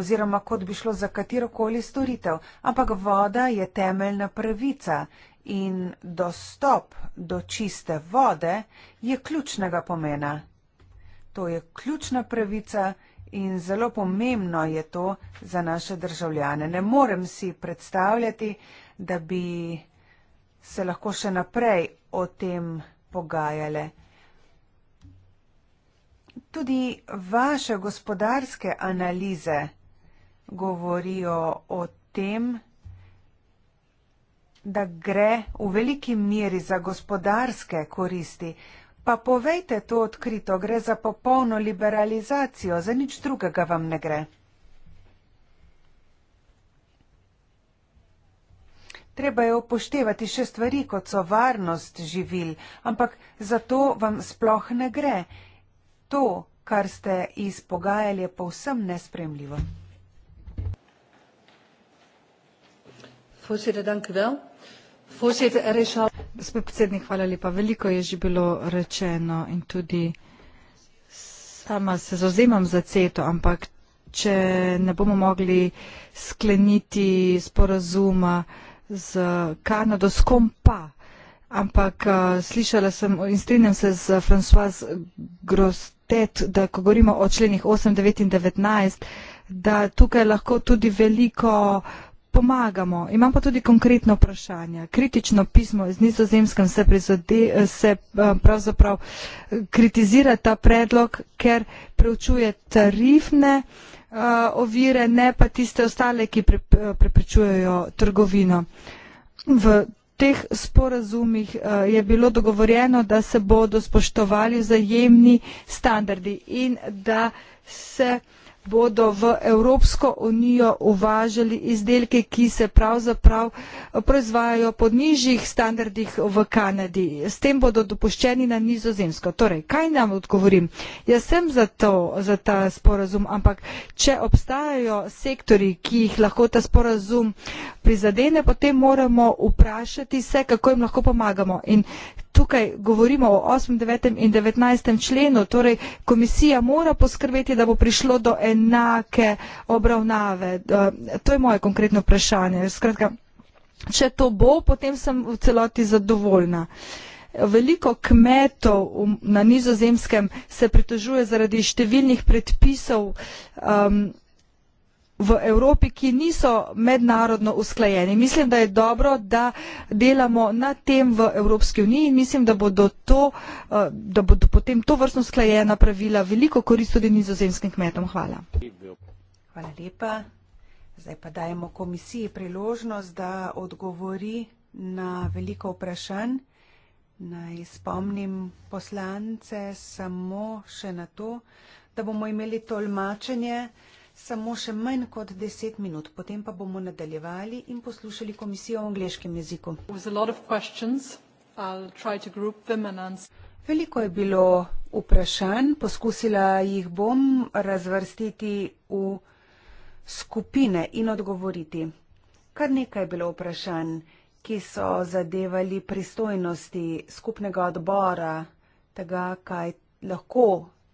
oziroma kot bi šlo za katerokoli storitev. Ampak voda je temeljna pravica in dostop do čiste vode je ključnega pomena. To je ključna pravica In zelo pomembno je to za naše državljane. Ne morem si predstavljati, da bi se lahko še naprej o tem pogajale. Tudi vaše gospodarske analize govorijo o tem, da gre v veliki meri za gospodarske koristi, Pa povejte to odkrito, gre za popolno liberalizacijo, za nič drugega vam ne gre. Treba je upoštevati še stvari, kot so varnost živil, ampak za to vam sploh ne gre. To, kar ste izpogajali, je povsem nespremljivo. Voorzitter, dank u wel. Voorzitter, er is al. Gospod predsednik, hvala lepa. Veliko je že bilo rečeno in tudi sama se zauzemam za CETO, ampak če ne bomo mogli skleniti sporazuma z Kanado, s kom pa? Ampak uh, slišala sem in strinjam se z François Grostet, da ko govorimo o členih 8, 9 in 19, da tukaj lahko tudi veliko pomagamo. Imam pa tudi konkretno vprašanje. Kritično pismo iz nizozemskem se, prizode, se eh, pravzaprav eh, kritizira ta predlog, ker preučuje tarifne eh, ovire, ne pa tiste ostale, ki preprečujejo trgovino. V teh sporazumih je bilo dogovorjeno, da se bodo spoštovali vzajemni standardi in da se bodo v Evropsko unijo uvažali izdelke, ki se pravzaprav proizvajajo pod nižjih standardih v Kanadi. S tem bodo dopuščeni na nizozemsko. Torej, kaj nam odgovorim? Jaz sem za, to, za ta sporazum, ampak če obstajajo sektori, ki jih lahko ta sporazum prizadene, potem moramo vprašati se, kako jim lahko pomagamo. In tukaj govorimo o 8., 9. in 19. členu, torej komisija mora poskrbeti, da bo prišlo do enake obravnave. To je moje konkretno vprašanje. Skratka, če to bo, potem sem v celoti zadovoljna. Veliko kmetov na nizozemskem se pritožuje zaradi številnih predpisov. Um, v Evropi, ki niso mednarodno usklajeni. Mislim, da je dobro, da delamo na tem v Evropski uniji in mislim, da bodo, to, eh, da bodo potem to vrstno usklajena pravila veliko koristili nizozemskim kmetom. Hvala. Hvala lepa. Zdaj pa dajemo komisiji priložnost, da odgovori na veliko vprašanj. Naj spomnim poslance samo še na to, da bomo imeli tolmačenje samo še manj kot deset minut, potem pa bomo nadaljevali in poslušali komisijo o angliškem jeziku. Veliko je bilo vprašanj, poskusila jih bom razvrstiti v skupine in odgovoriti. Kar nekaj je bilo vprašanj, ki so zadevali pristojnosti skupnega odbora, tega, kaj lahko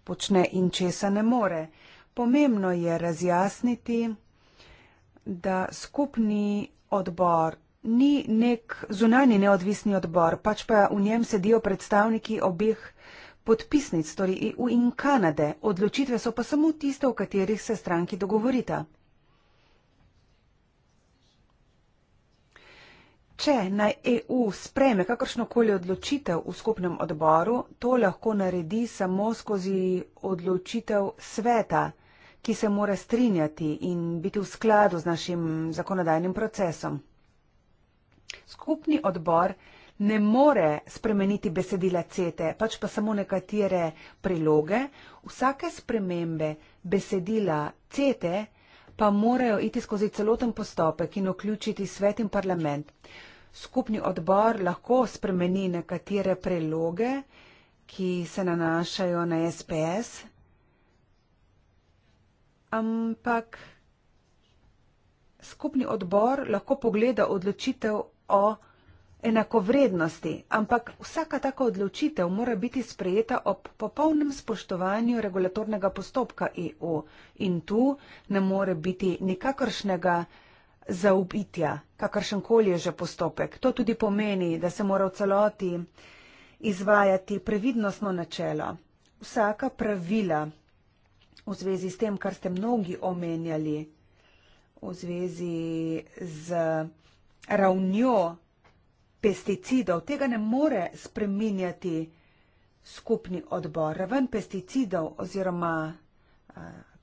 počne in česa ne more. Pomembno je razjasniti, da skupni odbor ni nek zunani neodvisni odbor, pač pa v njem sedijo predstavniki obeh podpisnic, torej EU in Kanade. Odločitve so pa samo tiste, o katerih se stranki dogovorita. Če naj EU spreme kakršnokoli odločitev v skupnem odboru, to lahko naredi samo skozi odločitev sveta ki se mora strinjati in biti v skladu z našim zakonodajnim procesom. Skupni odbor ne more spremeniti besedila CETE, pač pa samo nekatere priloge. Vsake spremembe besedila CETE pa morajo iti skozi celoten postopek in vključiti svet in parlament. Skupni odbor lahko spremeni nekatere preloge, ki se nanašajo na SPS, ampak skupni odbor lahko pogleda odločitev o enakovrednosti, ampak vsaka taka odločitev mora biti sprejeta ob popolnem spoštovanju regulatornega postopka EU in tu ne more biti nikakršnega zaubitja, kakršenkoli je že postopek. To tudi pomeni, da se mora v celoti izvajati previdnostno načelo. Vsaka pravila v zvezi s tem, kar ste mnogi omenjali, v zvezi z ravnjo pesticidov, tega ne more spreminjati skupni odbor. Raven pesticidov oziroma eh,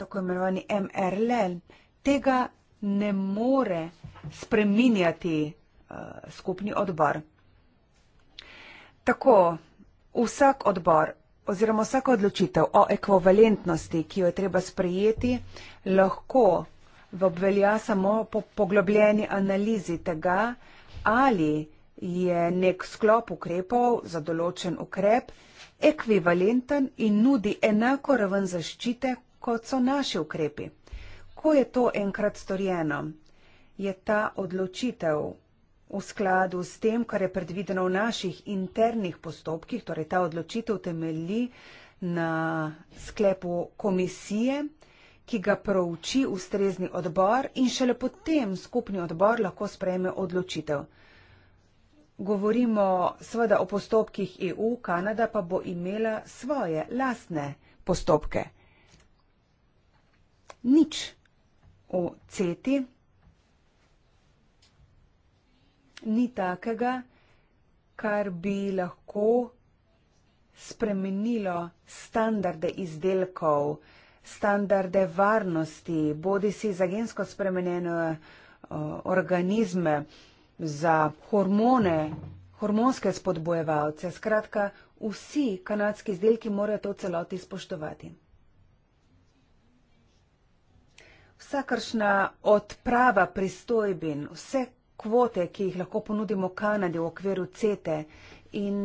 tako imenovani MRL, tega ne more spreminjati eh, skupni odbor. Tako, vsak odbor oziroma vsaka odločitev o ekvivalentnosti, ki jo je treba sprejeti, lahko obvelja samo po poglobljeni analizi tega, ali je nek sklop ukrepov za določen ukrep ekvivalenten in nudi enako raven zaščite, kot so naši ukrepi. Ko je to enkrat storjeno, je ta odločitev V skladu s tem, kar je predvideno v naših internih postopkih, torej ta odločitev temelji na sklepu komisije, ki ga prouči ustrezni odbor in šele potem skupni odbor lahko sprejme odločitev. Govorimo seveda o postopkih EU, Kanada pa bo imela svoje lastne postopke. Nič v CETI ni takega, kar bi lahko spremenilo standarde izdelkov, standarde varnosti, bodi si za gensko spremenjene eh, organizme, za hormone, hormonske spodbojevalce. Skratka, vsi kanadski izdelki morajo to celoti spoštovati. Vsakršna odprava pristojbin, vse kvote, ki jih lahko ponudimo Kanadi v okviru CETE in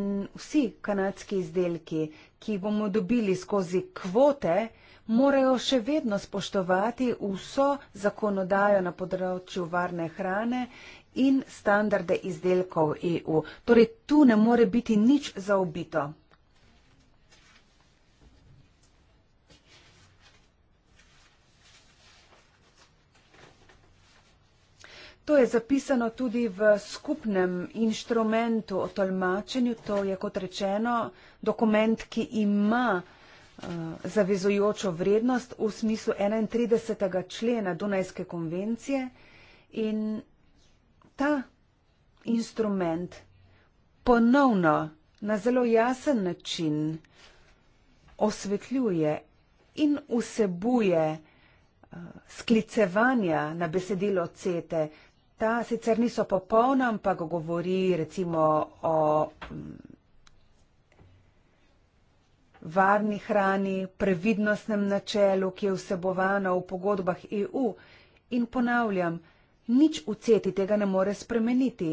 vsi kanadski izdelki, ki jih bomo dobili skozi kvote, morajo še vedno spoštovati vso zakonodajo na področju varne hrane in standarde izdelkov EU. Torej, tu ne more biti nič zaobito. To je zapisano tudi v skupnem inštrumentu o tolmačenju. To je, kot rečeno, dokument, ki ima eh, zavezojočo vrednost v smislu 31. člena Dunajske konvencije in ta instrument ponovno na zelo jasen način osvetljuje in vsebuje eh, sklicevanja na besedilo CETE, ta sicer niso popolna, ampak govori recimo o mm, varni hrani, previdnostnem načelu, ki je vsebovano v pogodbah EU. In ponavljam, nič v ceti tega ne more spremeniti.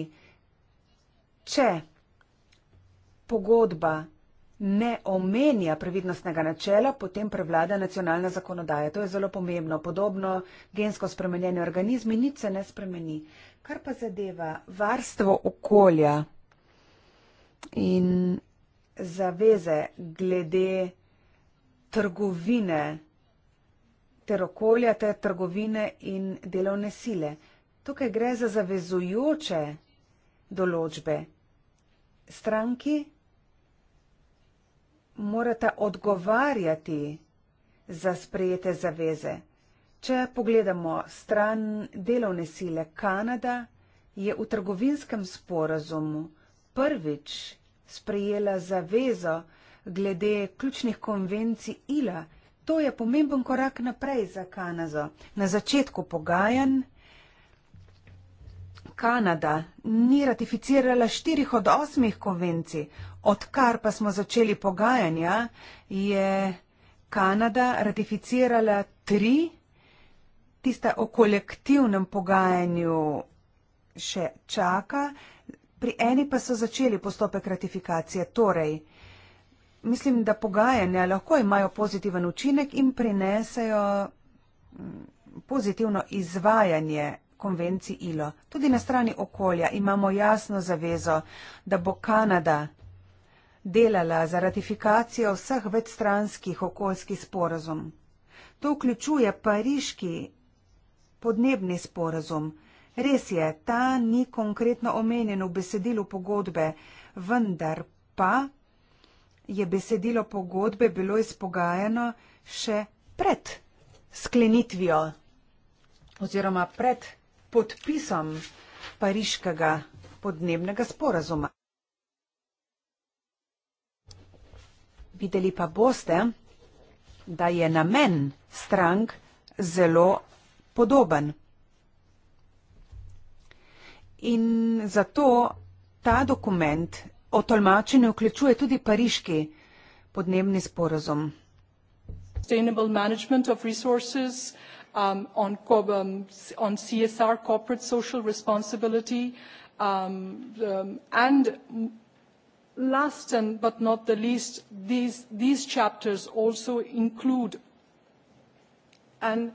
Če pogodba ne omenja previdnostnega načela, potem prevlada nacionalna zakonodaja. To je zelo pomembno. Podobno gensko spremenjeni organizmi, nič se ne spremeni. Kar pa zadeva varstvo okolja in zaveze glede trgovine ter okolja, ter trgovine in delovne sile. Tukaj gre za zavezujoče določbe stranki, morata odgovarjati za sprejete zaveze. Če pogledamo stran delovne sile Kanada, je v trgovinskem sporazumu prvič sprejela zavezo glede ključnih konvencij ILA. To je pomemben korak naprej za Kanazo. Na začetku pogajanj Kanada ni ratificirala štirih od osmih konvencij, odkar pa smo začeli pogajanja, je Kanada ratificirala tri, tista o kolektivnem pogajanju še čaka, pri eni pa so začeli postopek ratifikacije. Torej, mislim, da pogajanja lahko imajo pozitiven učinek in prinesajo mm, pozitivno izvajanje konvenciji ILO. Tudi na strani okolja imamo jasno zavezo, da bo Kanada delala za ratifikacijo vseh večstranskih okoljskih sporazum. To vključuje pariški podnebni sporazum. Res je, ta ni konkretno omenjen v besedilu pogodbe, vendar pa je besedilo pogodbe bilo izpogajano še pred sklenitvijo oziroma pred podpisom pariškega podnebnega sporazuma. Videli pa boste, da je namen strank zelo podoben. In zato ta dokument o tolmačenju vključuje tudi pariški podnebni sporazum. Sustainable management of resources um, on, um, on CSR, corporate social responsibility, um, um, and last and but not the least, these, these chapters also include and uh,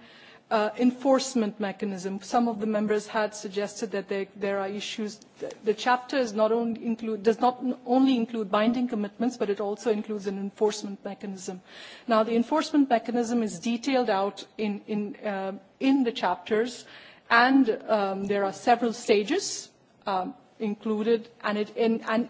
uh, enforcement mechanism. Some of the members had suggested that there, there are issues. The, the chapter is not only include, does not only include binding commitments, but it also includes an enforcement mechanism. Now, the enforcement mechanism is detailed out in, in, uh, in the chapters, and um, there are several stages um, included, and, it, in, and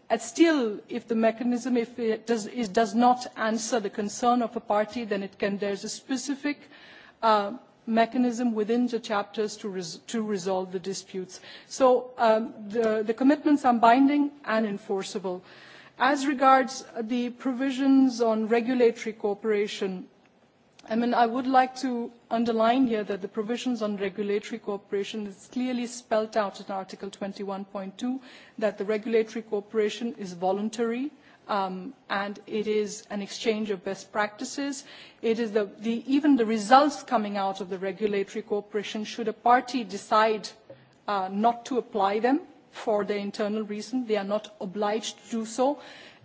still if the mechanism does not answer the concern of a party then there is a specific uh, mechanism within the chapters to resolve the disputes. so um, the commitments are binding and enforceable. as regards the provisions on regulatory cooperation I mean, I would like to underline here that the provisions on regulatory cooperation is clearly spelt out in Article 21.2 that the regulatory cooperation is voluntary um, and it is an exchange of best practices. It is the, the, even the results coming out of the regulatory cooperation, should a party decide uh, not to apply them for their internal reason, they are not obliged to do so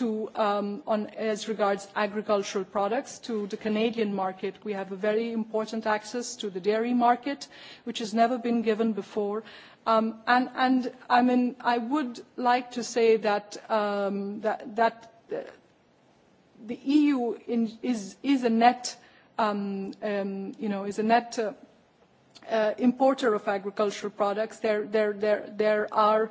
Um, on as regards agricultural products to the Canadian market. We have a very important access to the dairy market, which has never been given before. Um, and I mean, I would like to say that um, uh, the EU is a net, you know, is a net uh, uh, importer of agricultural products. There are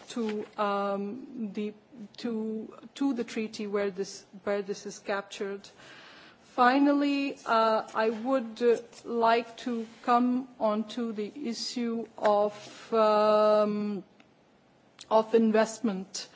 to um, the to to the treaty where this where this is captured. Finally, uh, I would uh, like to come on to the issue of um, of investment. Uh,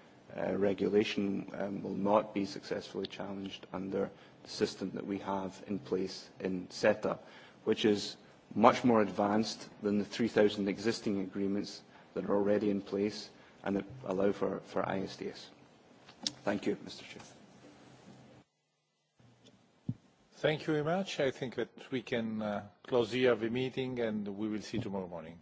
Uh, regulation um, will not be successfully challenged under the system that we have in place in CETA, which is much more advanced than the 3,000 existing agreements that are already in place and that allow for, for ISDS. Thank you, Mr. Chief. Thank you very much. I think that we can uh, close here the e meeting and we will see tomorrow morning.